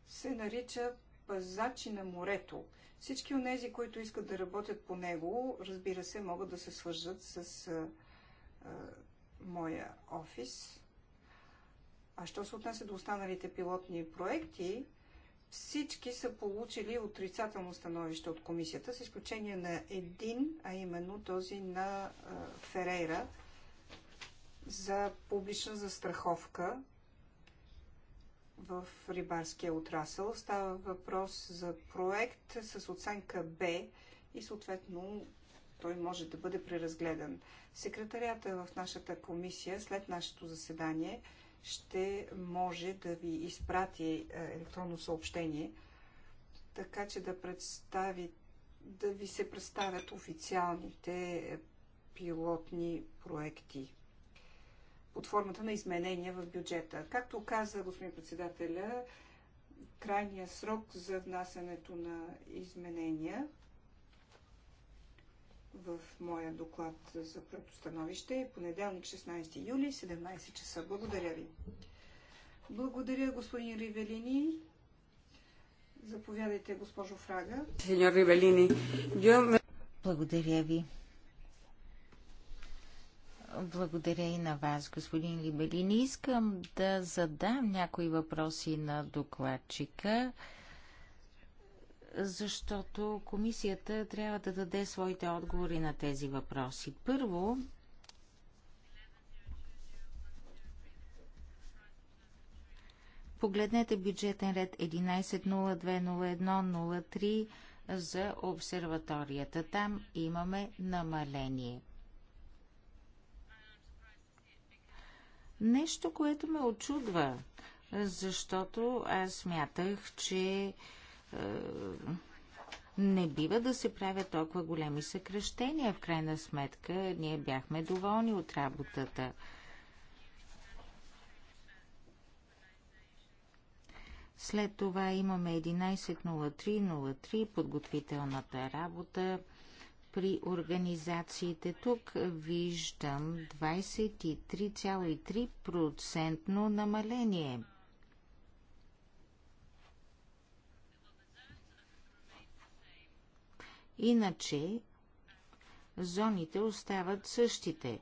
се нарича Пазачи на морето. Всички от тези, които искат да работят по него, разбира се, могат да се свържат с а, а, моя офис. А що се отнася до останалите пилотни проекти, всички са получили отрицателно становище от комисията, с изключение на един, а именно този на Ферейра за публична застраховка в рибарския отрасъл. Става въпрос за проект с оценка Б и съответно той може да бъде преразгледан. Секретарията в нашата комисия след нашето заседание ще може да ви изпрати е, електронно съобщение, така че да представи, да ви се представят официалните е, пилотни проекти под формата на изменения в бюджета. Както каза господин председателя, крайният срок за внасянето на изменения в моя доклад за проектостановище. Понеделник 16 юли, 17 часа. Благодаря ви. Благодаря, господин Ривелини. Заповядайте, госпожо Фрага. Сеньор Ривелини, благодаря ви. Благодаря и на вас, господин Либелин. Искам да задам някои въпроси на докладчика защото комисията трябва да даде своите отговори на тези въпроси. Първо, погледнете бюджетен ред 11020103 за обсерваторията. Там имаме намаление. Нещо, което ме очудва, защото аз смятах, че не бива да се правят толкова големи съкръщения. В крайна сметка ние бяхме доволни от работата. След това имаме 11.03.03 подготвителната работа при организациите. Тук виждам 23,3% намаление – Иначе зоните остават същите.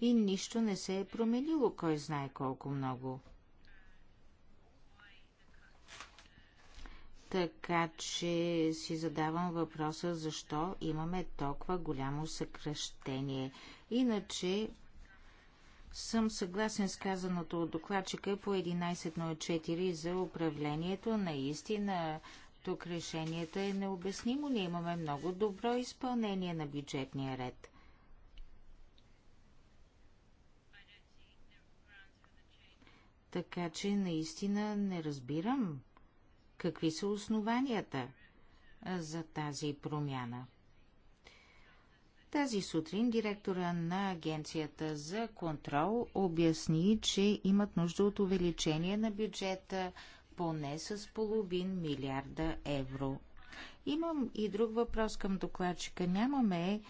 И нищо не се е променило, кой знае колко много. Така че си задавам въпроса, защо имаме толкова голямо съкръщение. Иначе съм съгласен с казаното от докладчика по 11.04 за управлението. Наистина тук решението е необяснимо. Ние имаме много добро изпълнение на бюджетния ред. Така че наистина не разбирам какви са основанията за тази промяна. Тази сутрин директора на Агенцията за контрол обясни, че имат нужда от увеличение на бюджета, поне с половин милиарда евро. Имам и друг въпрос към докладчика. Нямаме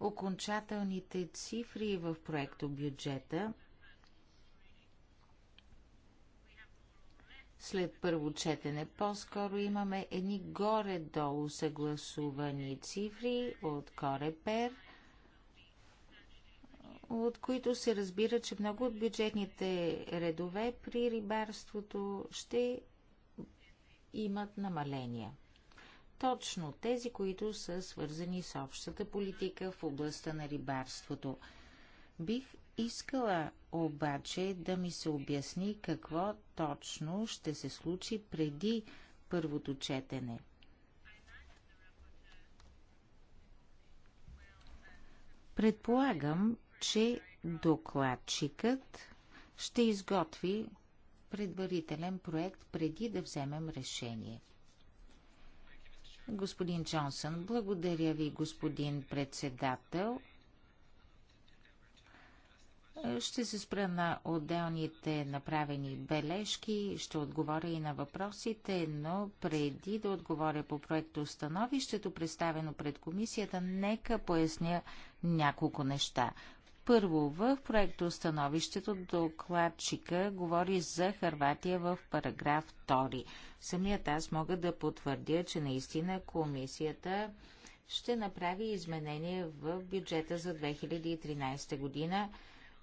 окончателните цифри в проекто бюджета. След първо четене по-скоро имаме едни горе-долу съгласувани цифри от Корепер – от които се разбира, че много от бюджетните редове при рибарството ще имат намаления. Точно тези, които са свързани с общата политика в областта на рибарството. Бих искала обаче да ми се обясни какво точно ще се случи преди първото четене. Предполагам, че докладчикът ще изготви предварителен проект преди да вземем решение. Господин Джонсън, благодаря ви, господин председател. Ще се спра на отделните направени бележки, ще отговоря и на въпросите, но преди да отговоря по проекто становището, представено пред комисията, нека поясня няколко неща. Първо, в проекто становището докладчика говори за Харватия в параграф 2. Самият аз мога да потвърдя, че наистина комисията ще направи изменение в бюджета за 2013 година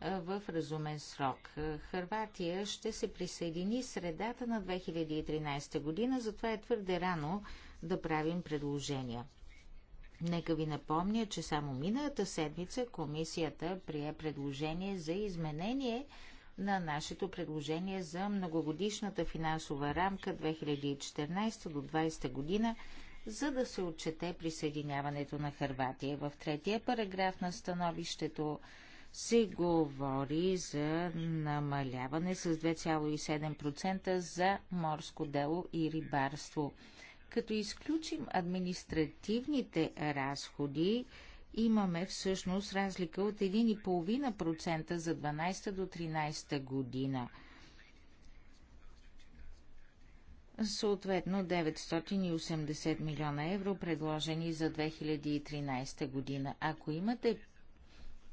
в разумен срок. Харватия ще се присъедини средата на 2013 година, затова е твърде рано да правим предложения. Нека ви напомня, че само миналата седмица комисията прие предложение за изменение на нашето предложение за многогодишната финансова рамка 2014 до 2020 година, за да се отчете присъединяването на Харватия. В третия параграф на становището се говори за намаляване с 2,7% за морско дело и рибарство – като изключим административните разходи, имаме всъщност разлика от 1,5% за 12 до 13 година. Съответно 980 милиона евро предложени за 2013 година. Ако имате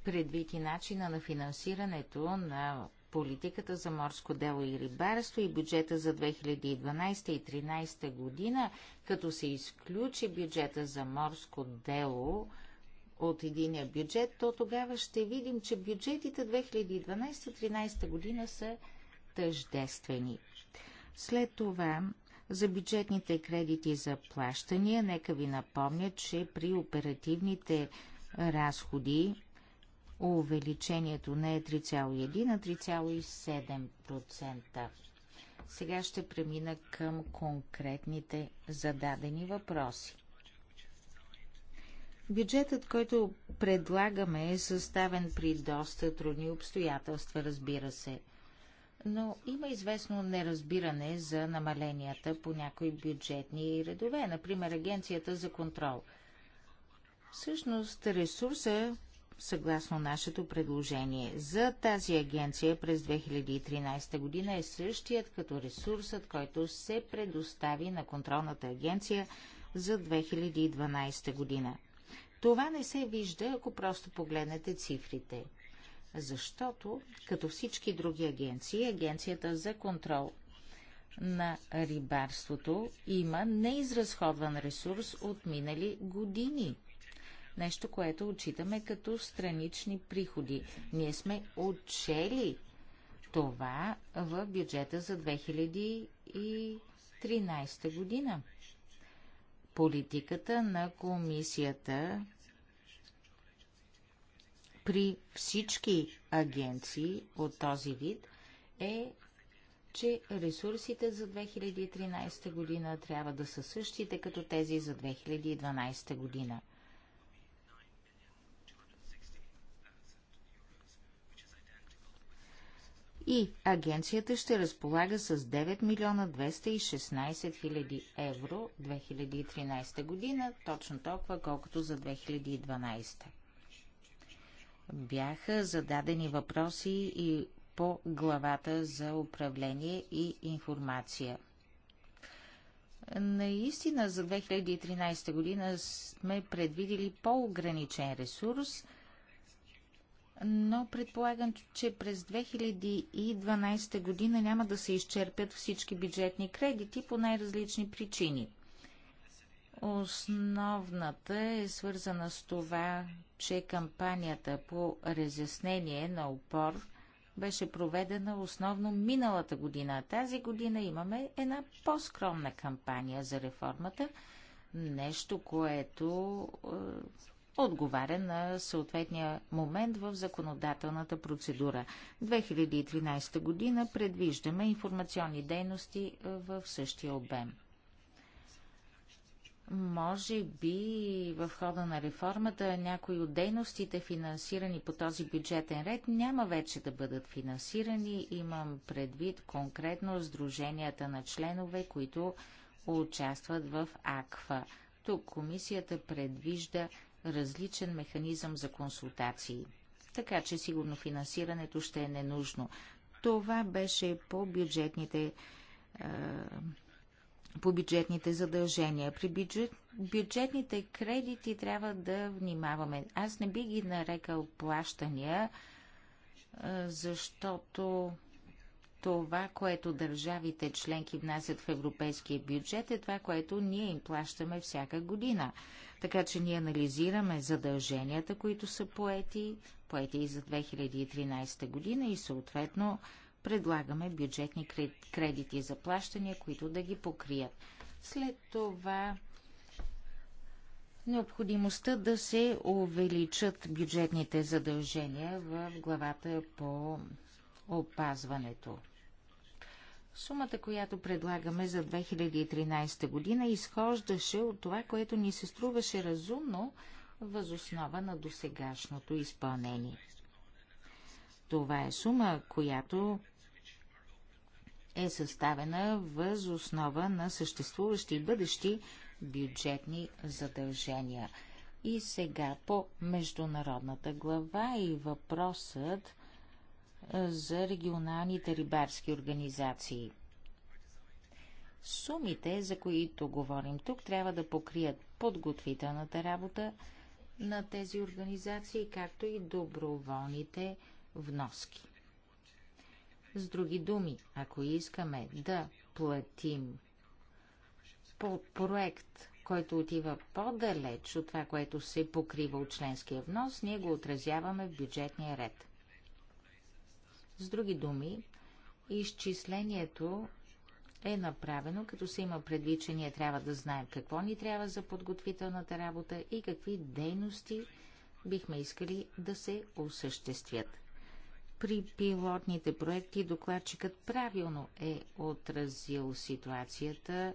предвид и начина на финансирането на политиката за морско дело и рибарство и бюджета за 2012 и 2013 година, като се изключи бюджета за морско дело от единия бюджет, то тогава ще видим, че бюджетите 2012-2013 година са тъждествени. След това за бюджетните кредити за плащания, нека ви напомня, че при оперативните разходи увеличението не е 3,1, а 3,7%. Сега ще премина към конкретните зададени въпроси. Бюджетът, който предлагаме, е съставен при доста трудни обстоятелства, разбира се. Но има известно неразбиране за намаленията по някои бюджетни редове, например Агенцията за контрол. Всъщност ресурса съгласно нашето предложение. За тази агенция през 2013 година е същият като ресурсът, който се предостави на контролната агенция за 2012 година. Това не се вижда, ако просто погледнете цифрите. Защото, като всички други агенции, агенцията за контрол на рибарството има неизразходван ресурс от минали години – нещо, което отчитаме като странични приходи. Ние сме отчели това в бюджета за 2013 година. Политиката на комисията при всички агенции от този вид е, че ресурсите за 2013 година трябва да са същите като тези за 2012 година. и агенцията ще разполага с 9 милиона 216 хиляди евро 2013 година, точно толкова колкото за 2012. Бяха зададени въпроси и по главата за управление и информация. Наистина за 2013 година сме предвидили по-ограничен ресурс – но предполагам, че през 2012 година няма да се изчерпят всички бюджетни кредити по най-различни причини. Основната е свързана с това, че кампанията по разяснение на опор беше проведена основно миналата година. Тази година имаме една по-скромна кампания за реформата, нещо, което е, отговаря на съответния момент в законодателната процедура. 2013 година предвиждаме информационни дейности в същия обем. Може би в хода на реформата някои от дейностите, финансирани по този бюджетен ред, няма вече да бъдат финансирани. Имам предвид конкретно сдруженията на членове, които участват в АКФА. Тук комисията предвижда различен механизъм за консултации. Така че сигурно финансирането ще е ненужно. Това беше по бюджетните по бюджетните задължения. При бюджет, бюджетните кредити трябва да внимаваме. Аз не би ги нарекал плащания, защото това, което държавите членки внасят в европейския бюджет, е това, което ние им плащаме всяка година. Така че ние анализираме задълженията, които са поети, поети и за 2013 година и съответно предлагаме бюджетни кредити за плащания, които да ги покрият. След това необходимостта да се увеличат бюджетните задължения в главата по опазването. Сумата, която предлагаме за 2013 година, изхождаше от това, което ни се струваше разумно възоснова на досегашното изпълнение. Това е сума, която е съставена въз основа на съществуващи и бъдещи бюджетни задължения. И сега по международната глава и въпросът за регионалните рибарски организации. Сумите, за които говорим тук, трябва да покрият подготвителната работа на тези организации, както и доброволните вноски. С други думи, ако искаме да платим по проект, който отива по-далеч от това, което се покрива от членския внос, ние го отразяваме в бюджетния ред. С други думи, изчислението е направено, като се има предвид, че ние трябва да знаем какво ни трябва за подготвителната работа и какви дейности бихме искали да се осъществят. При пилотните проекти докладчикът правилно е отразил ситуацията.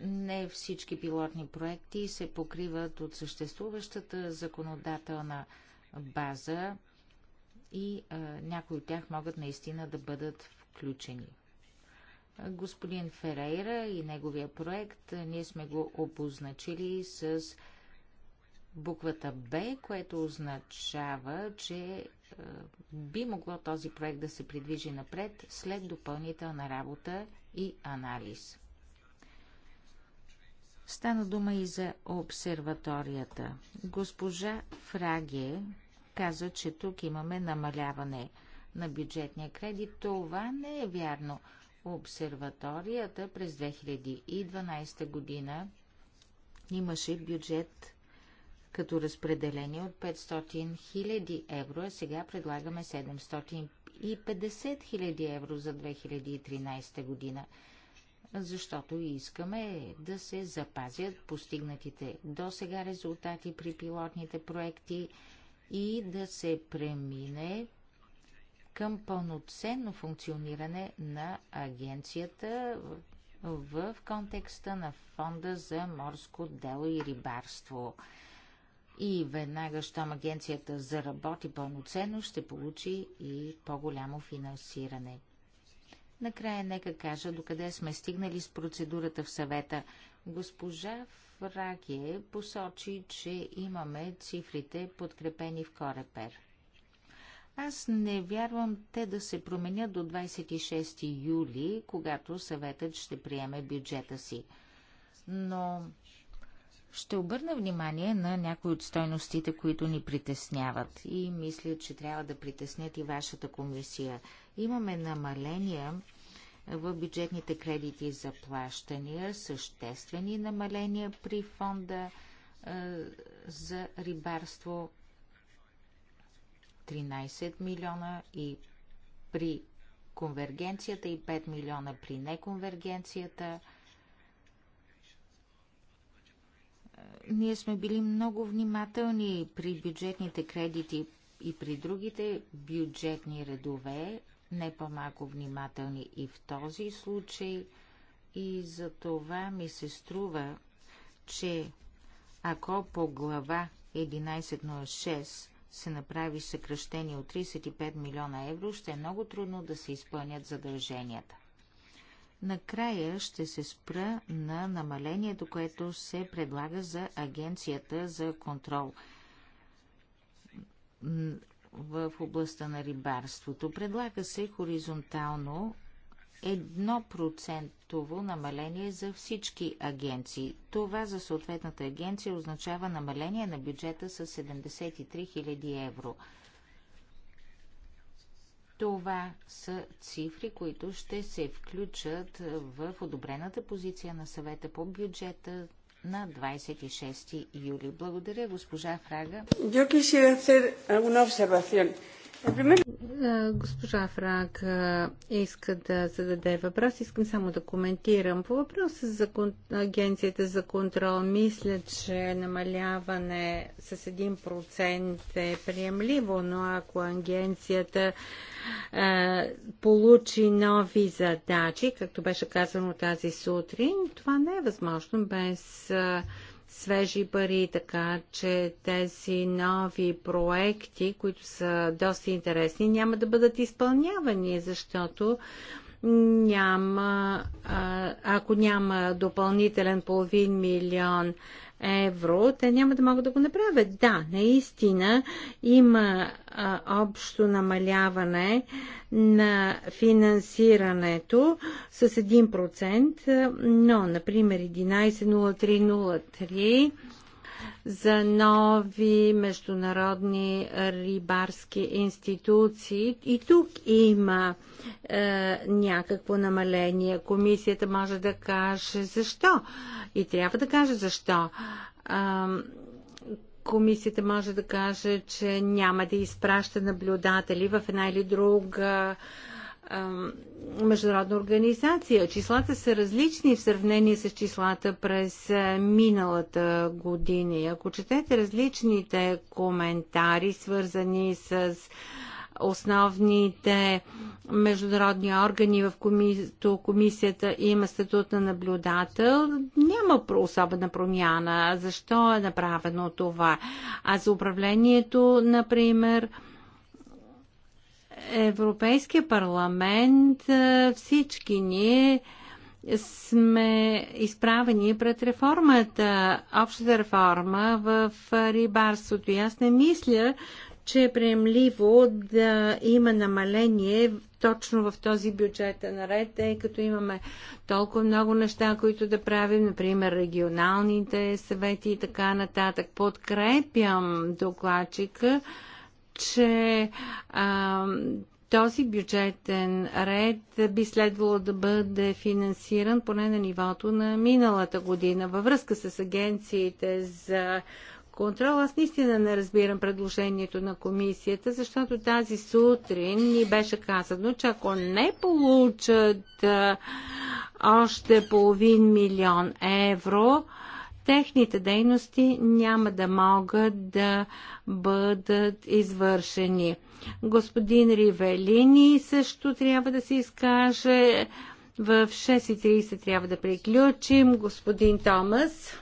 Не всички пилотни проекти се покриват от съществуващата законодателна база и а, някои от тях могат наистина да бъдат включени. Господин Ферейра и неговия проект, ние сме го обозначили с буквата Б, което означава, че би могло този проект да се придвижи напред след допълнителна работа и анализ. Стана дума и за обсерваторията. Госпожа Фраге каза, че тук имаме намаляване на бюджетния кредит. Това не е вярно. Обсерваторията през 2012 година имаше бюджет като разпределение от 500 000 евро, а сега предлагаме 750 000 евро за 2013 година, защото искаме да се запазят постигнатите до сега резултати при пилотните проекти, и да се премине към пълноценно функциониране на агенцията в контекста на Фонда за морско дело и рибарство. И веднага, щом агенцията заработи пълноценно, ще получи и по-голямо финансиране. Накрая нека кажа докъде сме стигнали с процедурата в съвета. Госпожа Враге посочи, че имаме цифрите подкрепени в Корепер. Аз не вярвам те да се променят до 26 юли, когато съветът ще приеме бюджета си. Но ще обърна внимание на някои от стойностите, които ни притесняват и мисля, че трябва да притеснят и вашата комисия. Имаме намаления в бюджетните кредити за плащания, съществени намаления при фонда за рибарство 13 милиона и при конвергенцията и 5 милиона при неконвергенцията. Ние сме били много внимателни при бюджетните кредити и при другите бюджетни редове не по-малко внимателни и в този случай. И за това ми се струва, че ако по глава 1106 се направи съкръщение от 35 милиона евро, ще е много трудно да се изпълнят задълженията. Накрая ще се спра на намалението, което се предлага за Агенцията за контрол в областта на рибарството. Предлага се хоризонтално процентово намаление за всички агенции. Това за съответната агенция означава намаление на бюджета с 73 000 евро. Това са цифри, които ще се включат в одобрената позиция на съвета по бюджета на 26 юли. Благодаря, госпожа Фрага. Е, госпожа Фраг, е, иска да зададе въпрос. Искам само да коментирам. По въпроса за агенцията за контрол, мисля, че намаляване с 1% е приемливо, но ако агенцията е, получи нови задачи, както беше казано тази сутрин, това не е възможно без свежи пари, така че тези нови проекти, които са доста интересни, няма да бъдат изпълнявани, защото няма, ако няма допълнителен половин милион евро, те няма да могат да го направят. Да, наистина има а, общо намаляване на финансирането с 1%, но, например, 11.03.03 за нови международни рибарски институции. И тук има е, някакво намаление. Комисията може да каже защо. И трябва да каже защо. Е, комисията може да каже, че няма да изпраща наблюдатели в една или друга е, международна организация. Числата са различни в сравнение с числата през миналата година. И ако четете различните коментари, свързани с основните международни органи, в които комисията има статут на наблюдател, няма особена промяна. Защо е направено това? А за управлението, например, Европейския парламент е, всички ние сме изправени пред реформата, общата реформа в рибарството. И аз не мисля, че е приемливо да има намаление точно в този на ред, тъй като имаме толкова много неща, които да правим, например регионалните съвети и така нататък. Подкрепям докладчика че а, този бюджетен ред би следвало да бъде финансиран поне на нивото на миналата година. Във връзка с агенциите за контрол, аз наистина не разбирам предложението на комисията, защото тази сутрин ни беше казано, че ако не получат а, още половин милион евро, а, техните дейности няма да могат да бъдат извършени. Господин Ривелини също трябва да се изкаже. В 6.30 трябва да приключим. Господин Томас.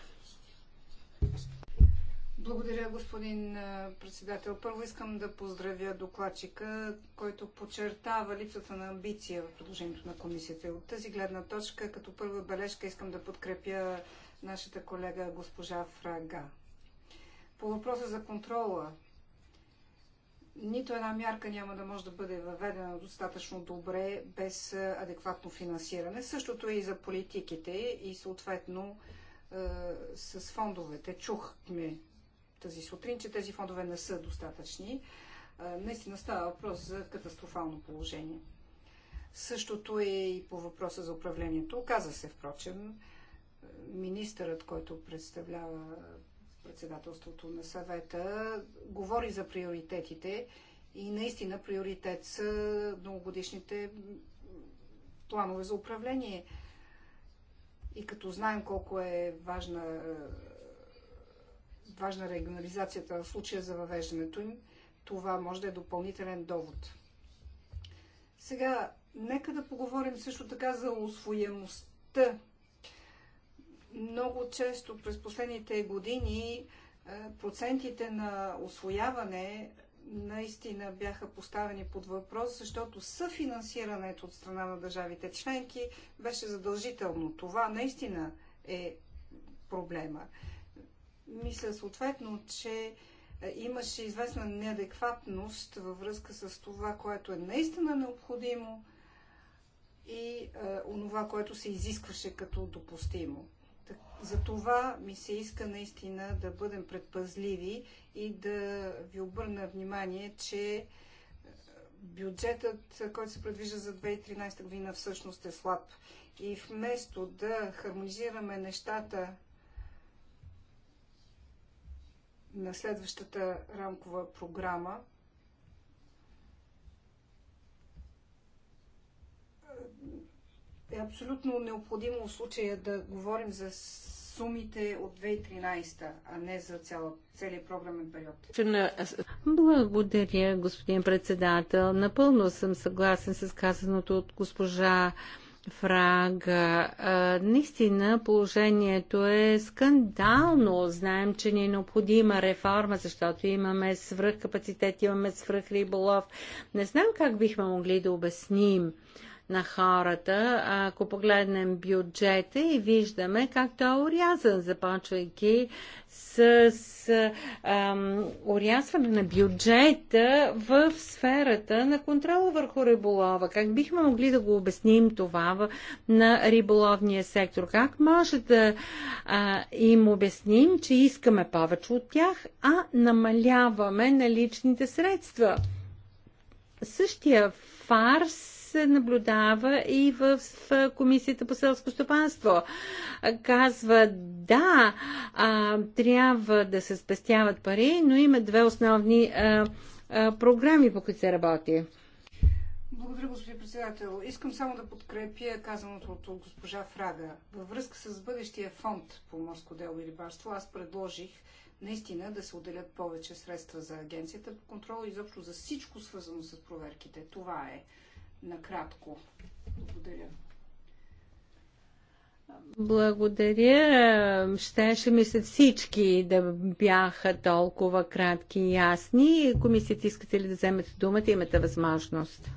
Благодаря, господин председател. Първо искам да поздравя докладчика, който подчертава липсата на амбиция в продължението на комисията. От тази гледна точка, като първа бележка, искам да подкрепя нашата колега госпожа Фрага. По въпроса за контрола, нито една мярка няма да може да бъде въведена достатъчно добре без адекватно финансиране. Същото е и за политиките и съответно е, с фондовете. Чухме тази сутрин, че тези фондове не са достатъчни. Е, наистина става въпрос за катастрофално положение. Същото е и по въпроса за управлението. Оказа се, впрочем, министърът, който представлява председателството на съвета, говори за приоритетите и наистина приоритет са многогодишните планове за управление. И като знаем колко е важна, важна регионализацията в случая за въвеждането им, това може да е допълнителен довод. Сега, нека да поговорим също така за освоемостта много често през последните години е, процентите на освояване наистина бяха поставени под въпрос, защото съфинансирането от страна на държавите членки беше задължително. Това наистина е проблема. Мисля съответно, че е, имаше известна неадекватност във връзка с това, което е наистина необходимо и е, онова, което се изискваше като допустимо. За това ми се иска наистина да бъдем предпазливи и да ви обърна внимание, че е, бюджетът, който се предвижда за 2013 година, всъщност е слаб. И вместо да хармонизираме нещата на следващата рамкова програма, е абсолютно необходимо в случая да говорим за сумите от 2013, а не за цяло, целият програмен период. Благодаря, господин председател. Напълно съм съгласен с казаното от госпожа Фрага. Наистина положението е скандално. Знаем, че ни е необходима реформа, защото имаме свръхкапацитет, имаме свръхриболов. Не знам как бихме могли да обясним на хората. Ако погледнем бюджета и виждаме как той е урязан, започвайки с, ам, урязване на бюджета в сферата на контрола върху риболова. Как бихме могли да го обясним това в, на риболовния сектор? Как може да а, им обясним, че искаме повече от тях, а намаляваме наличните средства? Същия фарс се наблюдава и в Комисията по селско стопанство. Казва, да, трябва да се спестяват пари, но има две основни програми, по които се работи. Благодаря, господин председател. Искам само да подкрепя казаното от госпожа Фрага. Във връзка с бъдещия фонд по морско дело и рибарство, аз предложих наистина да се отделят повече средства за агенцията по контрол и изобщо за всичко свързано с проверките. Това е накратко. Благодаря. Благодаря. Щеше ми се всички да бяха толкова кратки и ясни. Комисията, искате ли да вземете думата? Имате възможност.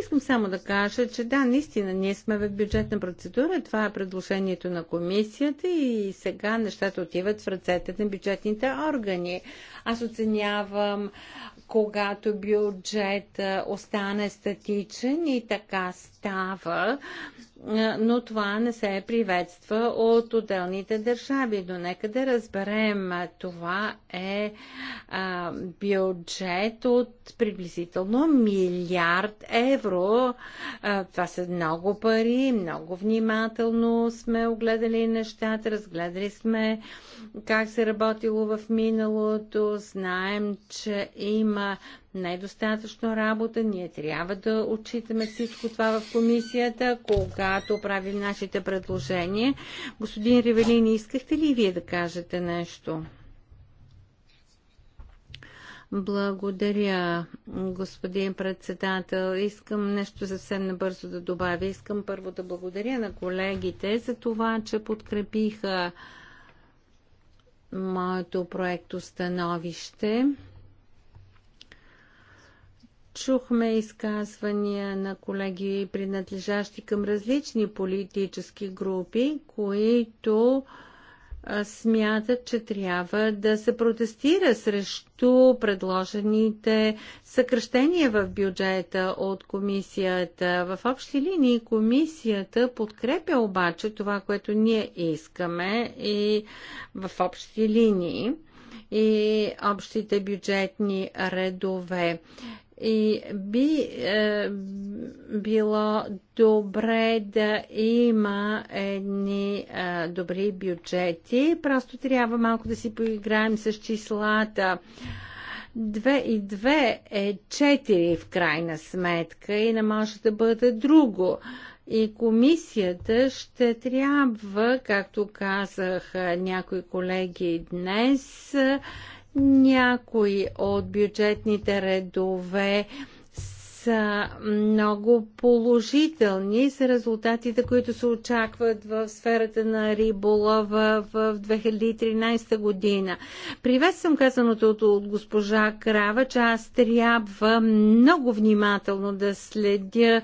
Искам само да кажа, че да, наистина, ние сме в бюджетна процедура. Това е предложението на комисията и сега нещата отиват в ръцете на бюджетните органи. Аз оценявам когато бюджет остане статичен и така става, но това не се приветства от отделните държави. Но нека да разберем, това е а, бюджет от приблизително милиард евро. А, това са много пари, много внимателно сме огледали нещата, разгледали сме как се работило в миналото, знаем, че има недостатъчно е работа. Ние трябва да отчитаме всичко това в комисията, когато правим нашите предложения. Господин Ревелин, искахте ли вие да кажете нещо? Благодаря, господин председател. Искам нещо съвсем набързо да добавя. Искам първо да благодаря на колегите за това, че подкрепиха моето проекто становище. Чухме изказвания на колеги, принадлежащи към различни политически групи, които смятат, че трябва да се протестира срещу предложените съкръщения в бюджета от комисията. В общи линии комисията подкрепя обаче това, което ние искаме и в общи линии и общите бюджетни редове. И би е, било добре да има едни е, добри бюджети. Просто трябва малко да си поиграем с числата. 2 и 2 е 4 в крайна сметка и не може да бъде друго. И комисията ще трябва, както казах някои колеги днес, някои от бюджетните редове са много положителни с резултатите, които се очакват в сферата на риболова в 2013 година. Приветствам казаното от госпожа Крава, че аз трябва много внимателно да следя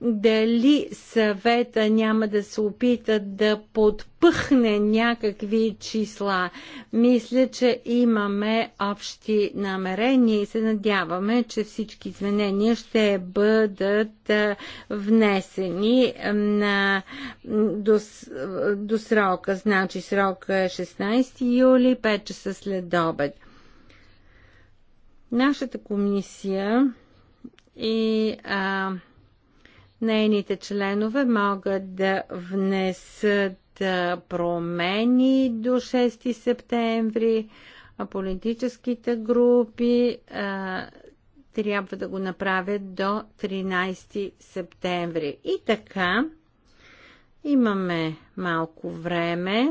дали съвета няма да се опита да подпъхне някакви числа. Мисля, че имаме общи намерения и се надяваме, че всички изменения ще бъдат внесени на, до, до срока. Значи срока е 16 юли, 5 часа след обед. Нашата комисия и а, Нейните членове могат да внесат промени до 6 септември, а политическите групи а, трябва да го направят до 13 септември. И така, имаме малко време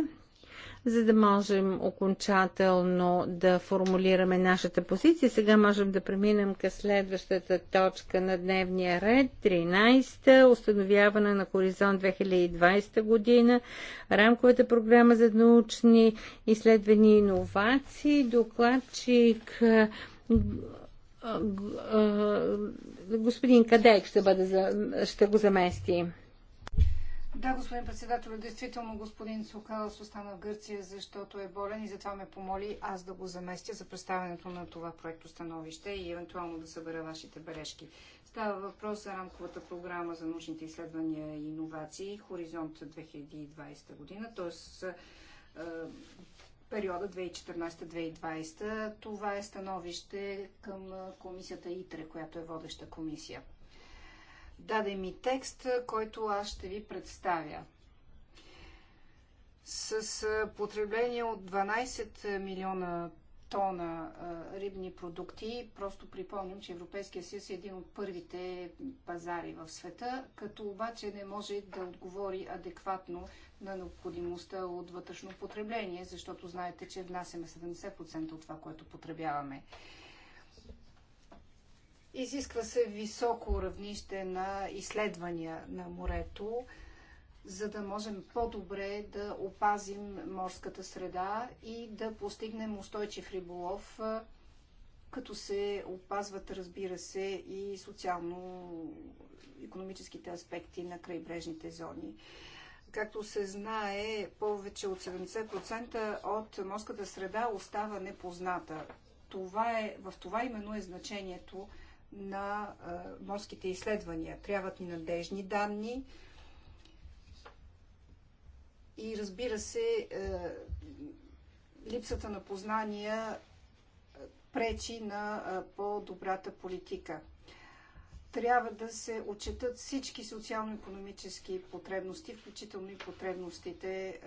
за да можем окончателно да формулираме нашата позиция. Сега можем да преминем към следващата точка на дневния ред, 13-та, установяване на Хоризонт 2020 година, рамковата програма за научни изследвани и иновации, докладчик господин Кадек ще, бъде, ще го замести. Да, господин председател, действително господин Сокалас остана в Гърция, защото е болен и затова ме помоли аз да го заместя за представянето на това проекто становище и евентуално да събера вашите бележки. Става въпрос за рамковата програма за научните изследвания и иновации Хоризонт 2020 година, т.е. Е, периода 2014-2020. Това е становище към е, комисията ИТРЕ, която е водеща комисия даде ми текст, който аз ще ви представя. С потребление от 12 милиона тона рибни продукти. Просто припомням, че Европейския съюз е един от първите пазари в света, като обаче не може да отговори адекватно на необходимостта от вътрешно потребление, защото знаете, че внасяме 70% от това, което потребяваме. Изисква се високо равнище на изследвания на морето, за да можем по-добре да опазим морската среда и да постигнем устойчив риболов, като се опазват, разбира се, и социално-економическите аспекти на крайбрежните зони. Както се знае, повече от 70% от морската среда остава непозната. Това е, в това именно е значението на морските изследвания. Трябват ни надежни данни и разбира се, липсата на познания пречи на по-добрата политика трябва да се отчетат всички социално-економически потребности, включително и потребностите е,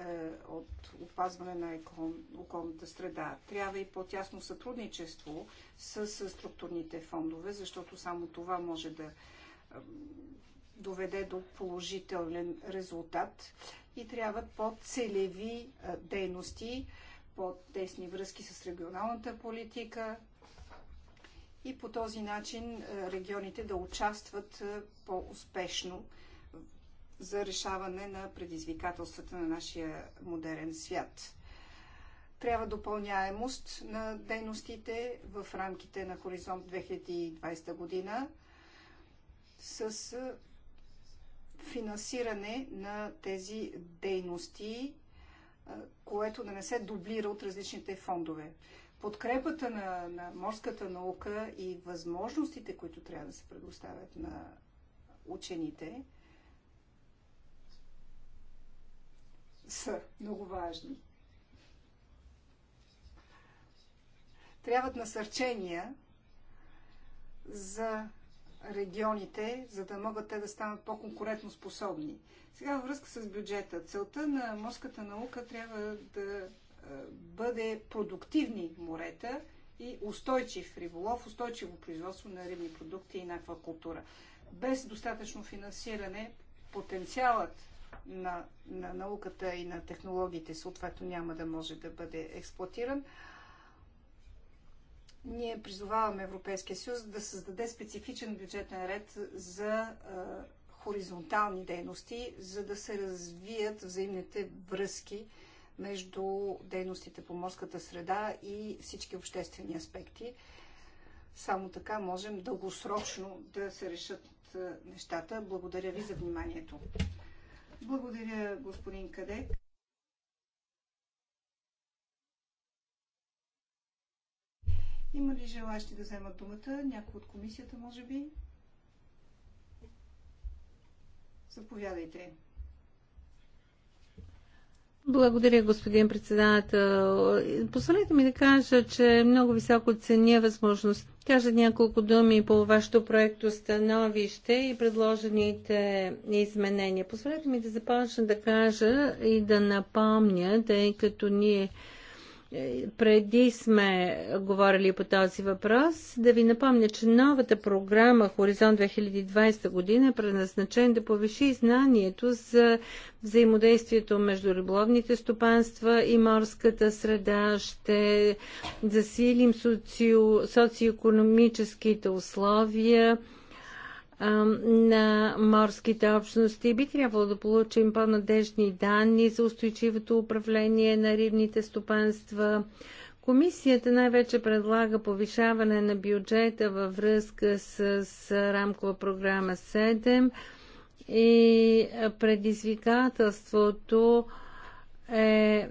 от опазване на екон, околната среда. Трябва и по-тясно сътрудничество с, с структурните фондове, защото само това може да е, доведе до положителен резултат и трябват по-целеви е, дейности, по-тесни връзки с регионалната политика, и по този начин е, регионите да участват е, по-успешно за решаване на предизвикателствата на нашия модерен свят. Трябва допълняемост на дейностите в рамките на Хоризонт 2020 година с е, финансиране на тези дейности, което да не се дублира от различните фондове подкрепата на, на морската наука и възможностите, които трябва да се предоставят на учените, са много важни. Трябват насърчения за регионите, за да могат те да станат по-конкурентно способни. Сега във връзка с бюджета. Целта на морската наука трябва да бъде продуктивни морета и устойчив риболов, устойчиво производство на рибни продукти и на аквакултура. Без достатъчно финансиране потенциалът на, на науката и на технологиите съответно няма да може да бъде експлуатиран. Ние призоваваме Европейския съюз да създаде специфичен бюджетен ред за а, хоризонтални дейности, за да се развият взаимните връзки между дейностите по морската среда и всички обществени аспекти. Само така можем дългосрочно да се решат е, нещата. Благодаря ви за вниманието. Благодаря, господин Кадек. Има ли желащи да вземат думата? Някой от комисията, може би? Заповядайте. Благодаря, господин председател. Позволете ми да кажа, че много високо ценя възможност. Кажа няколко думи по вашето проекто становище и предложените изменения. Позволете ми да започна да кажа и да напомня, тъй като ние преди сме говорили по този въпрос, да ви напомня, че новата програма Хоризонт 2020 година е предназначена да повиши знанието за взаимодействието между риболовните стопанства и морската среда. Ще засилим социо, социоекономическите условия на морските общности. Би трябвало да получим по-надежни данни за устойчивото управление на рибните стопанства. Комисията най-вече предлага повишаване на бюджета във връзка с, с рамкова програма 7 и предизвикателството е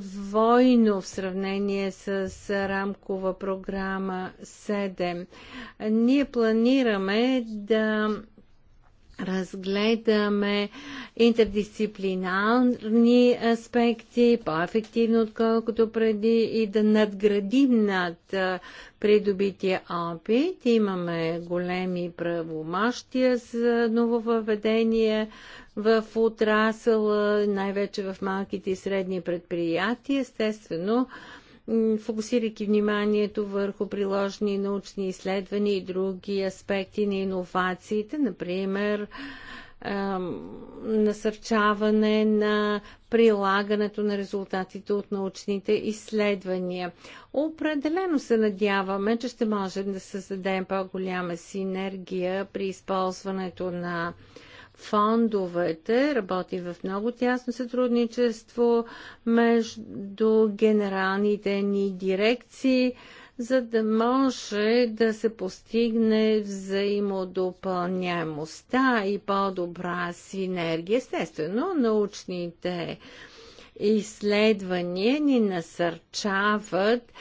двойно в сравнение с рамкова програма 7. Ние планираме да разгледаме интердисциплинарни аспекти, по-ефективно отколкото преди и да надградим над придобития опит. Имаме големи правомащия за нововъведение в отрасъл, най-вече в малките и средни предприятия. Естествено, фокусирайки вниманието върху приложни научни изследвания и други аспекти на иновациите, например насърчаване на прилагането на резултатите от научните изследвания. Определено се надяваме, че ще можем да създадем по-голяма синергия при използването на фондовете работи в много тясно сътрудничество между генералните ни дирекции, за да може да се постигне взаимодопълняемостта и по-добра синергия. Естествено, научните изследвания ни насърчават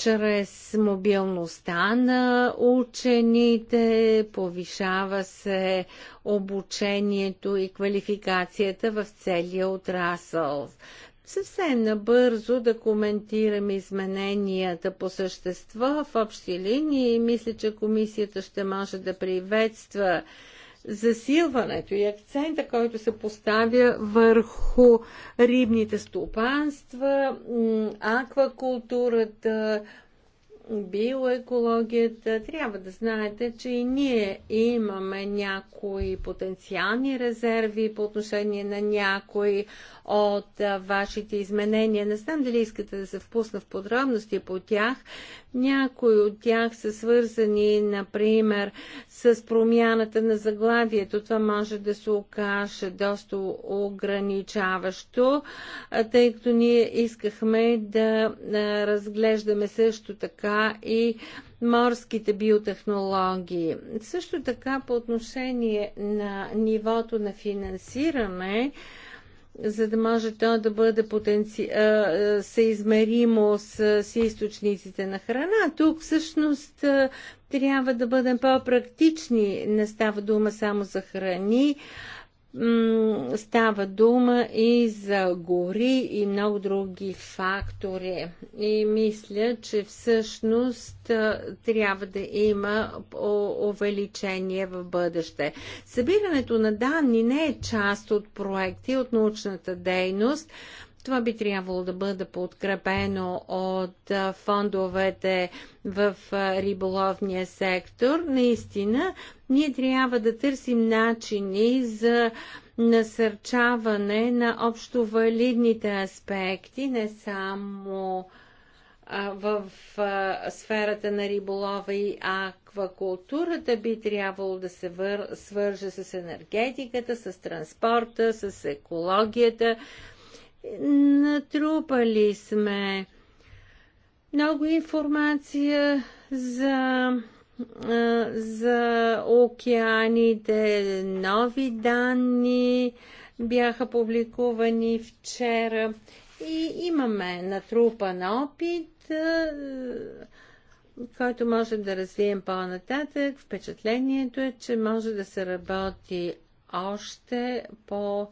чрез мобилността на учените, повишава се обучението и квалификацията в целия отрасъл. Съвсем набързо да коментирам измененията по същество в общи линии. Мисля, че комисията ще може да приветства засилването и акцента, който се поставя върху рибните стопанства, аквакултурата, биоекологията. Трябва да знаете, че и ние имаме някои потенциални резерви по отношение на някои от вашите изменения. Не знам дали искате да се впусна в подробности по тях. Някои от тях са свързани, например, с промяната на заглавието. Това може да се окаже доста ограничаващо, тъй като ние искахме да разглеждаме също така и морските биотехнологии. Също така по отношение на нивото на финансиране, за да може то да бъде потенци... съизмеримо с, с източниците на храна. Тук всъщност трябва да бъдем по-практични. Не става дума само за храни, става дума и за гори и много други фактори. И мисля, че всъщност трябва да има увеличение в бъдеще. Събирането на данни не е част от проекти, от научната дейност, това би трябвало да бъде подкрепено от фондовете в риболовния сектор. Наистина, ние трябва да търсим начини за насърчаване на общо валидните аспекти, не само в сферата на риболова и аквакултурата би трябвало да се вър... свърже с енергетиката, с транспорта, с екологията. Натрупали сме много информация за, за океаните, нови данни бяха публикувани вчера и имаме натрупан опит, който може да развием по-нататък. Впечатлението е, че може да се работи още по-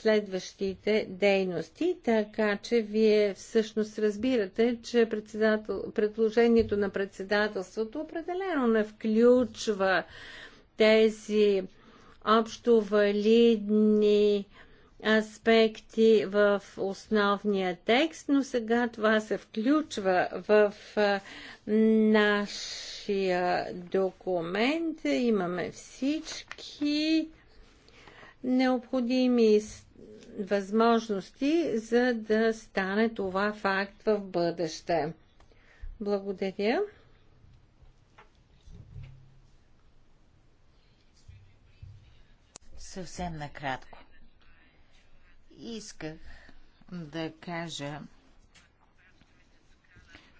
следващите дейности, така че вие всъщност разбирате, че председател... предложението на председателството определено не включва тези общо валидни аспекти в основния текст, но сега това се включва в нашия документ. Имаме всички необходими възможности, за да стане това факт в бъдеще. Благодаря. Съвсем накратко. Исках да кажа,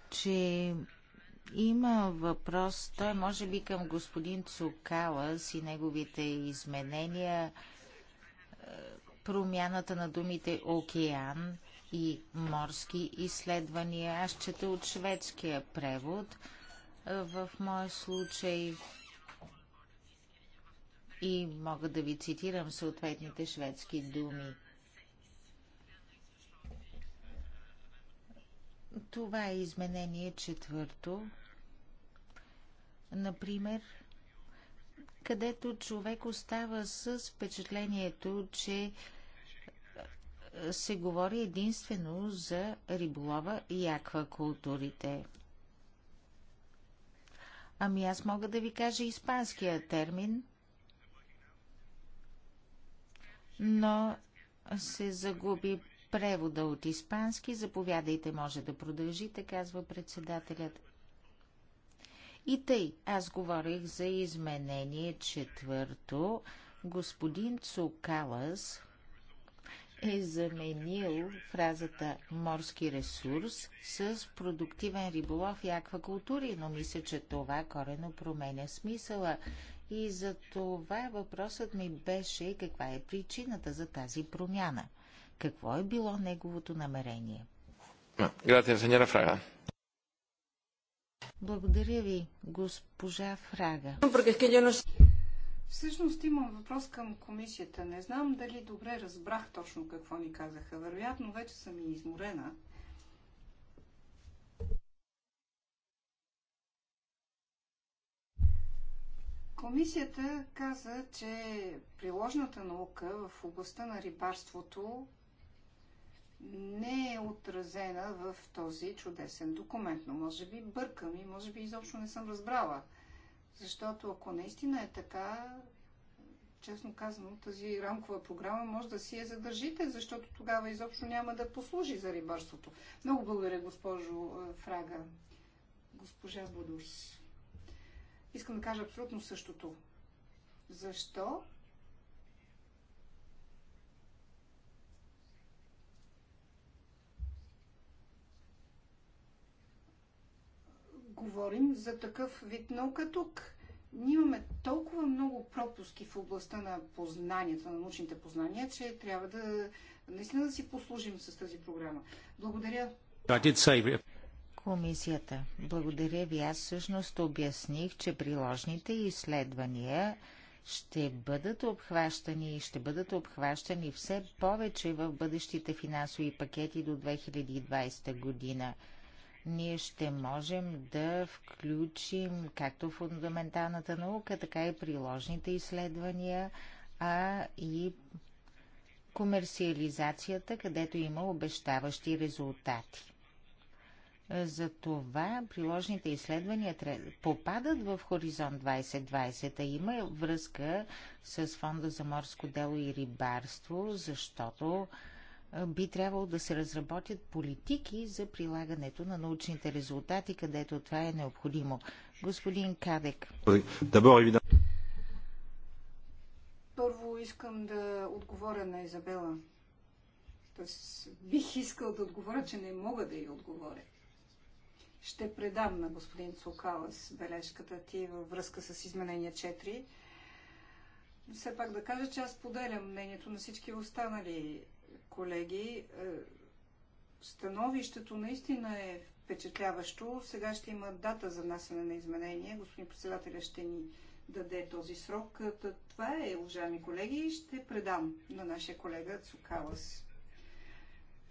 че има въпрос, той може би към господин Цукалас и неговите изменения – промяната на думите океан и морски изследвания. Аз чета от шведския превод. В моя случай и мога да ви цитирам съответните шведски думи. Това е изменение четвърто. Например, където човек остава с впечатлението, че е, се говори единствено за риболова и аквакултурите. Ами аз мога да ви кажа испанския термин, но се загуби превода от испански. Заповядайте, може да продължите, казва председателят. И тъй, аз говорих за изменение четвърто. Господин Цукалас е заменил фразата морски ресурс с продуктивен риболов и аквакултури, но мисля, че това корено променя смисъла. И за това въпросът ми беше каква е причината за тази промяна. Какво е било неговото намерение? Грация, сеньора Фрага. Благодаря ви, госпожа Фрага. Всъщност имам въпрос към комисията. Не знам дали добре разбрах точно какво ни казаха. Вероятно вече съм и изморена. Комисията каза, че приложната наука в областта на рибарството не е отразена в този чудесен документ. Но може би бъркам и може би изобщо не съм разбрала. Защото ако наистина е така, честно казано, тази рамкова програма може да си я задържите, защото тогава изобщо няма да послужи за рибарството. Много благодаря, госпожо е, Фрага. Госпожа Будурс. Искам да кажа абсолютно същото. Защо говорим за такъв вид наука тук. Ние имаме толкова много пропуски в областта на познанията, на научните познания, че трябва да наистина да си послужим с тази програма. Благодаря. Комисията. Благодаря ви. Аз всъщност обясних, че приложните изследвания ще бъдат обхващани и ще бъдат обхващани все повече в бъдещите финансови пакети до 2020 година ние ще можем да включим както фундаменталната наука, така и приложните изследвания, а и комерциализацията, където има обещаващи резултати. Затова приложните изследвания попадат в Хоризонт 2020, а има връзка с Фонда за морско дело и рибарство, защото би трябвало да се разработят политики за прилагането на научните резултати, където това е необходимо. Господин Кадек. Първо искам да отговоря на Изабела. Тоест, бих искал да отговоря, че не мога да й отговоря. Ще предам на господин Цукалас бележката ти във връзка с изменение 4. Все пак да кажа, че аз поделям мнението на всички останали колеги. Е, становището наистина е впечатляващо. Сега ще има дата за внасяне на изменения. Господин председателя ще ни даде този срок. Е, това е, уважаеми колеги, ще предам на нашия колега Цукалас.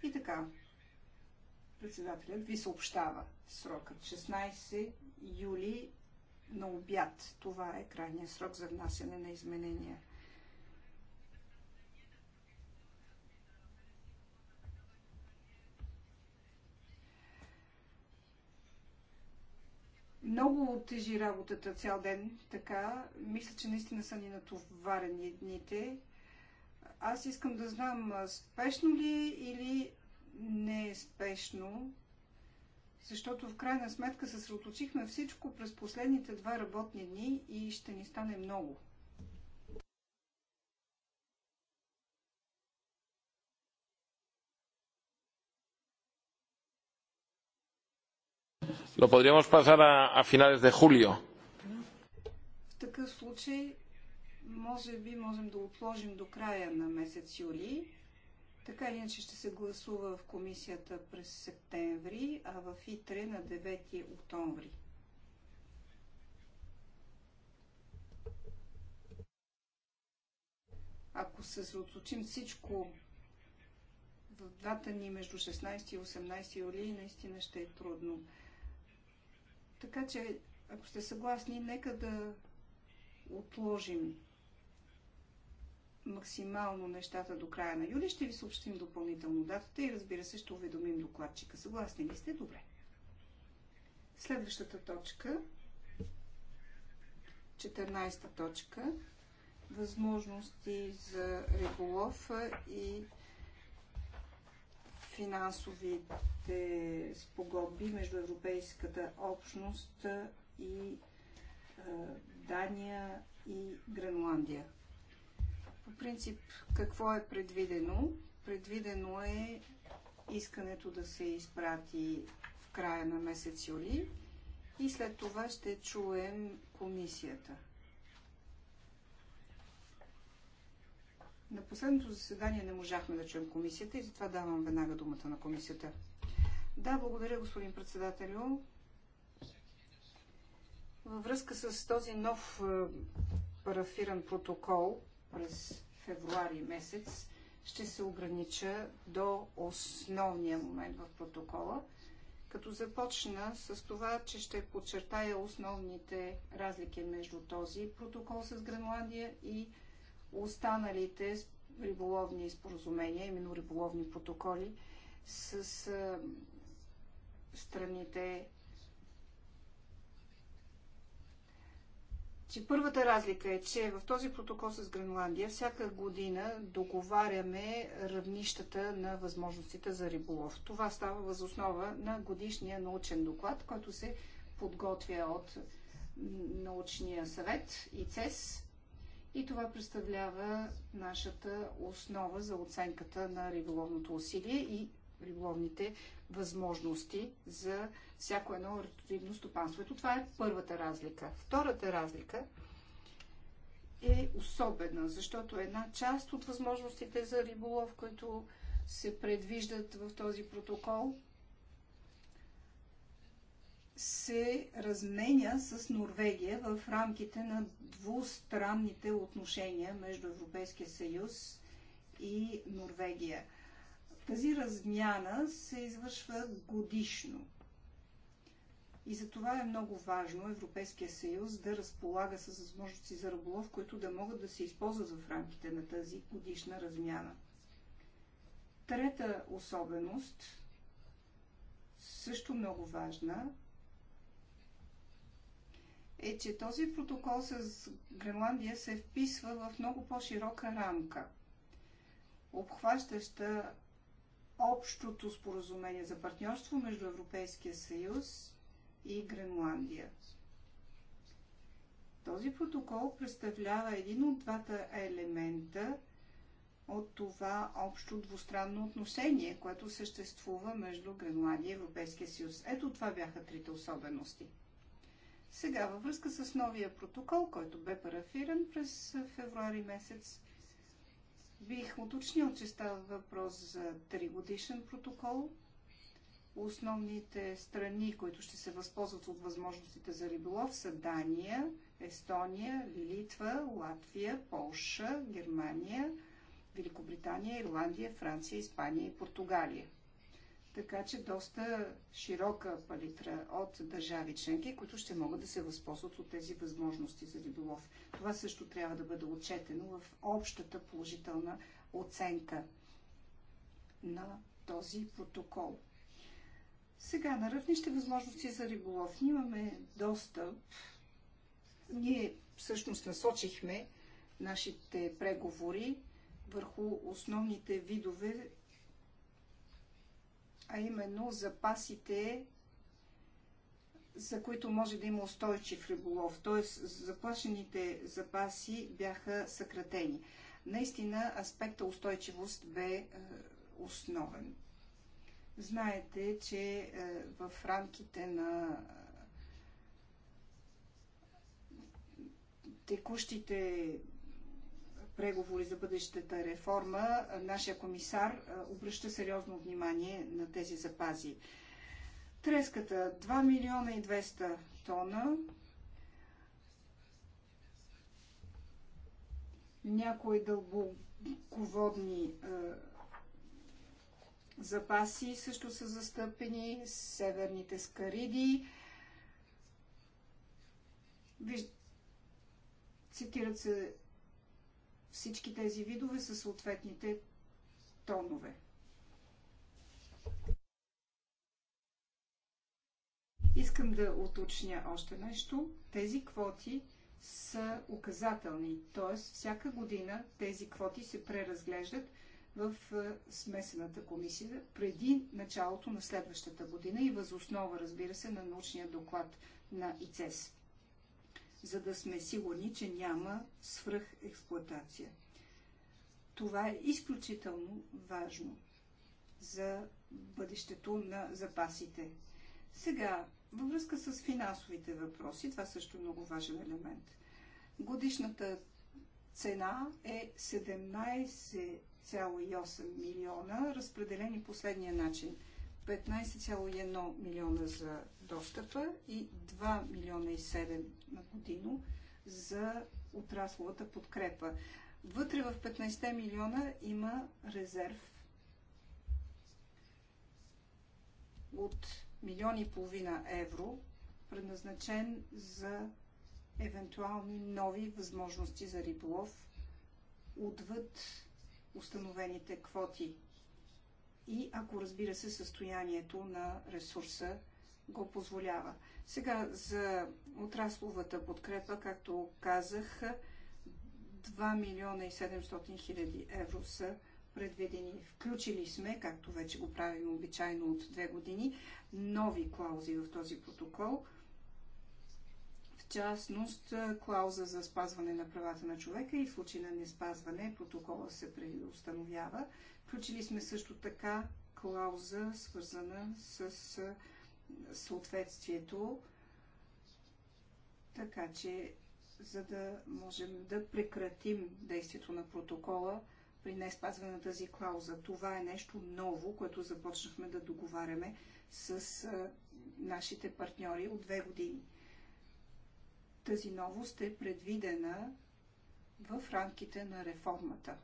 И така, председателят ви съобщава срокът 16 юли на обяд. Това е крайният срок за внасяне на изменения. Много тежи работата цял ден, така. Мисля, че наистина са ни натоварени дните. Аз искам да знам, спешно ли или не е спешно, защото в крайна сметка съсредоточихме всичко през последните два работни дни и ще ни стане много. Lo podríamos pasar a, a finales de julio. В такъв случай, може би, можем да отложим до края на месец юли. Така или иначе ще се гласува в комисията през септември, а в ИТРЕ на 9 октомври. Ако се съоточим всичко в двата ни между 16 и 18 юли, наистина ще е трудно. Така че, ако сте съгласни, нека да отложим максимално нещата до края на юли. Ще ви съобщим допълнително датата и разбира се, ще уведомим докладчика. Съгласни ли сте? Добре. Следващата точка, 14-та точка, възможности за риболов и финансовите спогодби между Европейската общност и Дания и Гренландия. По принцип, какво е предвидено? Предвидено е искането да се изпрати в края на месец юли и след това ще чуем комисията. На последното заседание не можахме да чуем комисията и затова давам веднага думата на комисията. Да, благодаря, господин председателю. Във връзка с този нов е, парафиран протокол през февруари месец, ще се огранича до основния момент в протокола, като започна с това, че ще подчертая основните разлики между този протокол с Гренландия и останалите риболовни споразумения, именно риболовни протоколи с а, страните. Че първата разлика е, че в този протокол с Гренландия всяка година договаряме равнищата на възможностите за риболов. Това става възоснова на годишния научен доклад, който се подготвя от научния съвет и ЦЕС и това представлява нашата основа за оценката на риболовното усилие и риболовните възможности за всяко едно рибно стопанство. Ето това е първата разлика. Втората разлика е особена, защото една част от възможностите за риболов, които се предвиждат в този протокол, се разменя с Норвегия в рамките на двустранните отношения между Европейския съюз и Норвегия. Тази размяна се извършва годишно. И за това е много важно Европейския съюз да разполага с възможности за риболов, които да могат да се използват в рамките на тази годишна размяна. Трета особеност, също много важна, е, че този протокол с Гренландия се вписва в много по-широка рамка, обхващаща общото споразумение за партньорство между Европейския съюз и Гренландия. Този протокол представлява един от двата елемента от това общо двустранно отношение, което съществува между Гренландия и Европейския съюз. Ето това бяха трите особености – сега, във връзка с новия протокол, който бе парафиран през февруари месец, бих уточнил, че става въпрос за тригодишен протокол. Основните страни, които ще се възползват от възможностите за риболов са Дания, Естония, Литва, Латвия, Полша, Германия, Великобритания, Ирландия, Франция, Испания и Португалия. Така че доста широка палитра от държави членки, които ще могат да се възползват от тези възможности за риболов. Това също трябва да бъде отчетено в общата положителна оценка на този протокол. Сега на равнище възможности за риболов. Ние имаме достъп. Ние всъщност насочихме нашите преговори върху основните видове а именно запасите, за които може да има устойчив риболов. Т.е. заплашените запаси бяха съкратени. Наистина аспекта устойчивост бе е, основен. Знаете, че е, в рамките на е, текущите преговори за бъдещата реформа, нашия комисар обръща сериозно внимание на тези запази. Треската 2 милиона и 200 тона. Някои дълбоководни е, запаси също са застъпени. Северните скариди. Виж... Цитират се всички тези видове са съответните тонове. Искам да уточня още нещо. Тези квоти са указателни, т.е. всяка година тези квоти се преразглеждат в е, смесената комисия преди началото на следващата година и възоснова, разбира се, на научния доклад на ИЦЕС за да сме сигурни, че няма експлуатация. Това е изключително важно за бъдещето на запасите. Сега, във връзка с финансовите въпроси, това също е много важен елемент. Годишната цена е 17,8 милиона, разпределени последния начин – 15,1 милиона за достъпа и 2 милиона и 7 на годино за отрасловата подкрепа. Вътре в 15 милиона има резерв от милион и половина евро, предназначен за евентуални нови възможности за риболов отвъд установените квоти и ако разбира се състоянието на ресурса го позволява. Сега за отрасловата подкрепа, както казах, 2 милиона и 700 хиляди евро са предвидени. Включили сме, както вече го правим обичайно от две години, нови клаузи в този протокол, частност клауза за спазване на правата на човека и в случай на неспазване протокола се преустановява. Включили сме също така клауза, свързана с съответствието, така че за да можем да прекратим действието на протокола при не спазване на тази клауза. Това е нещо ново, което започнахме да договаряме с нашите партньори от две години. Тази новост е предвидена в рамките на реформата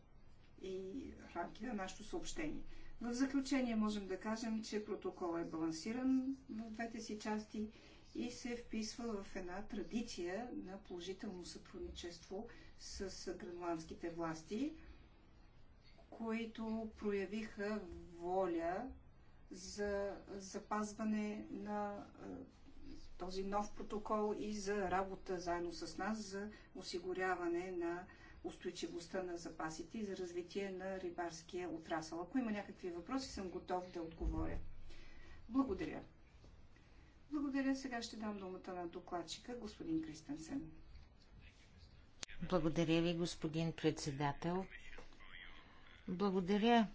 и в рамките на нашето съобщение. В заключение можем да кажем, че протокол е балансиран в двете си части и се вписва в една традиция на положително сътрудничество с гренландските власти, които проявиха воля за запазване на този нов протокол и за работа заедно с нас за осигуряване на устойчивостта на запасите и за развитие на рибарския отрасъл. Ако има някакви въпроси, съм готов да отговоря. Благодаря. Благодаря. Сега ще дам думата на докладчика, господин Кристенсен. Благодаря ви, господин председател. Благодаря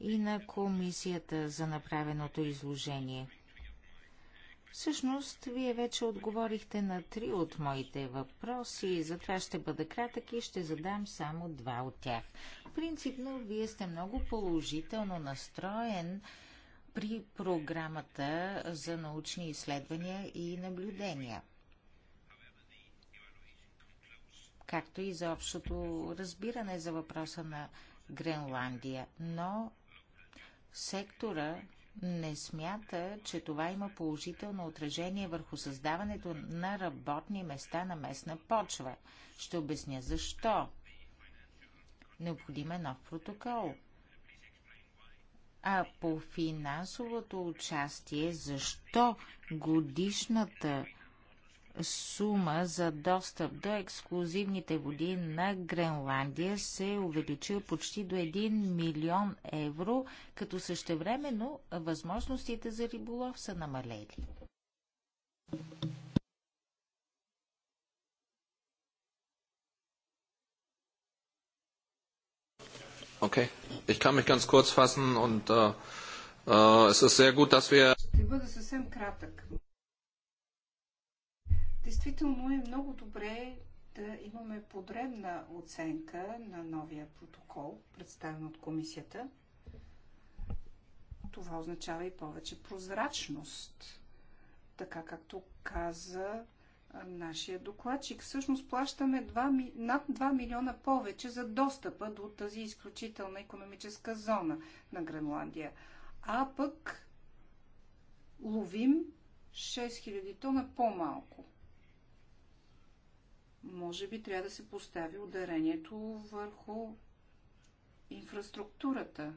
и на комисията за направеното изложение. Всъщност, вие вече отговорихте на три от моите въпроси, затова ще бъда кратък и ще задам само два от тях. Принципно, вие сте много положително настроен при програмата за научни изследвания и наблюдения. Както и за общото разбиране за въпроса на Гренландия. Но сектора не смята, че това има положително отражение върху създаването на работни места на местна почва. Ще обясня защо. Необходим е нов протокол. А по финансовото участие, защо годишната сума за достъп до ексклюзивните води на Гренландия се е увеличил почти до 1 милион евро, като същевременно възможностите за риболов са намалели. Okay. Ich kann mich ganz kurz fassen und äh, äh, es ist sehr gut, dass wir. Действително е много добре да имаме подредна оценка на новия протокол, представен от комисията. Това означава и повече прозрачност. Така както каза нашия докладчик, всъщност плащаме 2, над 2 милиона повече за достъпа до тази изключителна економическа зона на Гренландия. А пък ловим 6000 тона по-малко. Може би трябва да се постави ударението върху инфраструктурата.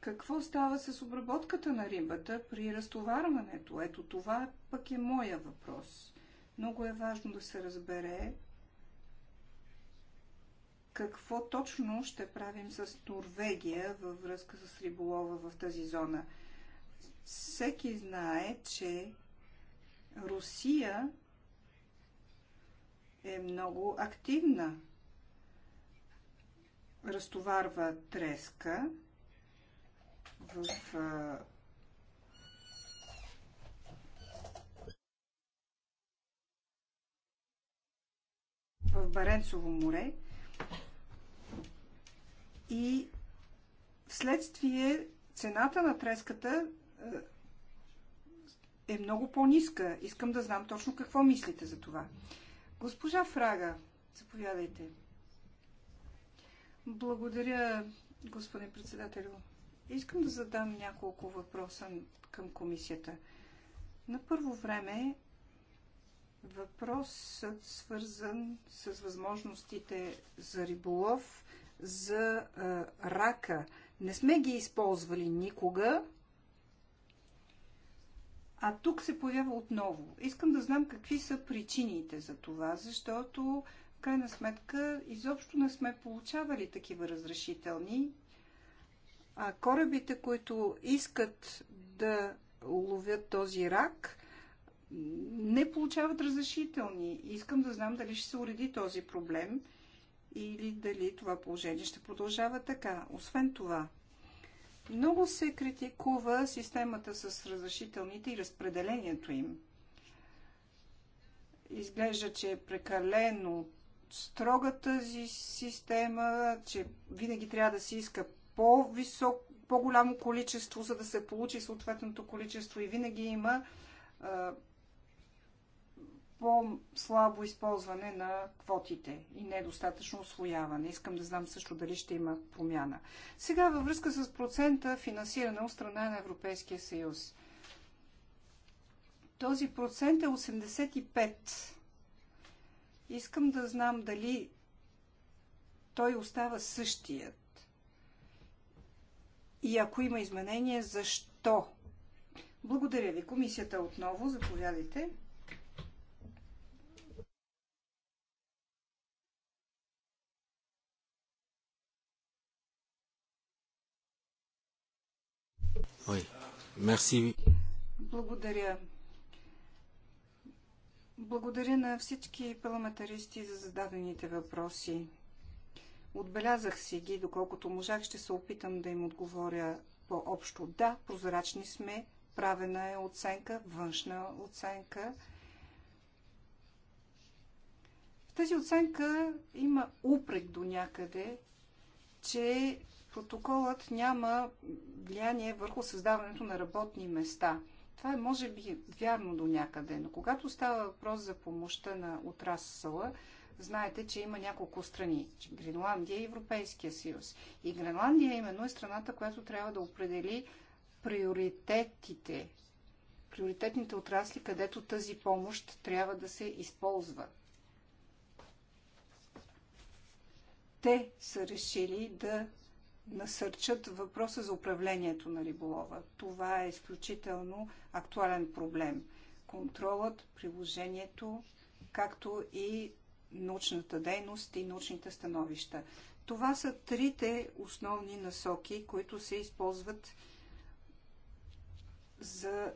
Какво става с обработката на рибата при разтоварването? Ето това пък е моя въпрос. Много е важно да се разбере какво точно ще правим с Норвегия във връзка с риболова в тази зона. Всеки знае, че Русия е много активна. Разтоварва треска в в Баренцово море и вследствие цената на треската е много по-ниска. Искам да знам точно какво мислите за това. Госпожа Фрага, заповядайте. Благодаря, господин председател. Искам да задам няколко въпроса към комисията. На първо време въпросът свързан с възможностите за риболов, за а, рака. Не сме ги използвали никога, а тук се появява отново. Искам да знам какви са причините за това, защото в крайна сметка изобщо не сме получавали такива разрешителни. А корабите, които искат да ловят този рак, не получават разрешителни. Искам да знам дали ще се уреди този проблем или дали това положение ще продължава така. Освен това, много се критикува системата с разрешителните и разпределението им. Изглежда, че е прекалено строга тази система, че винаги трябва да се иска по-висок, по-голямо количество, за да се получи съответното количество и винаги има а, по-слабо използване на квотите и недостатъчно освояване. Искам да знам също дали ще има промяна. Сега във връзка с процента финансиране от страна на Европейския съюз. Този процент е 85. Искам да знам дали той остава същият. И ако има изменение, защо? Благодаря ви. Комисията отново. Заповядайте. Благодаря. Благодаря на всички парламентаристи за зададените въпроси. Отбелязах си ги, доколкото можах, ще се опитам да им отговоря по-общо. Да, прозрачни сме, правена е оценка, външна оценка. В тази оценка има упрек до някъде, че протоколът няма влияние върху създаването на работни места. Това е, може би, вярно до някъде, но когато става въпрос за помощта на отрасъла, знаете, че има няколко страни. Гренландия и Европейския съюз. И Гренландия именно е страната, която трябва да определи приоритетите, приоритетните отрасли, където тази помощ трябва да се използва. Те са решили да насърчат въпроса за управлението на риболова. Това е изключително актуален проблем. Контролът, приложението, както и научната дейност и научните становища. Това са трите основни насоки, които се използват за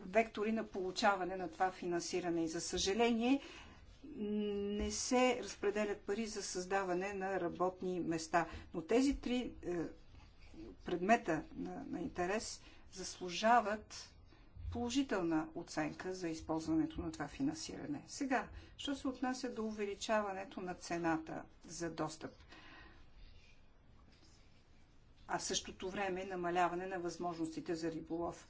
вектори на получаване на това финансиране. И за съжаление, не се разпределят пари за създаване на работни места. Но тези три е, предмета на, на интерес заслужават положителна оценка за използването на това финансиране. Сега, що се отнася до увеличаването на цената за достъп, а същото време намаляване на възможностите за риболов.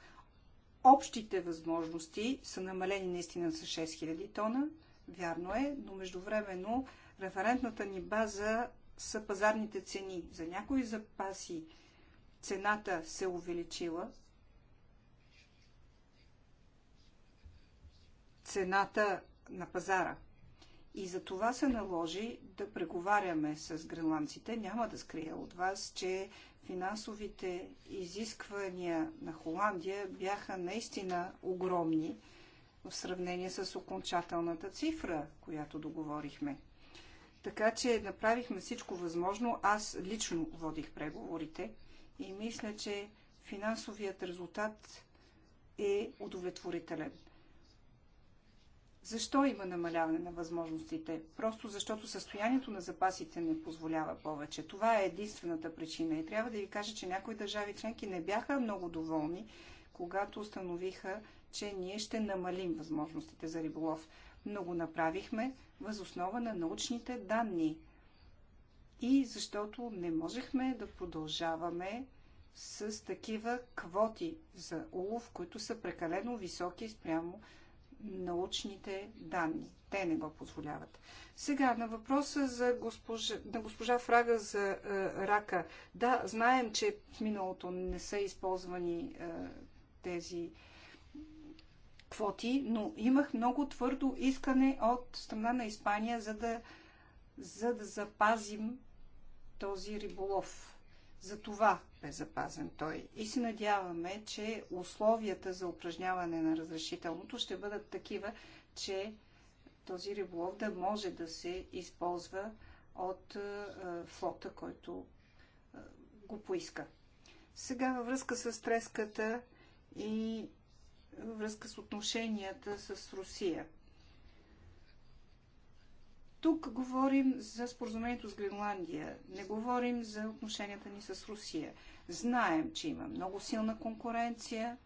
Общите възможности са намалени наистина с 6000 тона – Вярно е, но междувременно референтната ни база са пазарните цени. За някои запаси цената се увеличила, цената на пазара. И за това се наложи да преговаряме с гренландците. Няма да скрия от вас, че финансовите изисквания на Холандия бяха наистина огромни – в сравнение с окончателната цифра, която договорихме. Така че направихме всичко възможно. Аз лично водих преговорите и мисля, че финансовият резултат е удовлетворителен. Защо има намаляване на възможностите? Просто защото състоянието на запасите не позволява повече. Това е единствената причина. И трябва да ви кажа, че някои държави членки не бяха много доволни, когато установиха, че ние ще намалим възможностите за риболов. Но го направихме възоснова на научните данни. И защото не можехме да продължаваме с такива квоти за улов, които са прекалено високи спрямо научните данни. Те не го позволяват. Сега на въпроса за госпожа, на госпожа Фрага за е, рака. Да, знаем, че в миналото не са използвани е, тези квоти, но имах много твърдо искане от страна на Испания, за да, за да запазим този риболов. За това бе запазен той. И се надяваме, че условията за упражняване на разрешителното ще бъдат такива, че този риболов да може да се използва от е, флота, който е, го поиска. Сега във връзка с треската и във връзка с отношенията с Русия. Тук говорим за споразумението с Гренландия, не говорим за отношенията ни с Русия. Знаем, че има много силна конкуренция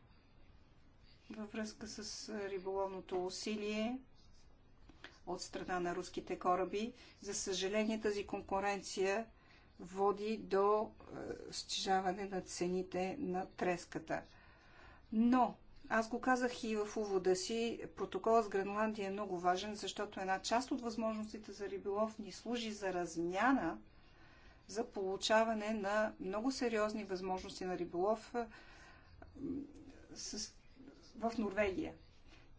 във връзка с риболовното усилие от страна на руските кораби. За съжаление, тази конкуренция води до е, стижаване на цените на треската. Но аз го казах и в увода си, протоколът с Гренландия е много важен, защото една част от възможностите за риболов ни служи за размяна, за получаване на много сериозни възможности на риболов в Норвегия.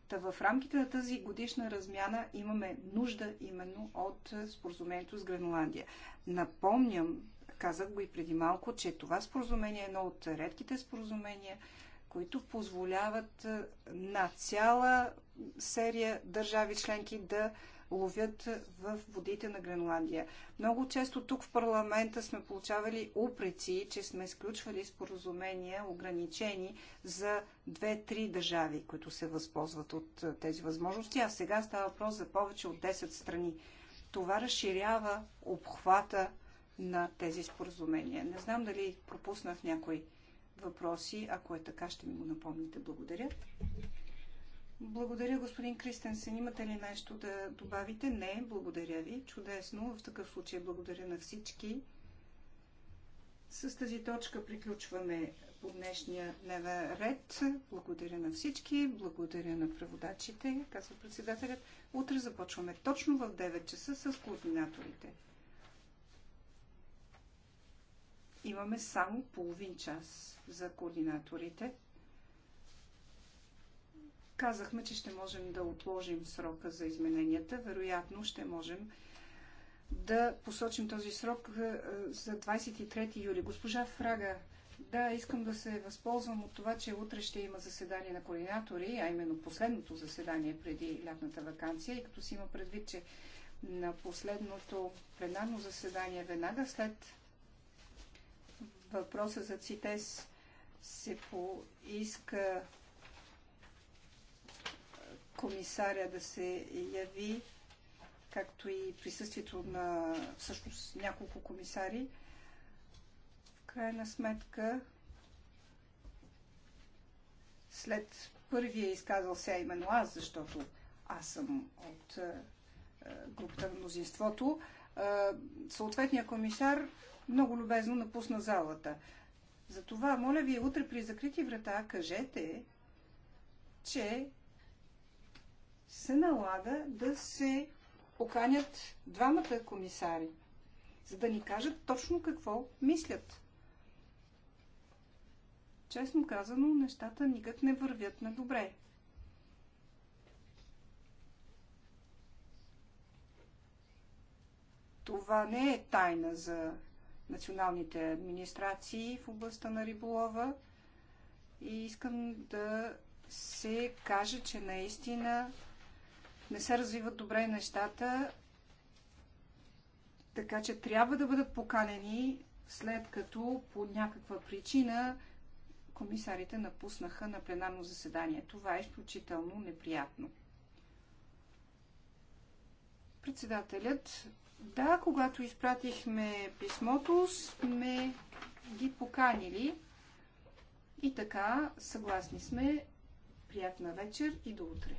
Та в рамките на тази годишна размяна имаме нужда именно от споразумението с Гренландия. Напомням, казах го и преди малко, че това споразумение е едно от редките споразумения – които позволяват е, на цяла серия държави членки да ловят е, в водите на Гренландия. Много често тук в парламента сме получавали упреци, че сме сключвали споразумения ограничени за две-три държави, които се възползват от е, тези възможности, а сега става въпрос за повече от 10 страни. Това разширява обхвата на тези споразумения. Не знам дали пропуснах някой въпроси. Ако е така, ще ми го напомните. Благодаря. Благодаря, господин Кристенсен. Имате ли нещо да добавите? Не, благодаря ви. Чудесно. В такъв случай благодаря на всички. С тази точка приключваме по днешния дневен ред. Благодаря на всички, благодаря на преводачите, казва председателят. Утре започваме точно в 9 часа с координаторите. имаме само половин час за координаторите. Казахме, че ще можем да отложим срока за измененията. Вероятно ще можем да посочим този срок е, е, за 23 юли. Госпожа Фрага, да, искам да се възползвам от това, че утре ще има заседание на координатори, а именно последното заседание преди лятната вакансия. И като си има предвид, че на последното пленарно заседание веднага след въпроса за ЦИТЕС се поиска комисаря да се яви, както и присъствието на всъщност няколко комисари. В крайна сметка, след първия изказал се, именно аз, защото аз съм от е, групата на мнозинството, е, съответния комисар много любезно напусна залата. Затова, моля ви, утре при закрити врата кажете, че се налага да се поканят двамата комисари, за да ни кажат точно какво мислят. Честно казано, нещата никак не вървят на добре. Това не е тайна за националните администрации в областта на риболова. И искам да се каже, че наистина не се развиват добре нещата, така че трябва да бъдат поканени, след като по някаква причина комисарите напуснаха на пленарно заседание. Това е изключително неприятно. Председателят да, когато изпратихме писмото, сме ги поканили. И така, съгласни сме. Приятна вечер и до утре.